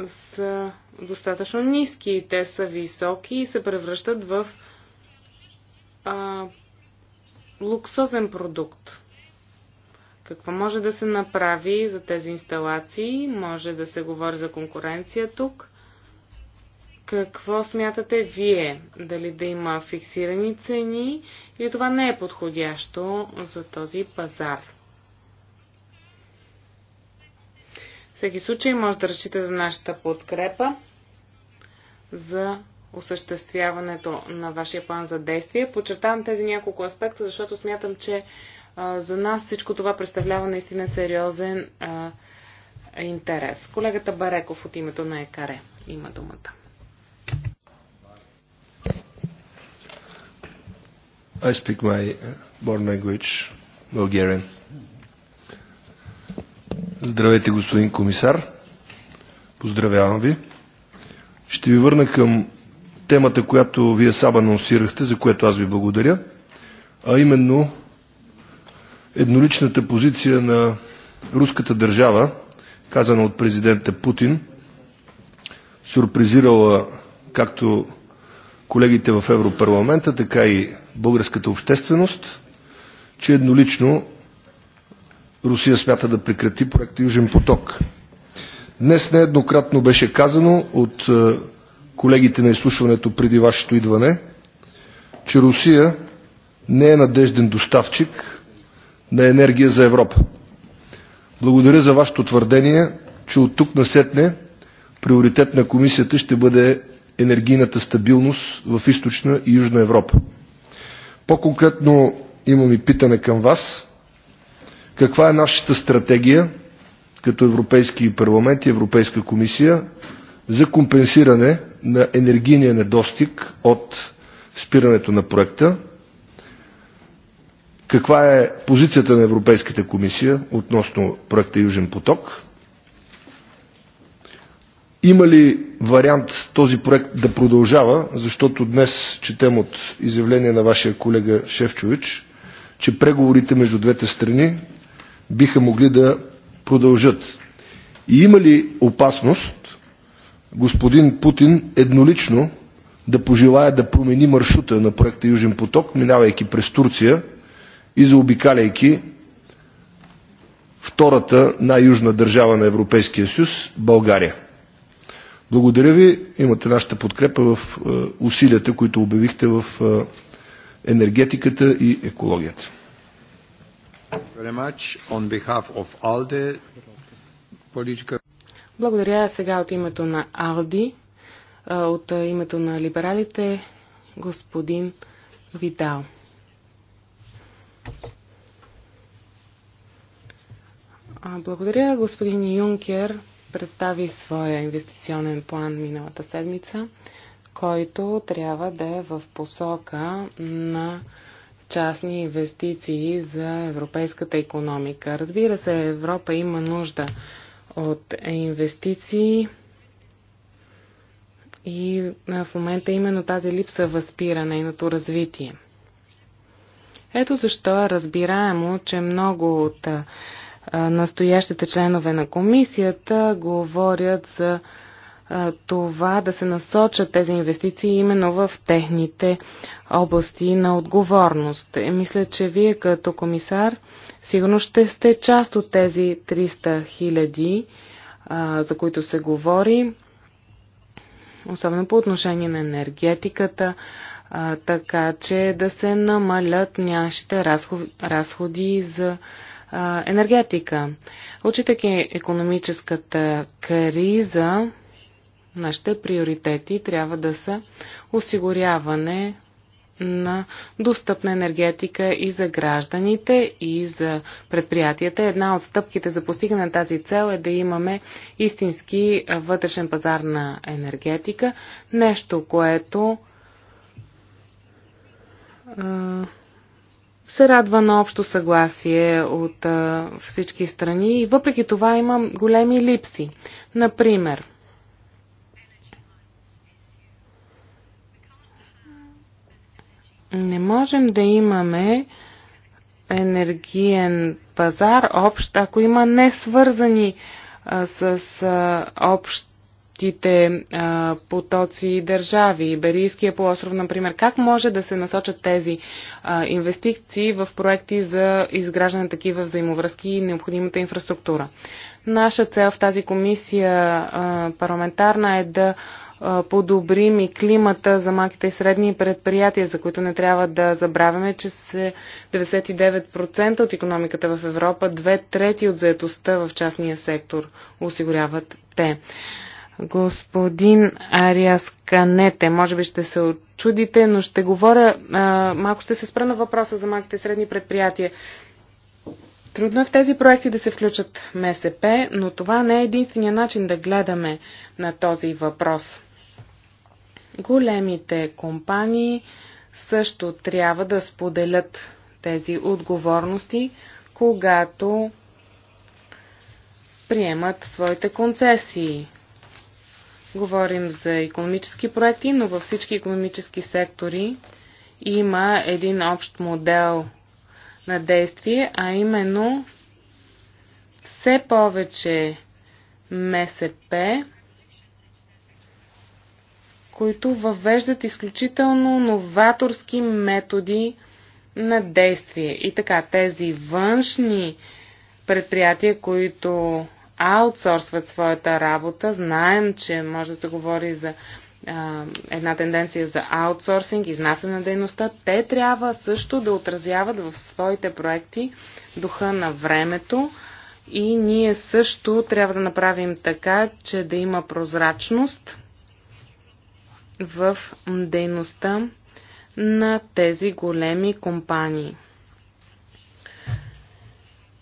са достатъчно ниски. Те са високи и се превръщат в а, луксозен продукт. Какво може да се направи за тези инсталации? Може да се говори за конкуренция тук. Какво смятате вие? Дали да има фиксирани цени или това не е подходящо за този пазар? всеки случай може да разчитате на нашата подкрепа за осъществяването на вашия план за действие. Подчертавам тези няколко аспекта, защото смятам, че а, за нас всичко това представлява наистина сериозен а, интерес. Колегата Бареков от името на ЕКАРЕ има думата. I speak my uh, born language, Bulgarian. Здравейте, господин комисар. Поздравявам ви. Ще ви върна към темата, която вие сам анонсирахте, за което аз ви благодаря, а именно едноличната позиция на руската държава, казана от президента Путин, сюрпризирала както колегите в Европарламента, така и българската общественост, че еднолично Русия смята да прекрати проекта Южен поток. Днес нееднократно беше казано от е, колегите на изслушването преди вашето идване, че Русия не е надежден доставчик на енергия за Европа. Благодаря за вашето твърдение, че от тук насетне приоритет на комисията ще бъде енергийната стабилност в източна и южна Европа. По-конкретно имам и питане към вас каква е нашата стратегия като Европейски парламент и Европейска комисия за компенсиране на енергийния недостиг от спирането на проекта? Каква е позицията на Европейската комисия относно проекта Южен поток? Има ли вариант този проект да продължава, защото днес четем от изявление на вашия колега Шефчович, че преговорите между двете страни биха могли да продължат. И има ли опасност господин Путин еднолично да пожелая да промени маршрута на проекта Южен поток, минавайки през Турция и заобикаляйки втората най-южна държава на Европейския съюз – България. Благодаря ви, имате нашата подкрепа в е, усилията, които обявихте в е, енергетиката и екологията. Благодаря сега от името на Алди, от името на либералите, господин Видал. Благодаря, господин Юнкер представи своя инвестиционен план миналата седмица, който трябва да е в посока на частни инвестиции за европейската економика. Разбира се, Европа има нужда от инвестиции и в момента именно тази липса възпира нейното развитие. Ето защо е разбираемо, че много от настоящите членове на комисията говорят за това да се насочат тези инвестиции именно в техните области на отговорност. Е, мисля, че вие като комисар сигурно ще сте част от тези 300 хиляди, за които се говори, особено по отношение на енергетиката, така че да се намалят нашите разходи за енергетика. Учитайки економическата криза, Нашите приоритети трябва да са осигуряване на достъпна енергетика и за гражданите, и за предприятията. Една от стъпките за постигане на тази цел е да имаме истински вътрешен пазар на енергетика. Нещо, което се радва на общо съгласие от всички страни и въпреки това има големи липси. Например, Не можем да имаме енергиен пазар общ, ако има несвързани с а, общите а, потоци и държави. Иберийския полуостров, например, как може да се насочат тези а, инвестиции в проекти за изграждане на такива взаимовръзки и необходимата инфраструктура? Наша цел в тази комисия парламентарна е да подобрим и климата за малките и средни предприятия, за които не трябва да забравяме, че се 99% от економиката в Европа, две трети от заетостта в частния сектор осигуряват те. Господин Ариас Канете, може би ще се очудите, но ще говоря, а, малко ще се спра на въпроса за малките и средни предприятия. Трудно е в тези проекти да се включат МСП, но това не е единствения начин да гледаме на този въпрос. Големите компании също трябва да споделят тези отговорности, когато приемат своите концесии. Говорим за економически проекти, но във всички економически сектори има един общ модел – на действие, а именно все повече МСП, които въвеждат изключително новаторски методи на действие. И така, тези външни предприятия, които аутсорсват своята работа, знаем, че може да се говори за една тенденция за аутсорсинг, изнасяне на дейността, те трябва също да отразяват в своите проекти духа на времето и ние също трябва да направим така, че да има прозрачност в дейността на тези големи компании.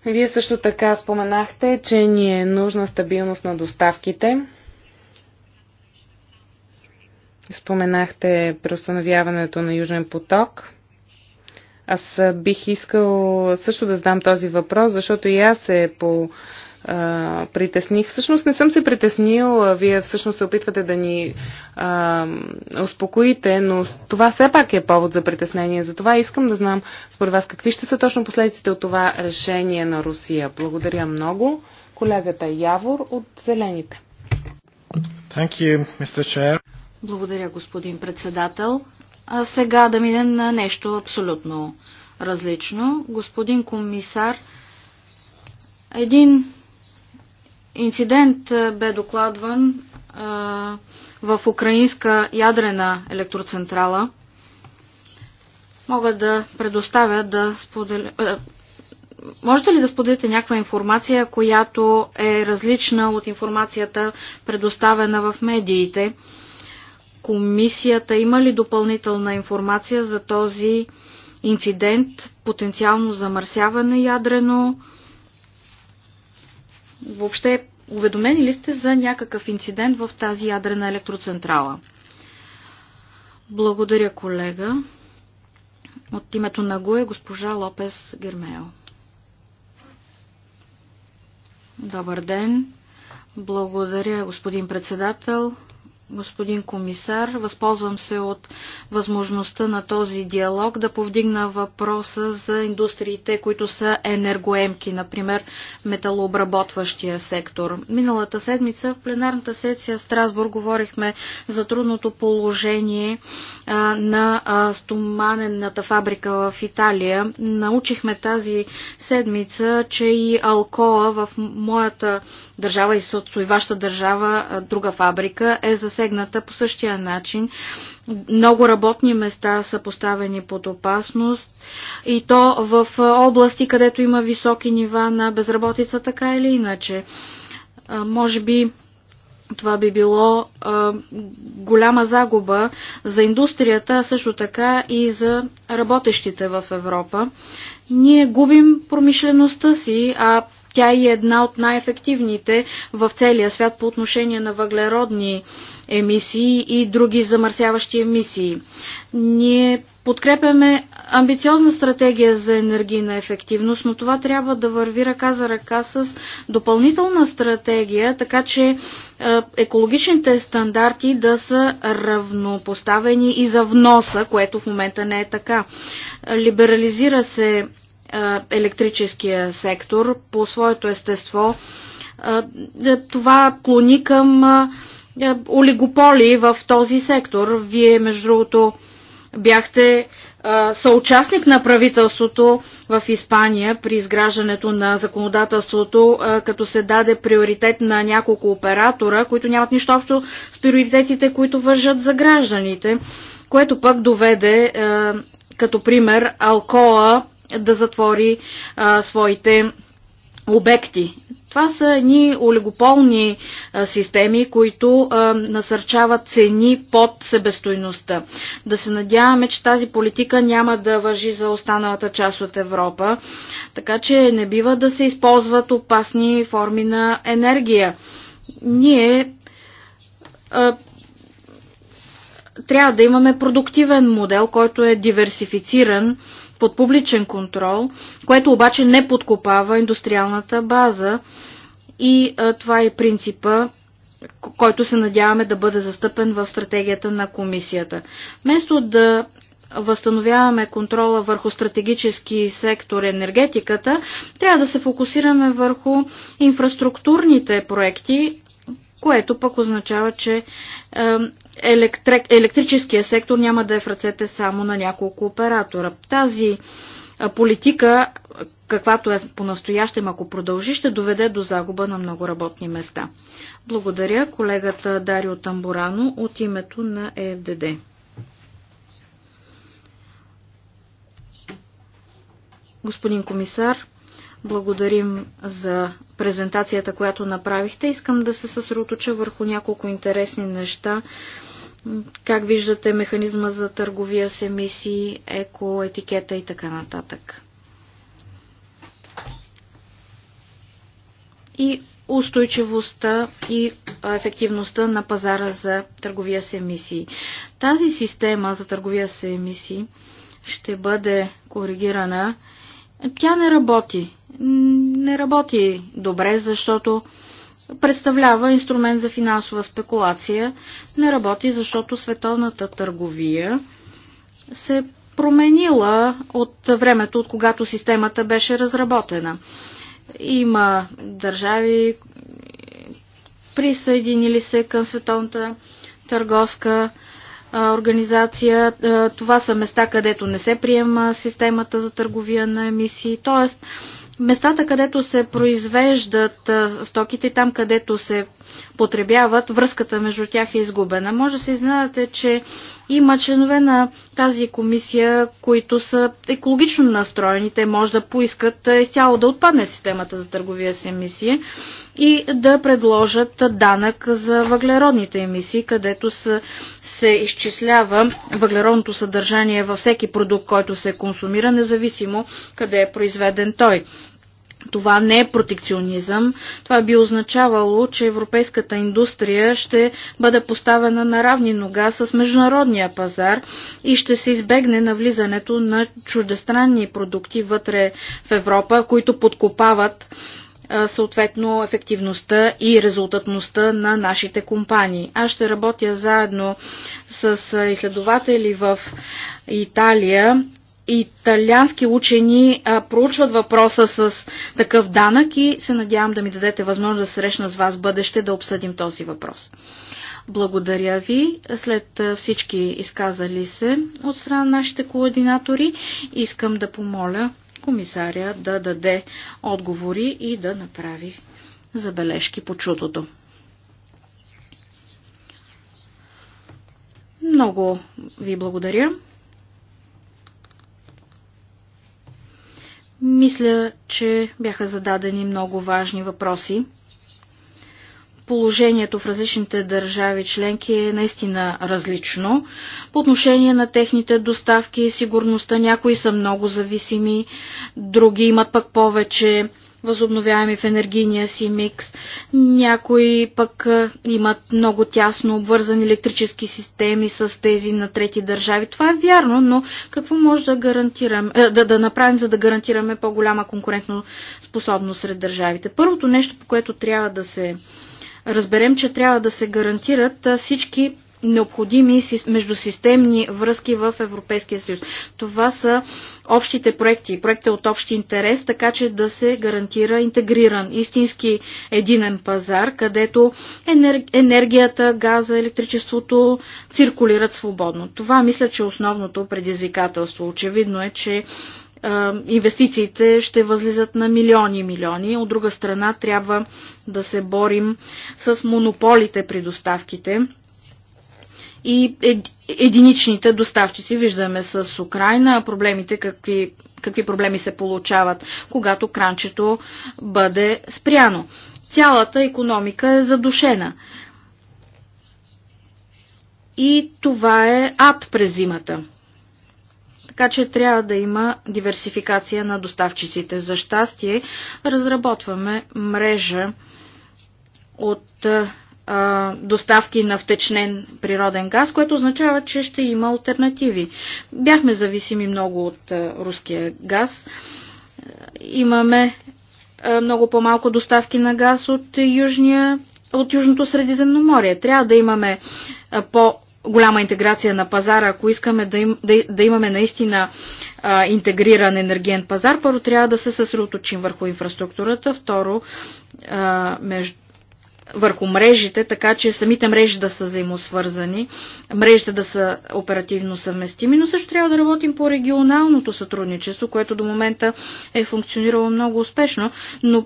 Вие също така споменахте, че ни е нужна стабилност на доставките. Споменахте преустановяването на Южен поток. Аз бих искал също да задам този въпрос, защото и аз се по притесних. Всъщност не съм се притеснил, вие всъщност се опитвате да ни а, успокоите, но това все пак е повод за притеснение. Затова искам да знам според вас какви ще са точно последиците от това решение на Русия. Благодаря много. Колегата Явор от Зелените. Thank you, Mr. Chair. Благодаря, господин председател. А сега да минем на нещо абсолютно различно. Господин комисар, един инцидент бе докладван а, в украинска ядрена електроцентрала. Мога да предоставя да споделя. можете ли да споделите някаква информация, която е различна от информацията предоставена в медиите? Комисията има ли допълнителна информация за този инцидент, потенциално замърсяване ядрено? Въобще, уведомени ли сте за някакъв инцидент в тази ядрена електроцентрала? Благодаря, колега. От името на ГУЕ госпожа Лопес Гермео. Добър ден. Благодаря, господин председател господин комисар. Възползвам се от възможността на този диалог да повдигна въпроса за индустриите, които са енергоемки, например металообработващия сектор. Миналата седмица в пленарната сесия в Страсбург говорихме за трудното положение на стоманената фабрика в Италия. Научихме тази седмица, че и Алкоа в моята държава и, и вашата държава, друга фабрика, е за засегната по същия начин. Много работни места са поставени под опасност и то в области, където има високи нива на безработица, така или иначе. Може би това би било голяма загуба за индустрията, а също така и за работещите в Европа. Ние губим промишлеността си, а тя е една от най-ефективните в целия свят по отношение на въглеродни емисии и други замърсяващи емисии. Ние подкрепяме амбициозна стратегия за енергийна ефективност, но това трябва да върви ръка за ръка с допълнителна стратегия, така че е, екологичните стандарти да са равнопоставени и за вноса, което в момента не е така. Либерализира се електрическия сектор по своето естество. Е, това клони към е, олигополи в този сектор. Вие, между другото, бяхте съучастник на правителството в Испания при изграждането на законодателството, като се даде приоритет на няколко оператора, които нямат нищо общо с приоритетите, които въжат за гражданите, което пък доведе като пример Алкоа да затвори а, своите обекти. Това са едни олигополни а, системи, които а, насърчават цени под себестойността. Да се надяваме, че тази политика няма да въжи за останалата част от Европа, така че не бива да се използват опасни форми на енергия. Ние а, трябва да имаме продуктивен модел, който е диверсифициран под публичен контрол, което обаче не подкопава индустриалната база. И а, това е принципа, който се надяваме да бъде застъпен в стратегията на комисията. Вместо да възстановяваме контрола върху стратегически сектор енергетиката, трябва да се фокусираме върху инфраструктурните проекти, което пък означава, че електрическия сектор няма да е в ръцете само на няколко оператора. Тази политика, каквато е по-настоящем, ако продължи, ще доведе до загуба на много работни места. Благодаря колегата Дарио Тамбурано от името на ЕФДД. Господин комисар, Благодарим за презентацията, която направихте. Искам да се съсредоточа върху няколко интересни неща. Как виждате механизма за търговия с емисии, еко, етикета и така нататък. И устойчивостта и ефективността на пазара за търговия с емисии. Тази система за търговия с емисии ще бъде коригирана. Тя не работи не работи добре, защото представлява инструмент за финансова спекулация. Не работи, защото световната търговия се променила от времето, от когато системата беше разработена. Има държави, присъединили се към Световната търговска организация. Това са места, където не се приема системата за търговия на емисии. Тоест, местата, където се произвеждат стоките, там където се потребяват, връзката между тях е изгубена. Може да се изненадате, че има членове на тази комисия, които са екологично настроени. Те може да поискат изцяло да отпадне системата за търговия с емисии и да предложат данък за въглеродните емисии, където са, се изчислява въглеродното съдържание във всеки продукт, който се консумира, независимо къде е произведен той това не е протекционизъм. Това би означавало, че европейската индустрия ще бъде поставена на равни нога с международния пазар и ще се избегне навлизането на чуждестранни продукти вътре в Европа, които подкопават съответно ефективността и резултатността на нашите компании. Аз ще работя заедно с изследователи в Италия италиански учени а, проучват въпроса с такъв данък и се надявам да ми дадете възможност да срещна с вас в бъдеще да обсъдим този въпрос. Благодаря ви. След всички изказали се от страна на нашите координатори, искам да помоля комисаря да даде отговори и да направи забележки по чудото. Много ви благодаря. Мисля, че бяха зададени много важни въпроси. Положението в различните държави членки е наистина различно. По отношение на техните доставки и сигурността, някои са много зависими, други имат пък повече възобновяеми в енергийния си микс. Някои пък имат много тясно обвързани електрически системи с тези на трети държави. Това е вярно, но какво може да, гарантираме да, да направим, за да гарантираме по-голяма конкурентно способност сред държавите? Първото нещо, по което трябва да се разберем, че трябва да се гарантират всички необходими междусистемни връзки в Европейския съюз. Това са общите проекти, проекти от общ интерес, така че да се гарантира интегриран, истински единен пазар, където енергията, газа, електричеството циркулират свободно. Това мисля, че е основното предизвикателство. Очевидно е, че инвестициите ще възлизат на милиони и милиони. От друга страна трябва да се борим с монополите при доставките и единичните доставчици. Виждаме с Украина проблемите, какви, какви проблеми се получават, когато кранчето бъде спряно. Цялата економика е задушена. И това е ад през зимата. Така че трябва да има диверсификация на доставчиците. За щастие разработваме мрежа от доставки на втечнен природен газ, което означава, че ще има альтернативи. Бяхме зависими много от руския газ. Имаме много по-малко доставки на газ от, южния, от Южното Средиземноморие. Трябва да имаме по- голяма интеграция на пазара, ако искаме да, им, да, да имаме наистина а, интегриран енергиен пазар, първо трябва да се съсредоточим върху инфраструктурата, второ а, между върху мрежите, така че самите мрежи да са взаимосвързани, мрежите да са оперативно съвместими, но също трябва да работим по регионалното сътрудничество, което до момента е функционирало много успешно, но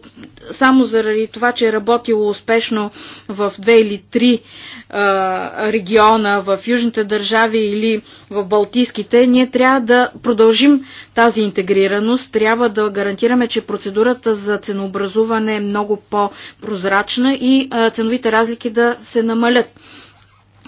само заради това, че е работило успешно в две или три а, региона, в южните държави или в Балтийските, ние трябва да продължим тази интегрираност, трябва да гарантираме, че процедурата за ценообразуване е много по-прозрачна и ценовите разлики да се намалят.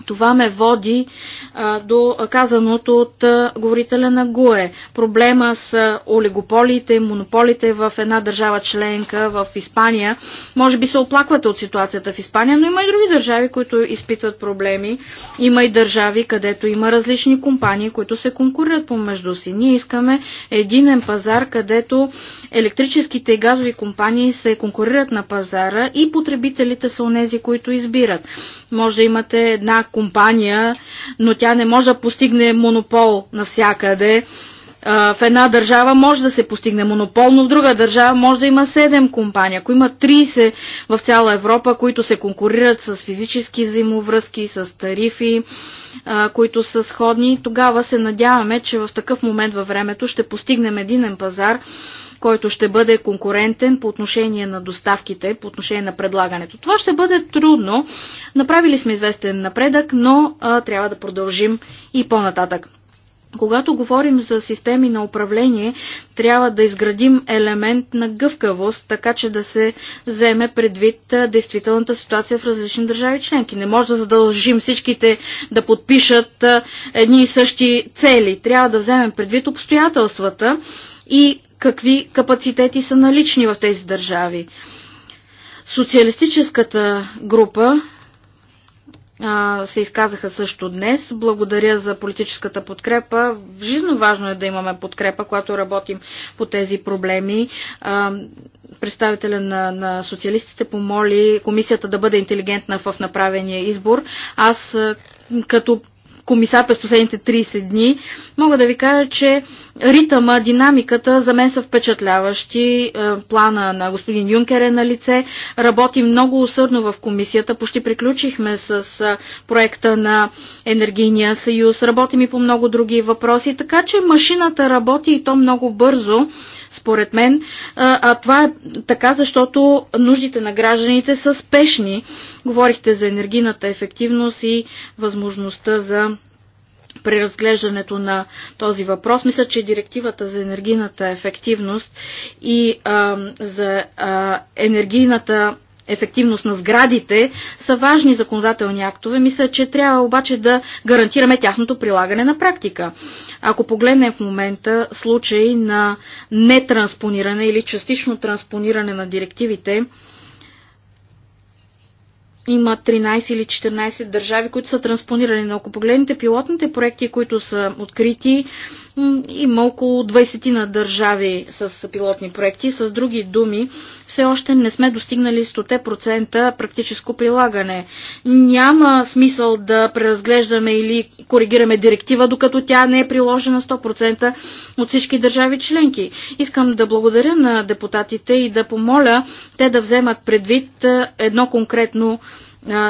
Това ме води а, до казаното от а, говорителя на ГУЕ. Проблема с олигополите и монополите в една държава членка, в Испания. Може би се оплаквате от ситуацията в Испания, но има и други държави, които изпитват проблеми. Има и държави, където има различни компании, които се конкурират помежду си. Ние искаме единен пазар, където електрическите и газови компании се конкурират на пазара и потребителите са онези, които избират. Може да имате една компания, но тя не може да постигне монопол навсякъде. В една държава може да се постигне монопол, но в друга държава може да има 7 компании. Ако има 30 в цяла Европа, които се конкурират с физически взаимовръзки, с тарифи, които са сходни, тогава се надяваме, че в такъв момент във времето ще постигнем единен пазар, който ще бъде конкурентен по отношение на доставките, по отношение на предлагането. Това ще бъде трудно. Направили сме известен напредък, но а, трябва да продължим и по-нататък. Когато говорим за системи на управление, трябва да изградим елемент на гъвкавост, така че да се вземе предвид действителната ситуация в различни държави членки. Не може да задължим всичките да подпишат едни и същи цели. Трябва да вземем предвид обстоятелствата и какви капацитети са налични в тези държави. Социалистическата група а, се изказаха също днес. Благодаря за политическата подкрепа. Жизно важно е да имаме подкрепа, когато работим по тези проблеми. А, представителя на, на социалистите помоли комисията да бъде интелигентна в направения избор. Аз като комисар през последните 30 дни, мога да ви кажа, че ритъма, динамиката за мен са впечатляващи. Е, плана на господин Юнкер е на лице. Работи много усърдно в комисията. Почти приключихме с е, проекта на Енергийния съюз. Работим и по много други въпроси. Така че машината работи и то много бързо според мен. А това е така, защото нуждите на гражданите са спешни. Говорихте за енергийната ефективност и възможността за преразглеждането на този въпрос. Мисля, че директивата за енергийната ефективност и а, за а, енергийната ефективност на сградите са важни законодателни актове. Мисля, че трябва обаче да гарантираме тяхното прилагане на практика. Ако погледнем в момента случаи на нетранспониране или частично транспониране на директивите, има 13 или 14 държави, които са транспонирани. Но ако погледнете пилотните проекти, които са открити, има около 20 на държави с пилотни проекти. С други думи, все още не сме достигнали 100% практическо прилагане. Няма смисъл да преразглеждаме или коригираме директива, докато тя не е приложена 100% от всички държави членки. Искам да благодаря на депутатите и да помоля те да вземат предвид е, едно конкретно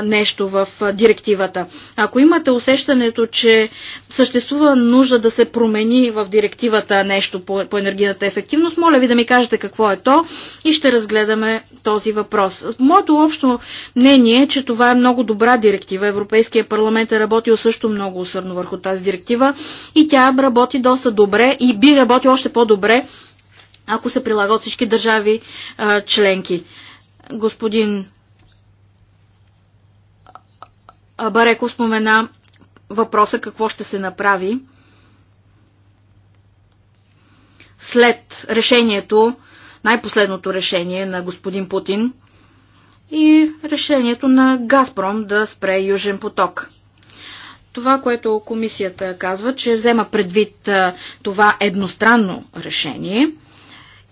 нещо в директивата. Ако имате усещането, че съществува нужда да се промени в директивата нещо по, по енергийната ефективност, моля ви да ми кажете какво е то и ще разгледаме този въпрос. Моето общо мнение е, че това е много добра директива. Европейския парламент е работил също много усърдно върху тази директива и тя работи доста добре и би работи още по-добре, ако се прилага от всички държави а, членки. Господин Бареко спомена въпроса какво ще се направи след решението, най-последното решение на господин Путин и решението на Газпром да спре Южен поток. Това, което комисията казва, че взема предвид това едностранно решение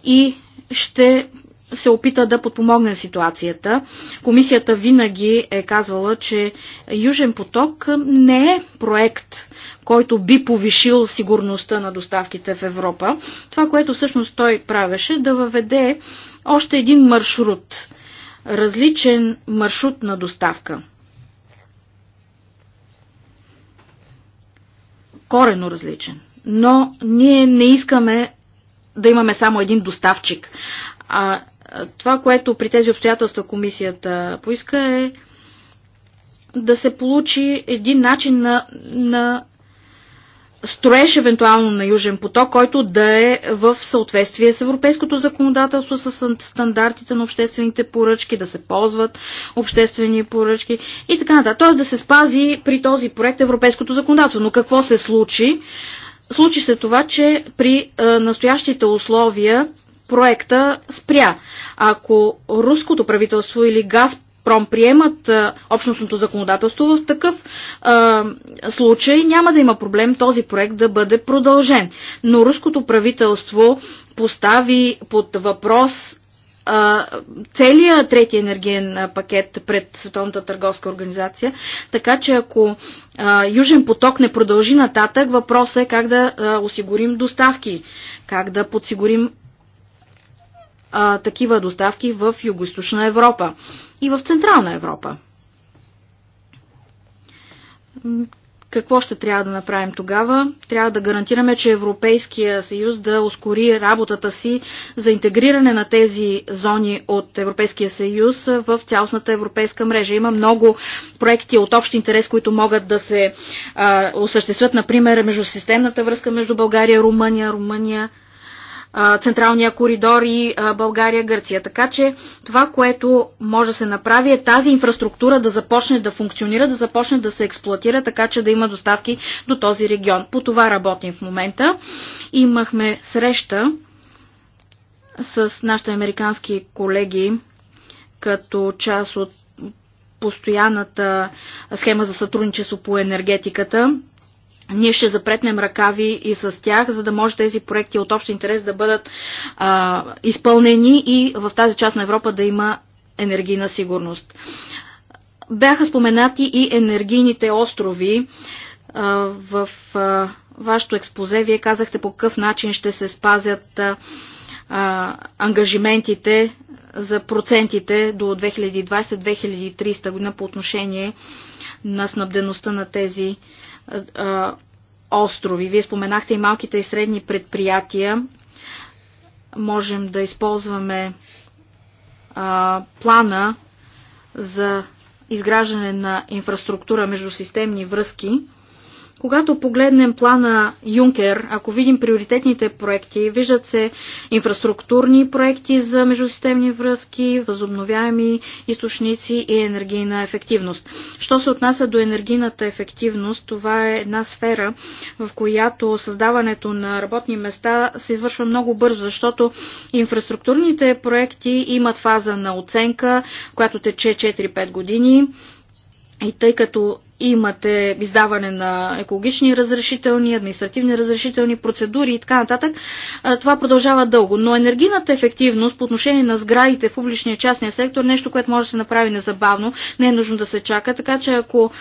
и ще се опита да подпомогне ситуацията. Комисията винаги е казвала, че Южен поток не е проект, който би повишил сигурността на доставките в Европа. Това, което всъщност той правеше, да въведе още един маршрут, различен маршрут на доставка. Корено различен. Но ние не искаме да имаме само един доставчик. А това, което при тези обстоятелства комисията поиска е да се получи един начин на, на строеж евентуално на Южен поток, който да е в съответствие с европейското законодателство, с стандартите на обществените поръчки, да се ползват обществени поръчки и така нататък. Тоест да се спази при този проект европейското законодателство. Но какво се случи? Случи се това, че при а, настоящите условия проекта спря. Ако руското правителство или Газпром приемат общностното законодателство, в такъв а, случай няма да има проблем този проект да бъде продължен. Но руското правителство постави под въпрос целият трети енергиен пакет пред Световната търговска организация. Така че ако а, Южен поток не продължи нататък, въпросът е как да а, осигурим доставки, как да подсигурим а, такива доставки в Югоизточна Европа и в Централна Европа. Какво ще трябва да направим тогава? Трябва да гарантираме, че Европейския съюз да ускори работата си за интегриране на тези зони от Европейския съюз в цялостната европейска мрежа. Има много проекти от общ интерес, които могат да се а, осъществят, например, между системната връзка между България, Румъния, Румъния, Централния коридор и България-Гърция. Така че това, което може да се направи е тази инфраструктура да започне да функционира, да започне да се експлуатира, така че да има доставки до този регион. По това работим в момента. Имахме среща с нашите американски колеги като част от постоянната схема за сътрудничество по енергетиката ние ще запретнем ръкави и с тях, за да може тези проекти от общ интерес да бъдат а, изпълнени и в тази част на Европа да има енергийна сигурност. Бяха споменати и енергийните острови. А, в а, вашето експозе вие казахте по какъв начин ще се спазят а, а, ангажиментите за процентите до 2020-2030 година по отношение а, на снабдеността на тези а, острови. Вие споменахте и малките и средни предприятия. Можем да използваме а, плана за изграждане на инфраструктура между системни връзки когато погледнем плана Юнкер, ако видим приоритетните проекти, виждат се инфраструктурни проекти за междусистемни връзки, възобновяеми източници и енергийна ефективност. Що се отнася до енергийната ефективност, това е една сфера, в която създаването на работни места се извършва много бързо, защото инфраструктурните проекти имат фаза на оценка, която тече 4-5 години и тъй като имате издаване на екологични разрешителни, административни разрешителни, процедури и така нататък, това продължава дълго. Но енергийната ефективност по отношение на сградите в публичния частния сектор е нещо, което може да се направи незабавно, не е нужно да се чака, така че ако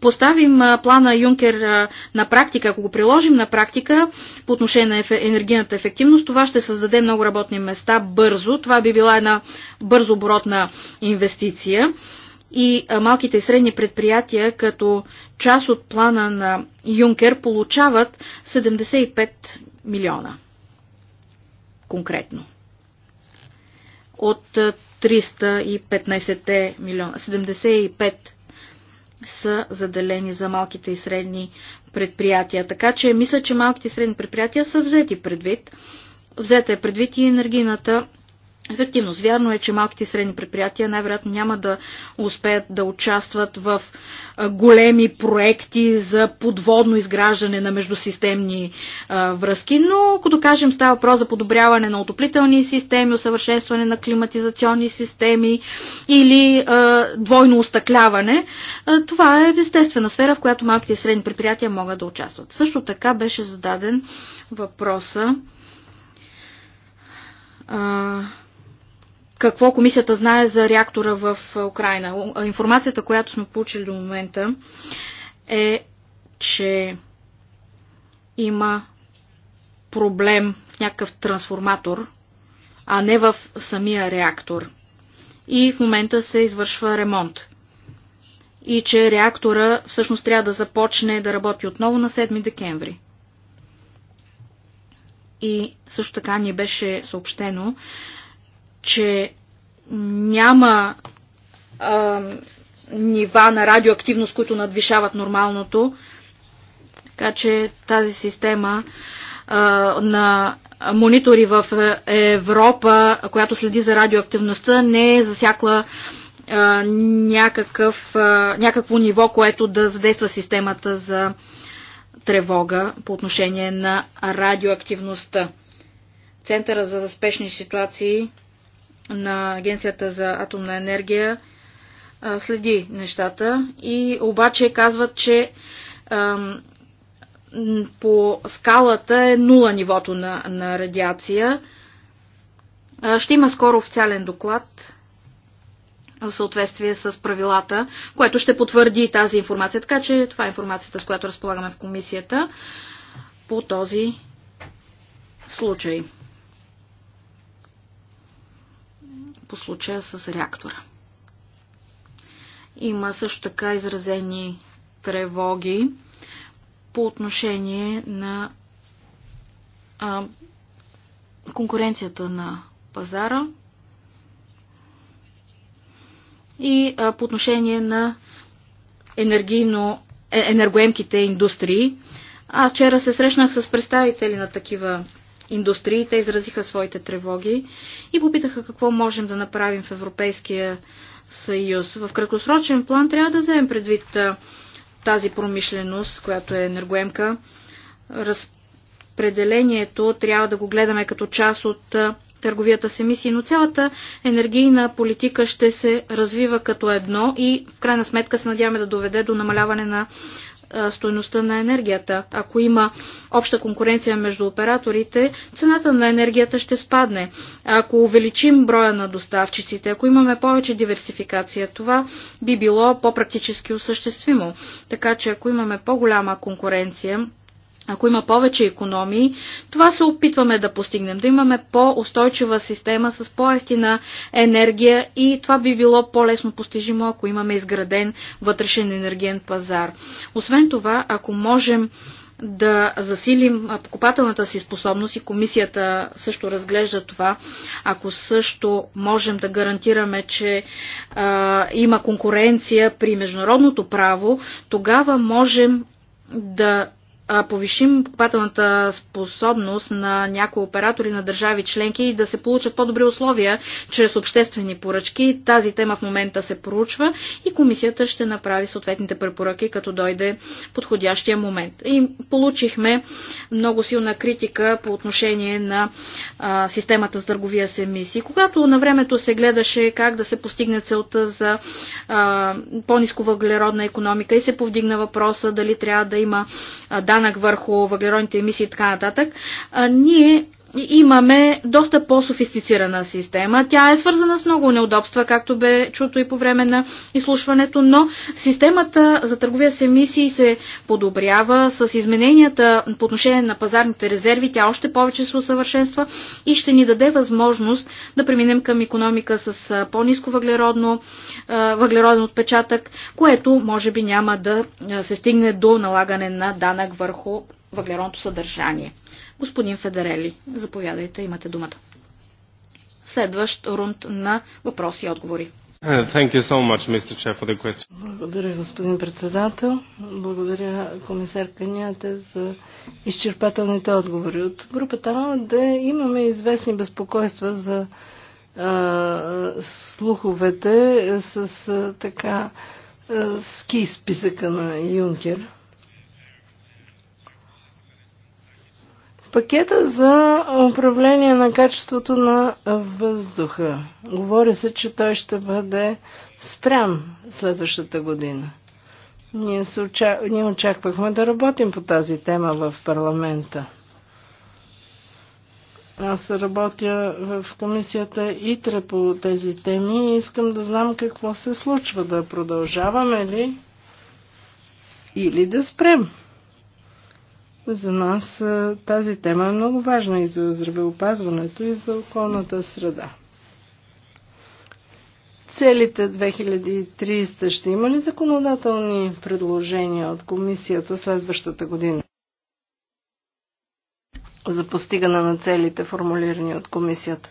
поставим плана Юнкер на практика, ако го приложим на практика по отношение на енергийната ефективност, това ще създаде много работни места бързо. Това би била една бързо оборотна инвестиция и малките и средни предприятия като част от плана на Юнкер получават 75 милиона. Конкретно. От 315 милиона. 75 са заделени за малките и средни предприятия. Така че мисля, че малките и средни предприятия са взети предвид. Взета е предвид и енергийната ефективност. Вярно е, че малките и средни предприятия най-вероятно няма да успеят да участват в големи проекти за подводно изграждане на междусистемни връзки, но като кажем става въпрос за подобряване на отоплителни системи, усъвършенстване на климатизационни системи или двойно остъкляване, това е естествена сфера, в която малките и средни предприятия могат да участват. Също така беше зададен въпроса какво комисията знае за реактора в е, Украина. Информацията, която сме получили до момента е, че има проблем в някакъв трансформатор, а не в самия реактор. И в момента се извършва ремонт. И че реактора всъщност трябва да започне да работи отново на 7 декември. И също така ни беше съобщено, че няма а, нива на радиоактивност, които надвишават нормалното. Така че тази система а, на монитори в Европа, която следи за радиоактивността, не е засякла а, някакъв, а, някакво ниво, което да задейства системата за тревога по отношение на радиоактивността. Центъра за спешни ситуации на Агенцията за атомна енергия следи нещата и обаче казват, че по скалата е нула нивото на, на радиация. Ще има скоро официален доклад в съответствие с правилата, което ще потвърди тази информация. Така че това е информацията, с която разполагаме в комисията по този случай. по случая с реактора. Има също така изразени тревоги по отношение на а, конкуренцията на пазара и а, по отношение на енергийно, е, енергоемките индустрии. Аз вчера се срещнах с представители на такива индустриите изразиха своите тревоги и попитаха какво можем да направим в Европейския съюз. В краткосрочен план трябва да вземем предвид тази промишленост, която е енергоемка. Разпределението трябва да го гледаме като част от търговията с емисии, но цялата енергийна политика ще се развива като едно и в крайна сметка се надяваме да доведе до намаляване на стоеността на енергията. Ако има обща конкуренция между операторите, цената на енергията ще спадне. Ако увеличим броя на доставчиците, ако имаме повече диверсификация, това би било по-практически осъществимо. Така че ако имаме по-голяма конкуренция, ако има повече економии, това се опитваме да постигнем, да имаме по-устойчива система с по-ефтина енергия и това би било по-лесно постижимо, ако имаме изграден вътрешен енергиен пазар. Освен това, ако можем да засилим покупателната си способност и комисията също разглежда това, ако също можем да гарантираме, че а, има конкуренция при международното право, тогава можем да повишим покупателната способност на някои оператори на държави членки и да се получат по-добри условия чрез обществени поръчки. Тази тема в момента се проучва и комисията ще направи съответните препоръки, като дойде подходящия момент. И получихме много силна критика по отношение на а, системата с търговия с емисии. Когато на времето се гледаше как да се постигне целта за по-низко въглеродна економика и се повдигна въпроса дали трябва да има а, данък върху въглеродните емисии и така нататък, ние имаме доста по-софистицирана система. Тя е свързана с много неудобства, както бе чуто и по време на изслушването, но системата за търговия с емисии се подобрява с измененията по отношение на пазарните резерви. Тя още повече се усъвършенства и ще ни даде възможност да преминем към економика с по-низко въглеродно, въглероден отпечатък, което може би няма да се стигне до налагане на данък върху въглеродното съдържание. Господин Федерели, заповядайте, имате думата. Следващ рунд на въпроси и отговори. Uh, so much, Chair, Благодаря, господин председател. Благодаря, комисар Каняте, за изчерпателните отговори. От групата Да имаме известни безпокойства за а, слуховете с а, така а, ски списъка на Юнкер. Пакета за управление на качеството на въздуха. Говори се, че той ще бъде спрян следващата година. Ние, се оча... Ние очаквахме да работим по тази тема в парламента. Аз работя в комисията ИТРА по тези теми и искам да знам какво се случва. Да продължаваме ли или да спрем? За нас е, тази тема е много важна и за здравеопазването, и за околната среда. Целите 2300 ще има ли законодателни предложения от комисията следващата година? За постигане на целите, формулирани от комисията,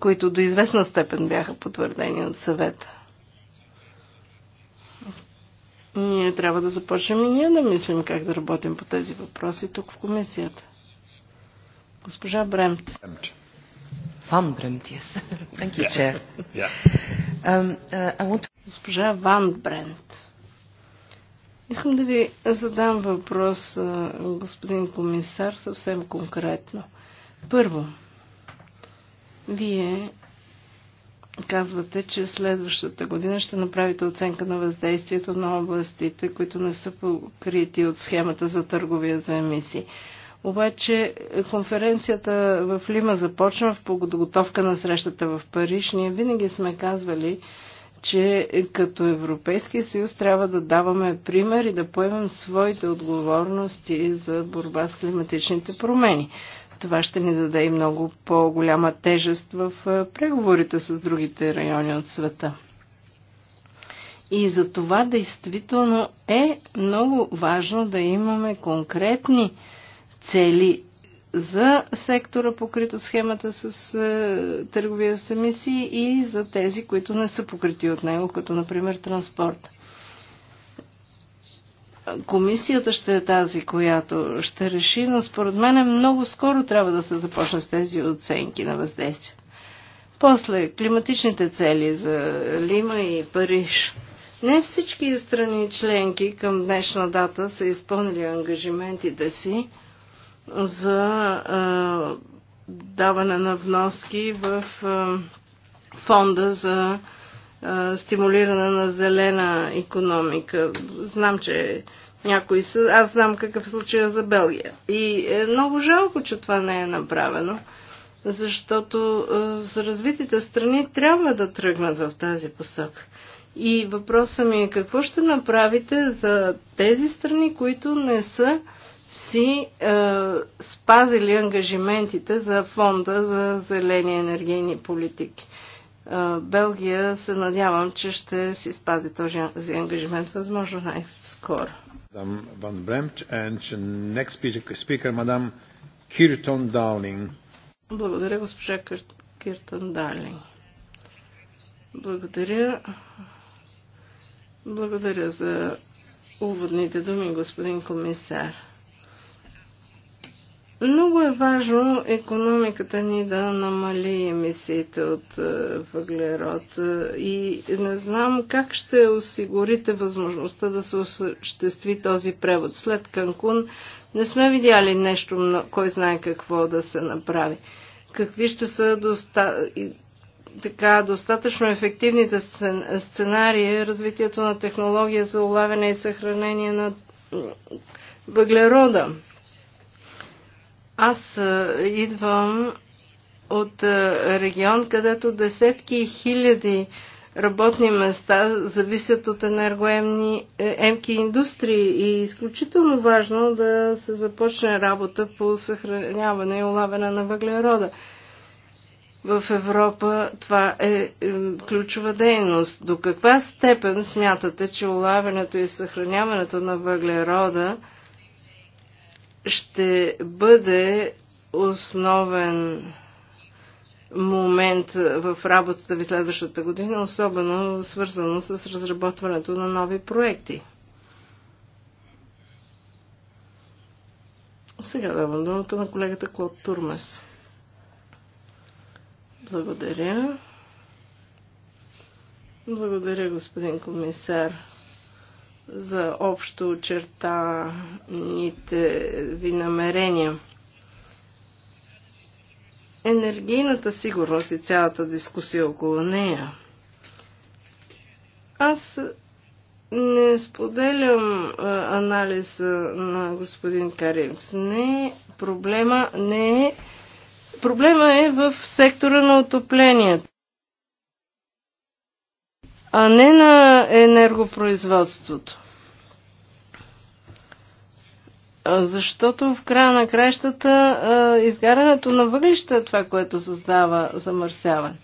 които до известна степен бяха потвърдени от съвета. Ние трябва да започнем и ние да мислим как да работим по тези въпроси тук в комисията. Госпожа Бремт. Ван Бремт, yes. Thank you, chair. Yeah. Um, uh, want to... Госпожа Ван Бремт. Искам да ви задам въпрос, господин комисар, съвсем конкретно. Първо, вие Казвате, че следващата година ще направите оценка на въздействието на областите, които не са покрити от схемата за търговия за емисии. Обаче конференцията в Лима започна в подготовка на срещата в Париж. Ние винаги сме казвали, че като Европейски съюз трябва да даваме пример и да поемем своите отговорности за борба с климатичните промени. Това ще ни даде и много по-голяма тежест в преговорите с другите райони от света. И за това действително е много важно да имаме конкретни цели за сектора, покрит от схемата с търговия с емисии и за тези, които не са покрити от него, като например транспорт комисията ще е тази, която ще реши, но според мен много скоро трябва да се започне с тези оценки на въздействието. После климатичните цели за Лима и Париж. Не всички страни членки към днешна дата са изпълнили ангажиментите си за а, даване на вноски в а, фонда за а, стимулиране на зелена економика. Знам, че някои са. Аз знам какъв е случай за Белгия. И е много жалко, че това не е направено, защото за развитите страни трябва да тръгнат в тази посока. И въпросът ми е какво ще направите за тези страни, които не са си е, спазили ангажиментите за фонда за зелени енергийни политики. Белгия се надявам, че ще си спази този ангажимент възможно най-скоро. Ван Бремт и next speaker, мадам Киртон Даулинг. Благодаря, госпожа Киртон Дарлинг. Благодаря. Благодаря за уводните думи, господин комисар. Много е важно економиката ни да намали емисиите от е, въглерод е, и не знам как ще осигурите възможността да се осъществи този превод. След Канкун не сме видяли нещо, кой знае какво да се направи. Какви ще са доста... така, достатъчно ефективните сценарии развитието на технология за улавяне и съхранение на въглерода? Аз идвам от регион, където десетки и хиляди работни места зависят от енергоемки е, индустрии и е изключително важно да се започне работа по съхраняване и улавяне на въглерода. В Европа това е, е ключова дейност. До каква степен смятате, че улавянето и съхраняването на въглерода – ще бъде основен момент в работата ви следващата година, особено свързано с разработването на нови проекти. Сега давам думата на колегата Клод Турмес. Благодаря. Благодаря, господин комисар за общо очертаните ви намерения. Енергийната сигурност и цялата дискусия около нея. Аз не споделям анализа на господин Каримс. Не, проблема не е. Проблема е в сектора на отоплението а не на енергопроизводството. Защото в края на кращата изгарянето на въглища е това, което създава замърсяване.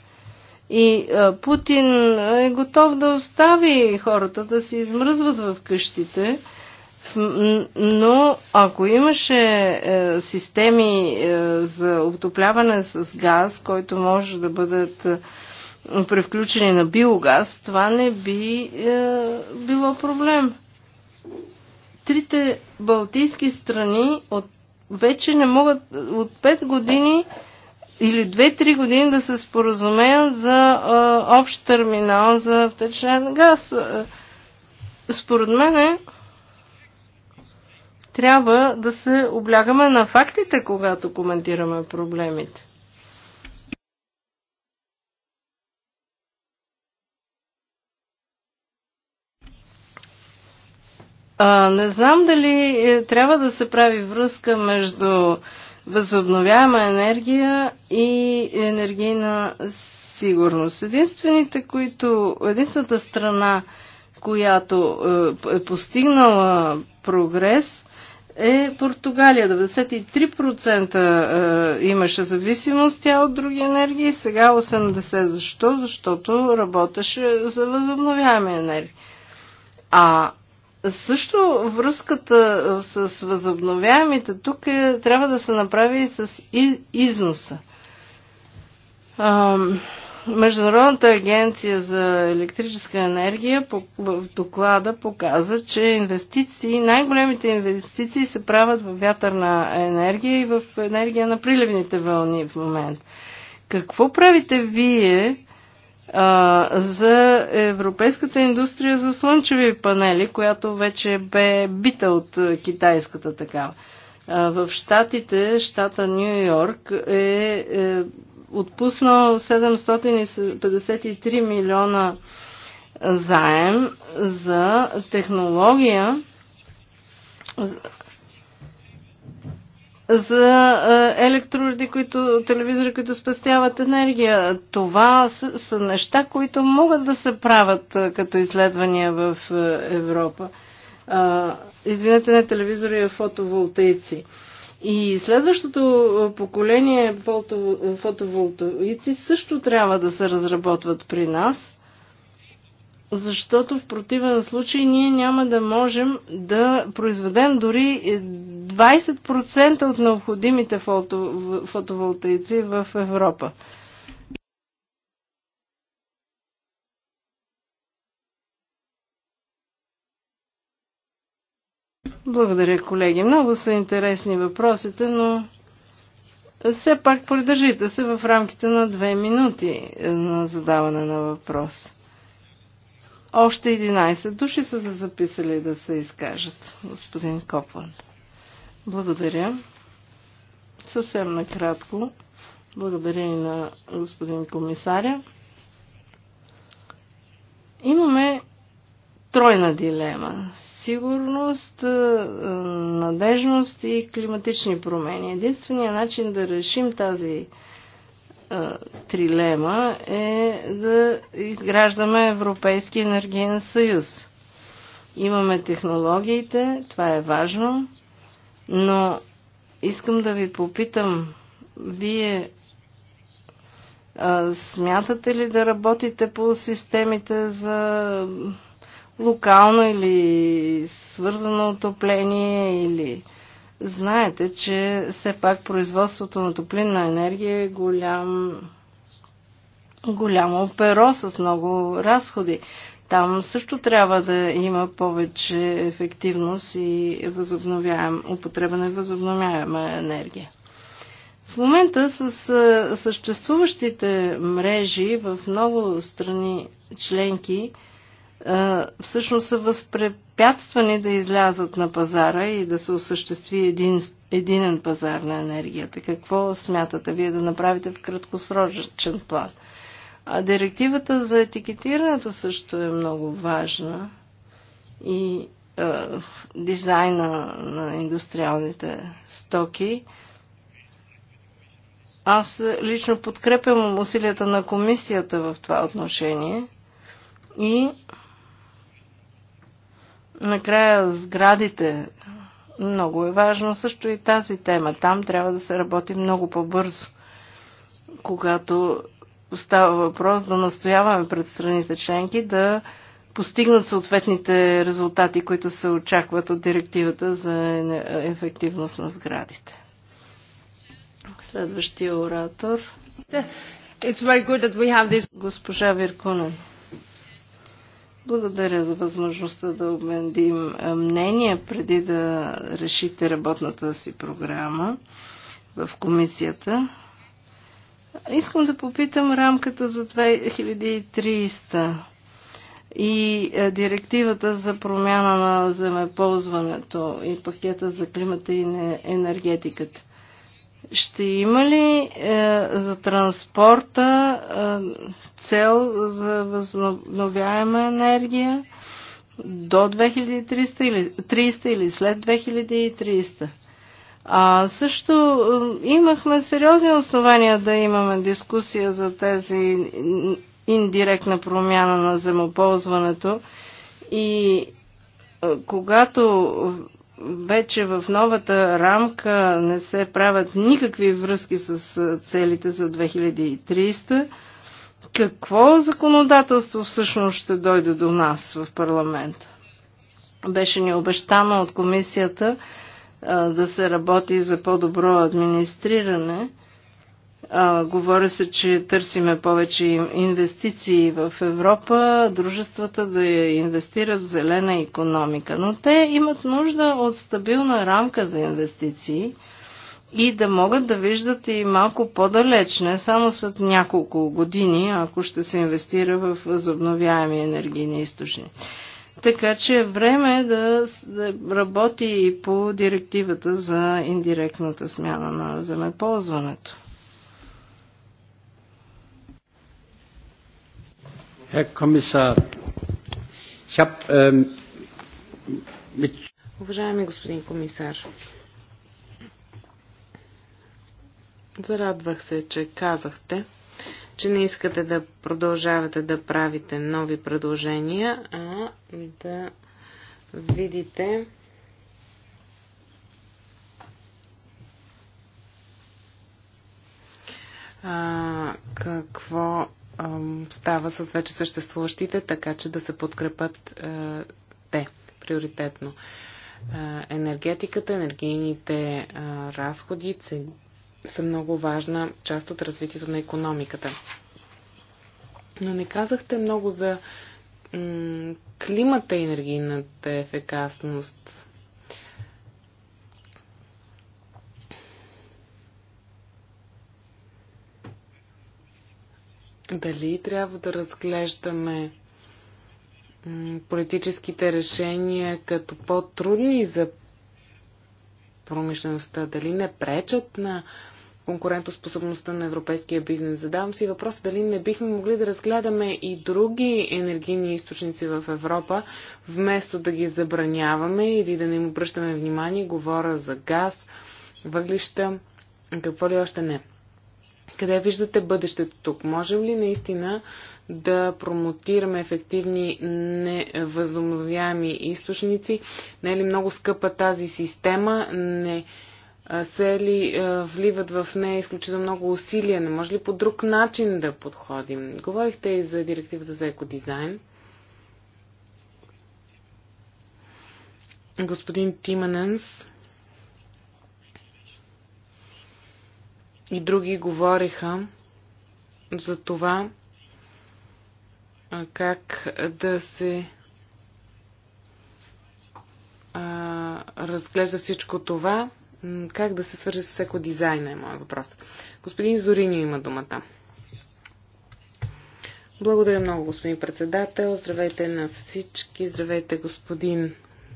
И Путин е готов да остави хората да се измръзват в къщите, но ако имаше е, системи е, за отопляване с газ, който може да бъдат превключени на биогаз, това не би е, било проблем. Трите балтийски страни от, вече не могат от 5 години или 2-3 години да се споразумеят за е, общ терминал за втечнен газ. Е, според мен е, трябва да се облягаме на фактите, когато коментираме проблемите. А, не знам дали е, трябва да се прави връзка между възобновяема енергия и енергийна сигурност. Единствените, които, единствената страна, която е, е постигнала прогрес, е Португалия. 93% е, имаше зависимост тя от други енергии, сега 80%. Защо? Защото работеше за възобновяеми енергии. А също връзката с възобновяемите тук е, трябва да се направи и с износа. Международната агенция за електрическа енергия в доклада показа, че инвестиции, най-големите инвестиции се правят в вятърна енергия и в енергия на приливните вълни в момент. Какво правите вие? за европейската индустрия за слънчеви панели, която вече бе бита от китайската такава. В щатите, щата Нью Йорк е, е отпуснал 753 милиона заем за технология за е, електроуреди, които, телевизори, които спестяват енергия. Това са, са неща, които могат да се правят е, като изследвания в е, Европа. Извинете, не телевизори, а фотоволтейци. И следващото поколение фотоволтаици също трябва да се разработват при нас, защото в противен случай ние няма да можем да произведем дори 20% от необходимите фото, фотоволтаици в Европа. Благодаря, колеги. Много са интересни въпросите, но все пак придържите се в рамките на две минути е, на задаване на въпрос. Още 11 души са се записали да се изкажат, господин Копланд. Благодаря. Съвсем накратко. Благодаря и на господин комисаря. Имаме тройна дилема. Сигурност, е, надежност и климатични промени. Единственият начин да решим тази е, трилема е да изграждаме Европейски енергиен съюз. Имаме технологиите, това е важно. Но искам да ви попитам, вие а, смятате ли да работите по системите за локално или свързано отопление или знаете, че все пак производството на топлинна енергия е голям голямо перо с много разходи. Там също трябва да има повече ефективност и възобновяем, употреба на възобновяема енергия. В момента с съществуващите мрежи в много страни членки всъщност са възпрепятствани да излязат на пазара и да се осъществи един, единен пазар на енергията. Какво смятате вие да направите в краткосрочен план? А директивата за етикетирането също е много важна и е, дизайна на индустриалните стоки. Аз лично подкрепям усилията на комисията в това отношение и накрая сградите. Много е важно също и тази тема. Там трябва да се работи много по-бързо, когато става въпрос да настояваме пред страните членки да постигнат съответните резултати, които се очакват от директивата за ефективност на сградите. Следващия оратор. It's very good that we have this... Госпожа Виркунен. Благодаря за възможността да обмендим мнение преди да решите работната си програма в комисията. Искам да попитам рамката за 2300 и е, директивата за промяна на земеползването и пакета за климата и енергетиката. Ще има ли е, за транспорта е, цел за възобновяема енергия до 2300 или, 300 или след 2300? А също имахме сериозни основания да имаме дискусия за тези индиректна промяна на земоползването и когато вече в новата рамка не се правят никакви връзки с целите за 2300, какво законодателство всъщност ще дойде до нас в парламента? Беше ни обещано от комисията, да се работи за по-добро администриране. А, говори се, че търсиме повече инвестиции в Европа, дружествата да я инвестират в зелена економика. Но те имат нужда от стабилна рамка за инвестиции и да могат да виждат и малко по-далеч, не само след няколко години, ако ще се инвестира в възобновяеми енергийни източници. Така че е време да, да работи по директивата за индиректната смяна на земеползването. Herr комисар, хап, ähm, mit Уважаеми господин комисар, зарадвах се, че казахте, че не искате да продължавате да правите нови предложения, а да видите а, какво а, става с вече съществуващите, така че да се подкрепят а, те приоритетно енергетиката, енергийните а, разходи, са много важна част от развитието на економиката. Но не казахте много за климата и енергийната ефекасност. Дали трябва да разглеждаме политическите решения като по-трудни за промишлеността, дали не пречат на конкурентоспособността на европейския бизнес. Задавам си въпрос дали не бихме могли да разгледаме и други енергийни източници в Европа, вместо да ги забраняваме или да не им обръщаме внимание. Говоря за газ, въглища, какво ли още не. Къде виждате бъдещето тук? Можем ли наистина да промотираме ефективни невъзобновяеми източници? Не е ли много скъпа тази система? Не се ли вливат в нея изключително много усилия? Не може ли по друг начин да подходим? Говорихте и за директивата за екодизайн. Господин Тиманенс и други говориха за това как да се а, разглежда всичко това, как да се свържи с еко дизайна е моят въпрос. Господин Зорини, има думата. Благодаря много, господин председател. Здравейте на всички. Здравейте, господин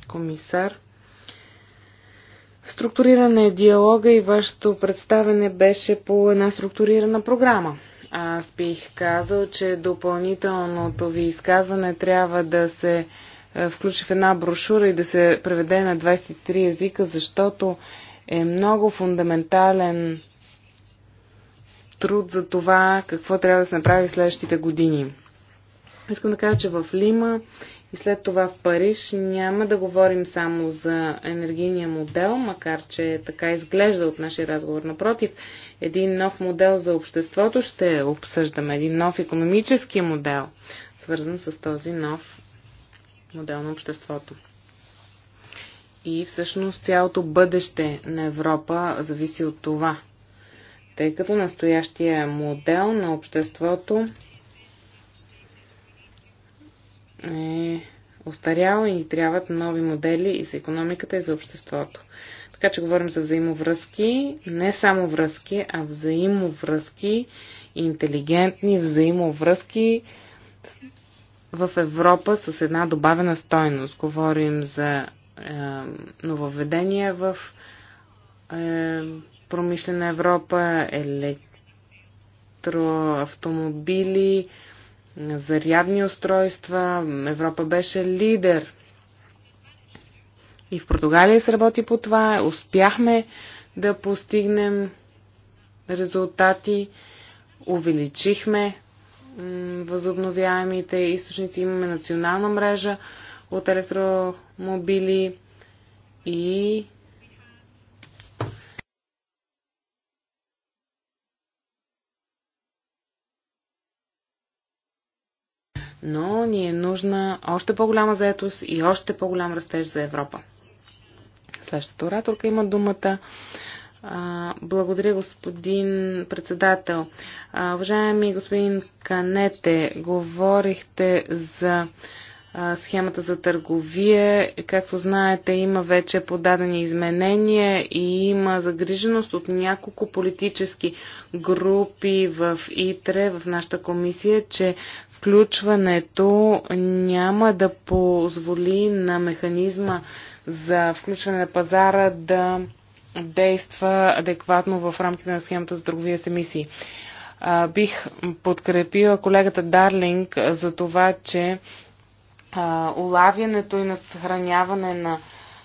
комисар. Структуриране е диалога и вашето представене беше по една структурирана програма. Аз бих казал, че допълнителното ви изказване трябва да се е, включи в една брошура и да се преведе на 23 езика, защото е много фундаментален труд за това какво трябва да се направи в следващите години. Искам да кажа, че в Лима и след това в Париж няма да говорим само за енергийния модел, макар че така изглежда от нашия разговор. Напротив, един нов модел за обществото ще обсъждаме, един нов економически модел, свързан с този нов модел на обществото. И всъщност цялото бъдеще на Европа зависи от това, тъй като настоящия модел на обществото е остарял и трябват нови модели и за економиката, и за обществото. Така че говорим за взаимовръзки, не само връзки, а взаимовръзки, интелигентни взаимовръзки в Европа с една добавена стойност. Говорим за е, нововведения в е, промишлена Европа, електроавтомобили, зарядни устройства. Европа беше лидер. И в Португалия се работи по това. Успяхме да постигнем резултати. Увеличихме възобновяемите източници. Имаме национална мрежа от електромобили и но ни е нужна още по-голяма заетост и още по-голям растеж за Европа. Следващата ораторка има думата. Благодаря, господин председател. Уважаеми господин Канете, говорихте за схемата за търговия. Както знаете, има вече подадени изменения и има загриженост от няколко политически групи в ИТРЕ, в нашата комисия, че включването няма да позволи на механизма за включване на пазара да действа адекватно в рамките на схемата за търговия с емисии. бих подкрепила колегата Дарлинг за това, че а, улавянето и на съхраняване на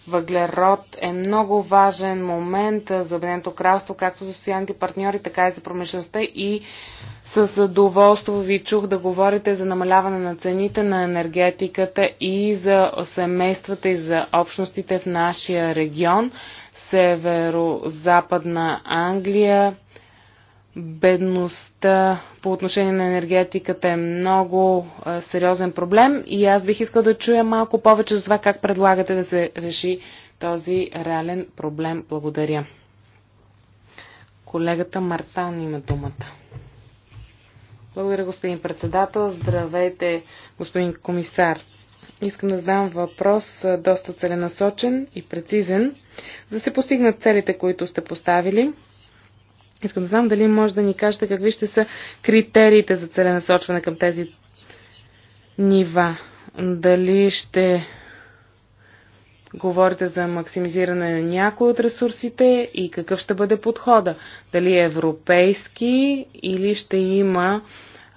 въглерод е много важен момент за Обединеното кралство, както за социалните партньори, така и за промишлеността и с задоволство ви чух да говорите за намаляване на цените на енергетиката и за семействата и за общностите в нашия регион, северо-западна Англия бедността по отношение на енергетиката е много сериозен проблем и аз бих искал да чуя малко повече за това как предлагате да се реши този реален проблем. Благодаря. Колегата Мартан има думата. Благодаря, господин председател. Здравейте, господин комисар. Искам да задам въпрос доста целенасочен и прецизен, за да се постигнат целите, които сте поставили Искам да знам дали може да ни кажете какви ще са критериите за целенасочване към тези нива. Дали ще говорите за максимизиране на някои от ресурсите и какъв ще бъде подхода. Дали е европейски или ще има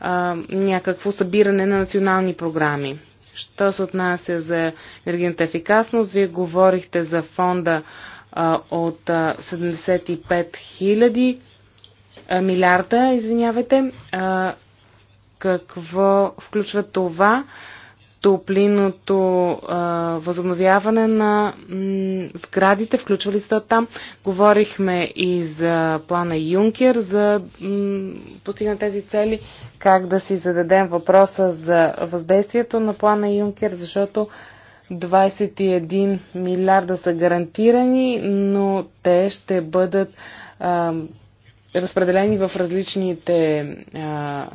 а, някакво събиране на национални програми. Що се отнася за енергийната ефикасност, вие говорихте за фонда а, от а, 75 000 милиарда, извинявайте. А, какво включва това? топлиното а, възобновяване на м, сградите, включвали са там. Говорихме и за плана Юнкер, за постигна тези цели, как да си зададем въпроса за въздействието на плана Юнкер, защото 21 милиарда са гарантирани, но те ще бъдат а, разпределени в различните а,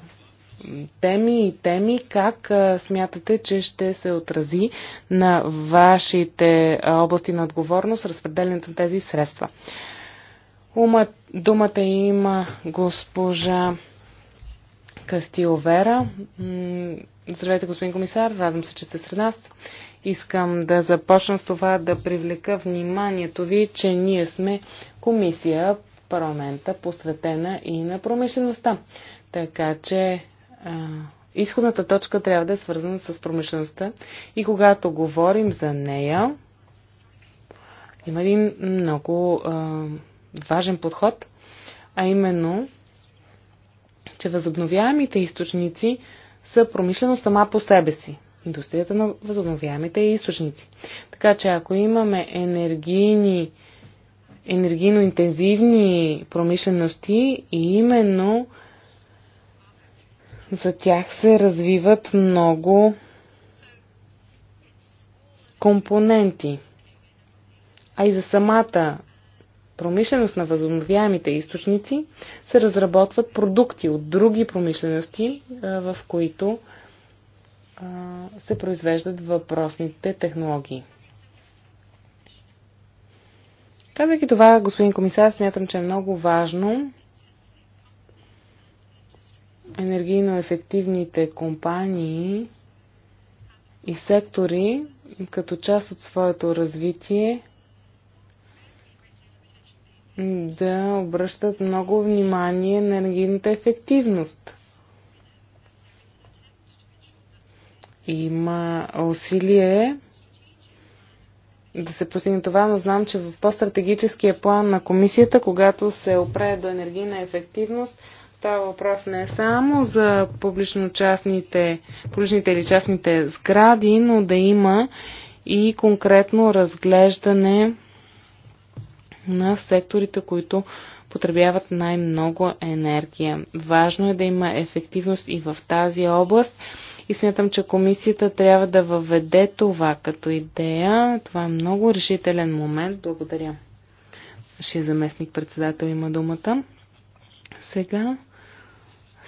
теми и теми, как а, смятате, че ще се отрази на вашите а, области на отговорност разпределението на тези средства. Ума, думата има госпожа Кастиловера. Здравейте, господин комисар. Радвам се, че сте сред нас. Искам да започна с това да привлека вниманието ви, че ние сме комисия парламента, посветена и на промишлеността. Така че а, изходната точка трябва да е свързана с промишлеността и когато говорим за нея, има един много а, важен подход, а именно, че възобновяемите източници са промишленост сама по себе си. Индустрията на възобновяемите източници. Така че ако имаме енергийни енергийно интензивни промишлености и именно за тях се развиват много компоненти. А и за самата промишленост на възобновяемите източници се разработват продукти от други промишлености, в които се произвеждат въпросните технологии. Казвайки това, господин комисар, смятам, че е много важно енергийно ефективните компании и сектори като част от своето развитие да обръщат много внимание на енергийната ефективност. Има усилие да се постигне това, но знам, че в по-стратегическия план на комисията, когато се опре до енергийна ефективност, става въпрос не само за публично-частните, публичните или частните сгради, но да има и конкретно разглеждане на секторите, които потребяват най-много енергия. Важно е да има ефективност и в тази област и смятам, че комисията трябва да въведе това като идея. Това е много решителен момент. Благодаря. Ще заместник председател има думата. Сега.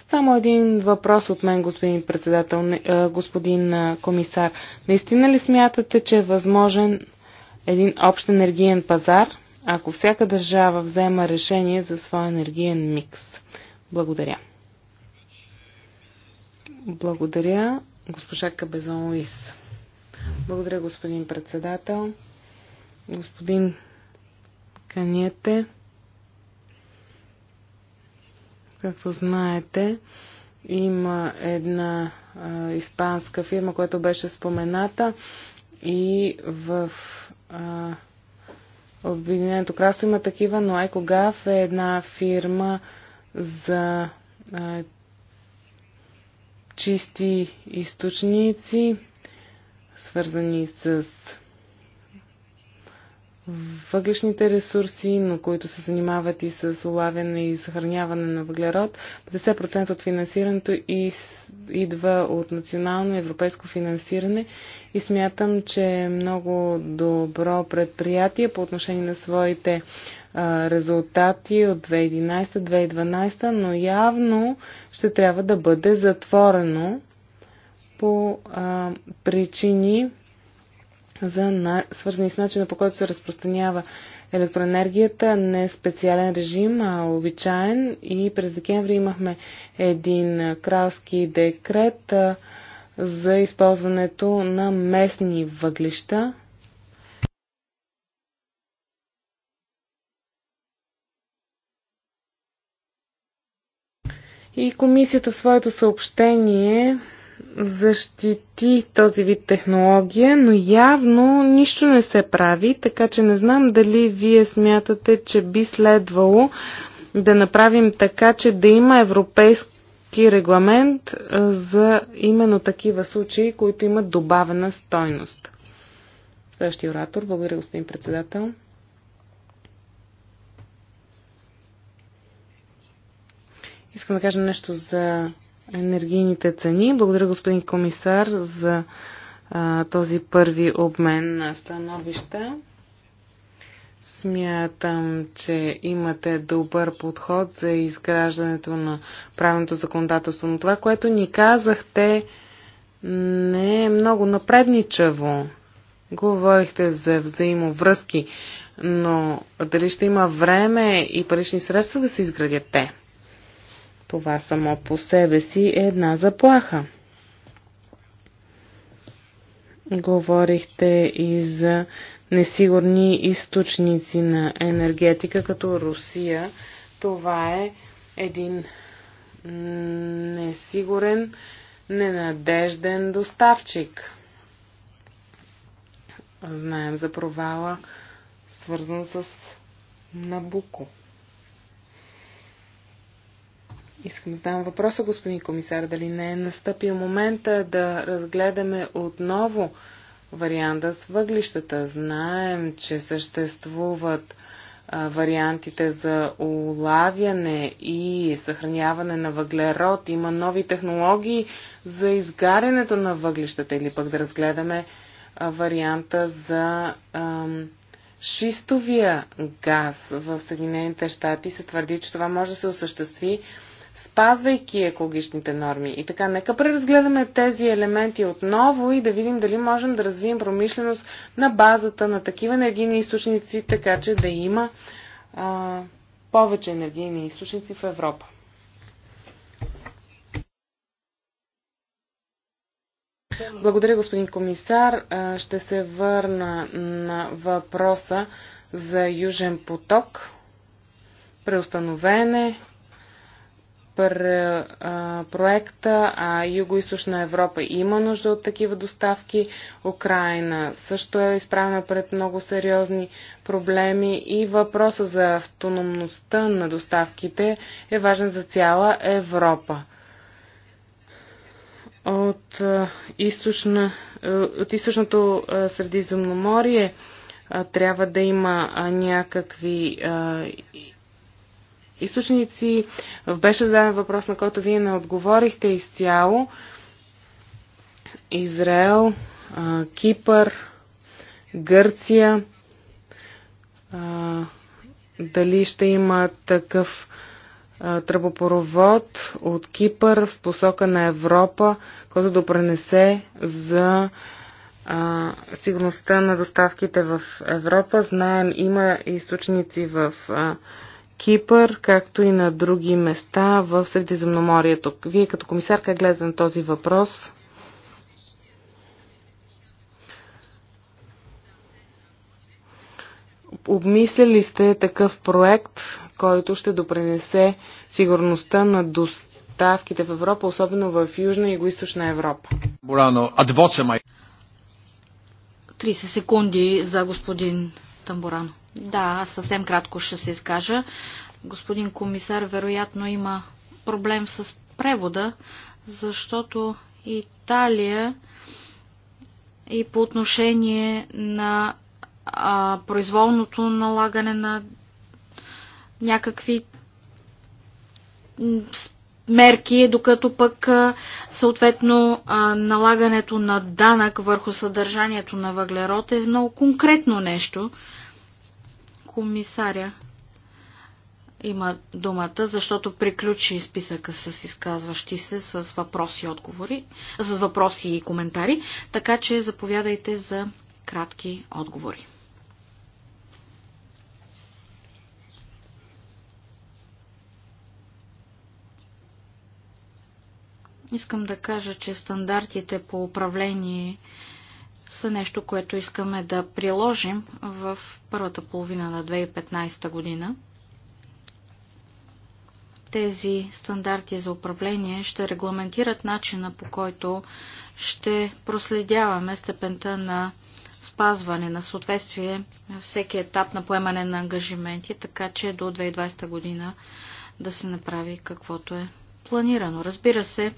Само един въпрос от мен, господин председател, господин комисар. Наистина ли смятате, че е възможен един общ енергиен пазар, ако всяка държава взема решение за своя енергиен микс? Благодаря. Благодаря, госпожа Кабезон Луис. Благодаря, господин председател. Господин Каниете, както знаете, има една а, испанска фирма, която беше спомената и в а, Обединеното кралство има такива, но Гав е една фирма за а, чисти източници, свързани с въглешните ресурси, но които се занимават и с улавяне и съхраняване на въглерод. 50% от финансирането идва от национално европейско финансиране и смятам, че е много добро предприятие по отношение на своите резултати от 2011-2012, но явно ще трябва да бъде затворено по а, причини, за на... свързани с начина по който се разпространява електроенергията, не специален режим, а обичаен. И през декември имахме един кралски декрет а, за използването на местни въглища И комисията в своето съобщение защити този вид технология, но явно нищо не се прави, така че не знам дали вие смятате, че би следвало да направим така, че да има европейски регламент за именно такива случаи, които имат добавена стойност. Следващия оратор. Благодаря, господин председател. Искам да кажа нещо за енергийните цени. Благодаря, господин комисар, за а, този първи обмен на становища. Смятам, че имате добър подход за изграждането на правилното законодателство. Но това, което ни казахте, не е много напредничаво. Говорихте за взаимовръзки, но дали ще има време и парични средства да се изградят те? Това само по себе си е една заплаха. Говорихте и за несигурни източници на енергетика, като Русия. Това е един несигурен, ненадежден доставчик. Знаем за провала, свързан с Набуко. Искам да задам въпроса, господин комисар, дали не е настъпил момента да разгледаме отново варианта с въглищата. Знаем, че съществуват а, вариантите за улавяне и съхраняване на въглерод. Има нови технологии за изгарянето на въглищата или пък да разгледаме а, варианта за ам, шистовия газ в Съединените щати. Се твърди, че това може да се осъществи спазвайки екологичните норми. И така, нека преразгледаме тези елементи отново и да видим дали можем да развием промишленост на базата на такива енергийни източници, така че да има а, повече енергийни източници в Европа. Благодаря, господин комисар. Ще се върна на въпроса за Южен поток. Преустановене е, проекта, а Юго-Источна Европа има нужда от такива доставки. Украина също е изправена пред много сериозни проблеми и въпроса за автономността на доставките е важен за цяла Европа. От, е, източна, е, от източното Средиземноморие трябва да има някакви източници. Беше зададен въпрос, на който вие не отговорихте изцяло. Израел, Кипър, Гърция. Дали ще има такъв тръбопровод от Кипър в посока на Европа, който допренесе за сигурността на доставките в Европа. Знаем, има източници в а, Кипър, както и на други места в Средиземноморието. Вие като комисарка гледате на този въпрос? Обмисляли сте такъв проект, който ще допренесе сигурността на доставките в Европа, особено в Южна и Юго-Источна Европа? 30 секунди за господин Тамбурано. Да, аз съвсем кратко ще се изкажа. Господин комисар, вероятно има проблем с превода, защото Италия и по отношение на а, произволното налагане на някакви мерки, докато пък съответно налагането на данък върху съдържанието на въглерод е много конкретно нещо комисаря има думата, защото приключи списъка с изказващи се с въпроси и отговори, с въпроси и коментари, така че заповядайте за кратки отговори. Искам да кажа, че стандартите по управление са нещо, което искаме да приложим в първата половина на 2015 година. Тези стандарти за управление ще регламентират начина по който ще проследяваме степента на спазване на съответствие на всеки етап на поемане на ангажименти, така че до 2020 година да се направи каквото е планирано. Разбира се,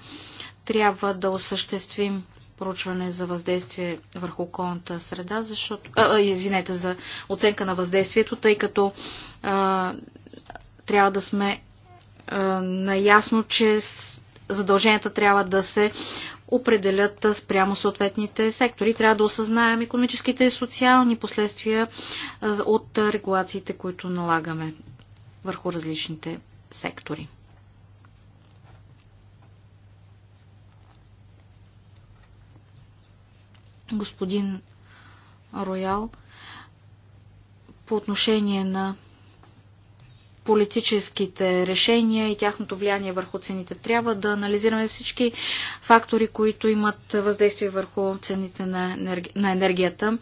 трябва да осъществим проучване за въздействие върху околната среда, защото, а, извинете, за оценка на въздействието, тъй като а, трябва да сме а, наясно, че задълженията трябва да се определят спрямо съответните сектори. Трябва да осъзнаем економическите и социални последствия от регулациите, които налагаме върху различните сектори. господин Роял по отношение на политическите решения и тяхното влияние върху цените. Трябва да анализираме всички фактори, които имат въздействие върху цените на, енергията.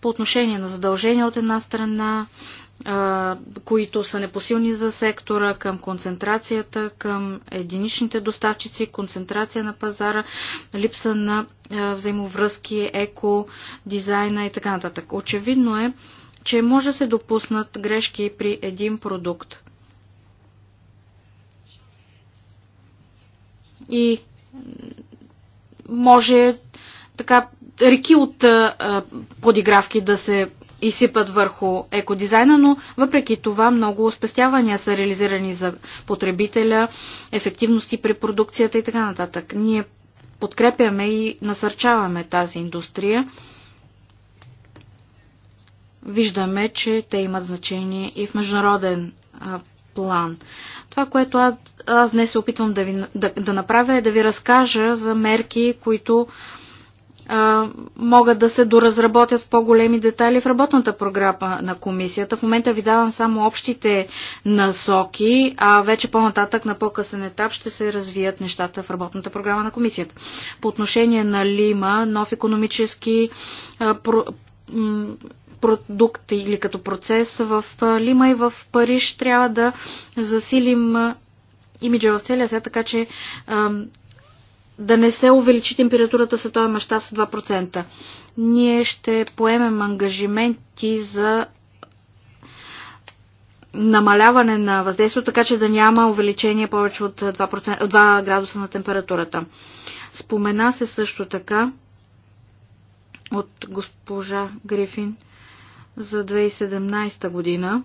По отношение на задължения от една страна, които са непосилни за сектора, към концентрацията, към единичните доставчици, концентрация на пазара, липса на взаимовръзки, еко, дизайна и така нататък. Очевидно е, че може да се допуснат грешки при един продукт. И може така реки от а, подигравки да се изсипат върху екодизайна, но въпреки това много спестявания са реализирани за потребителя, ефективности при продукцията и така нататък. Ние подкрепяме и насърчаваме тази индустрия. Виждаме, че те имат значение и в международен а, план. Това, което аз, аз днес се опитвам да, ви, да, да направя е да ви разкажа за мерки, които могат да се доразработят в по-големи детайли в работната програма на комисията. В момента ви давам само общите насоки, а вече по-нататък на по-късен етап ще се развият нещата в работната програма на комисията. По отношение на Лима, нов економически а, про, продукт или като процес в Лима и в Париж трябва да засилим имиджа в целия свят, така че да не се увеличи температурата с този мащаб с 2%. Ние ще поемем ангажименти за намаляване на въздействието, така че да няма увеличение повече от 2%, 2 градуса на температурата. Спомена се също така от госпожа Грифин за 2017 година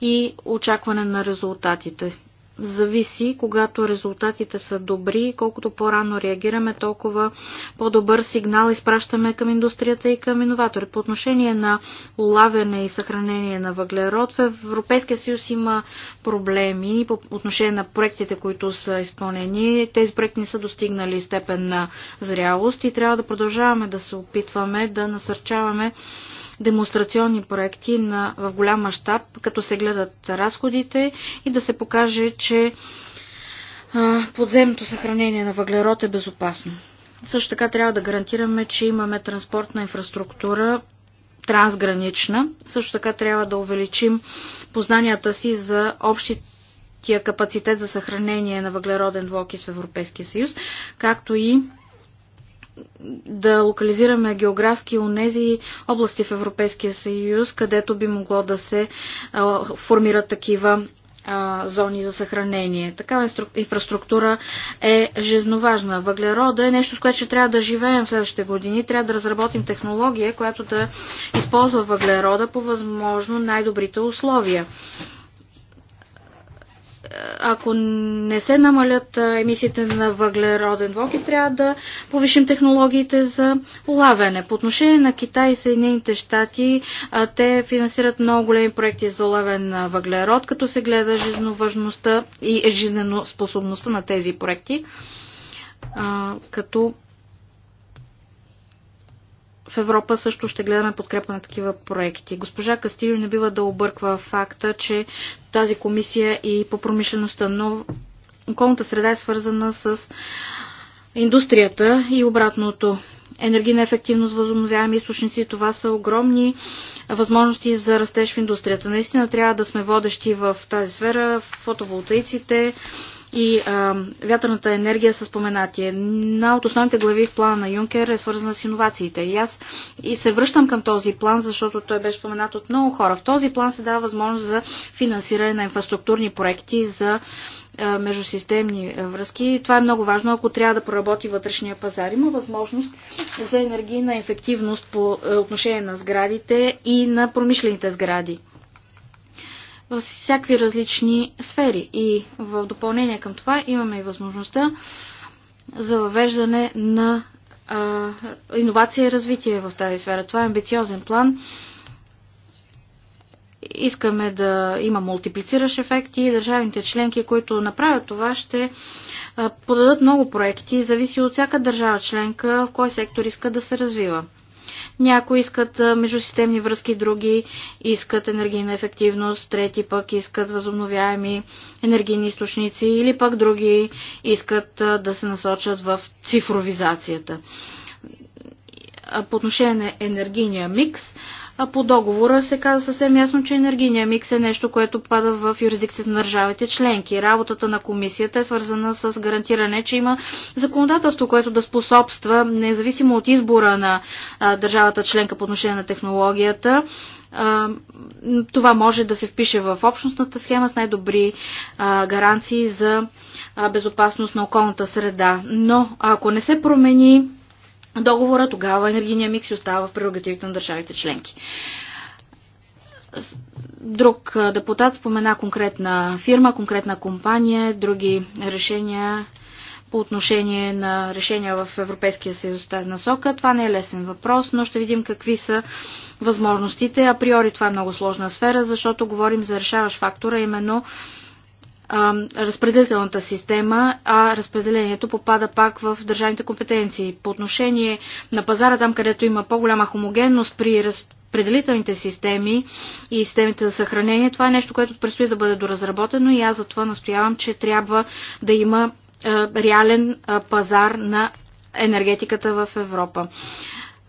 и очакване на резултатите зависи, когато резултатите са добри, колкото по-рано реагираме, толкова по-добър сигнал изпращаме към индустрията и към иноватори. По отношение на улавяне и съхранение на въглерод, в Европейския съюз има проблеми по отношение на проектите, които са изпълнени. Тези проекти не са достигнали степен на зрялост и трябва да продължаваме да се опитваме да насърчаваме демонстрационни проекти на, в голям мащаб, като се гледат разходите и да се покаже, че а, подземното съхранение на въглерод е безопасно. Също така трябва да гарантираме, че имаме транспортна инфраструктура трансгранична. Също така трябва да увеличим познанията си за общия капацитет за съхранение на въглероден двуокис в Европейския съюз, както и да локализираме географски нези области в Европейския съюз, където би могло да се формират такива зони за съхранение. Такава инфраструктура е жизноважна. Въглерода е нещо, с което ще трябва да живеем в следващите години. Трябва да разработим технология, която да използва въглерода по възможно най-добрите условия ако не се намалят емисиите на въглероден двокис, трябва да повишим технологиите за улавяне. По отношение на Китай и Съединените щати, те финансират много големи проекти за улавен на въглерод, като се гледа жизненовъжността и жизненоспособността на тези проекти, като в Европа също ще гледаме подкрепа на такива проекти. Госпожа Кастилио не бива да обърква факта, че тази комисия и по промишлеността, но околната среда е свързана с индустрията и обратното. Енергийна ефективност, възобновяеми източници, това са огромни възможности за растеж в индустрията. Наистина трябва да сме водещи в тази сфера, фотоволтаиците, и а, вятърната енергия са споменати. Една от основните глави в плана на Юнкер е свързана с иновациите. И аз и се връщам към този план, защото той беше споменат от много хора. В този план се дава възможност за финансиране на инфраструктурни проекти за междусистемни връзки. Това е много важно, ако трябва да проработи вътрешния пазар. Има възможност за енергийна ефективност по е, отношение на сградите и на промишлените сгради във всякакви различни сфери. И в допълнение към това имаме и възможността за въвеждане на а, иновация и развитие в тази сфера. Това е амбициозен план. Искаме да има мултиплициращ ефект и държавните членки, които направят това, ще подадат много проекти. Зависи от всяка държава членка, в кой сектор иска да се развива. Някои искат междусистемни връзки, други искат енергийна ефективност, трети пък искат възобновяеми енергийни източници или пък други искат да се насочат в цифровизацията по отношение на енергийния микс. По договора се каза съвсем ясно, че енергийния микс е нещо, което пада в юрисдикцията на държавите членки. Работата на комисията е свързана с гарантиране, че има законодателство, което да способства, независимо от избора на държавата членка по отношение на технологията, това може да се впише в общностната схема с най-добри гаранции за безопасност на околната среда. Но ако не се промени договора, тогава енергийния микс остава в прерогативите на държавите членки. Друг депутат спомена конкретна фирма, конкретна компания, други решения по отношение на решения в Европейския съюз тази насока. Това не е лесен въпрос, но ще видим какви са възможностите. Априори това е много сложна сфера, защото говорим за решаващ фактора, именно разпределителната система, а разпределението попада пак в държавните компетенции. По отношение на пазара, там където има по-голяма хомогенност при разпределителните системи и системите за съхранение, това е нещо, което предстои да бъде доразработено и аз за това настоявам, че трябва да има реален пазар на енергетиката в Европа.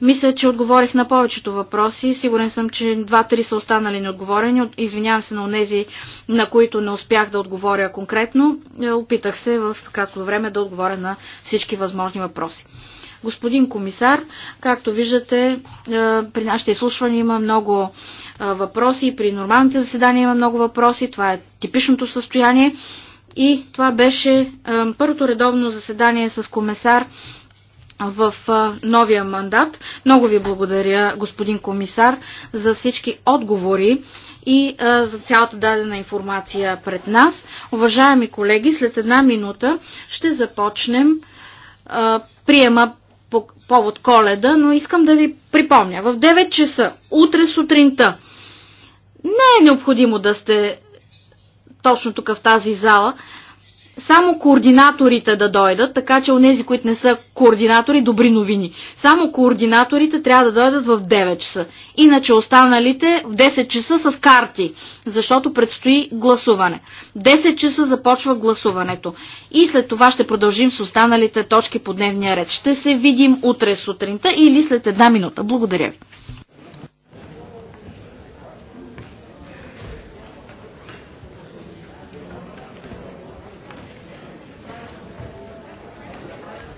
Мисля, че отговорих на повечето въпроси. Сигурен съм, че два-три са останали неотговорени. Извинявам се на онези, на които не успях да отговоря конкретно. Е, опитах се в кратко време да отговоря на всички възможни въпроси. Господин комисар, както виждате, е, при нашите изслушвания има много е, въпроси, при нормалните заседания има много въпроси. Това е типичното състояние. И това беше първото редовно заседание с комисар в новия мандат. Много ви благодаря, господин комисар, за всички отговори и за цялата дадена информация пред нас. Уважаеми колеги, след една минута ще започнем приема по повод коледа, но искам да ви припомня. В 9 часа, утре сутринта, не е необходимо да сте точно тук в тази зала само координаторите да дойдат, така че онези, които не са координатори, добри новини. Само координаторите трябва да дойдат в 9 часа. Иначе останалите в 10 часа с карти, защото предстои гласуване. 10 часа започва гласуването. И след това ще продължим с останалите точки по дневния ред. Ще се видим утре сутринта или след една минута. Благодаря ви.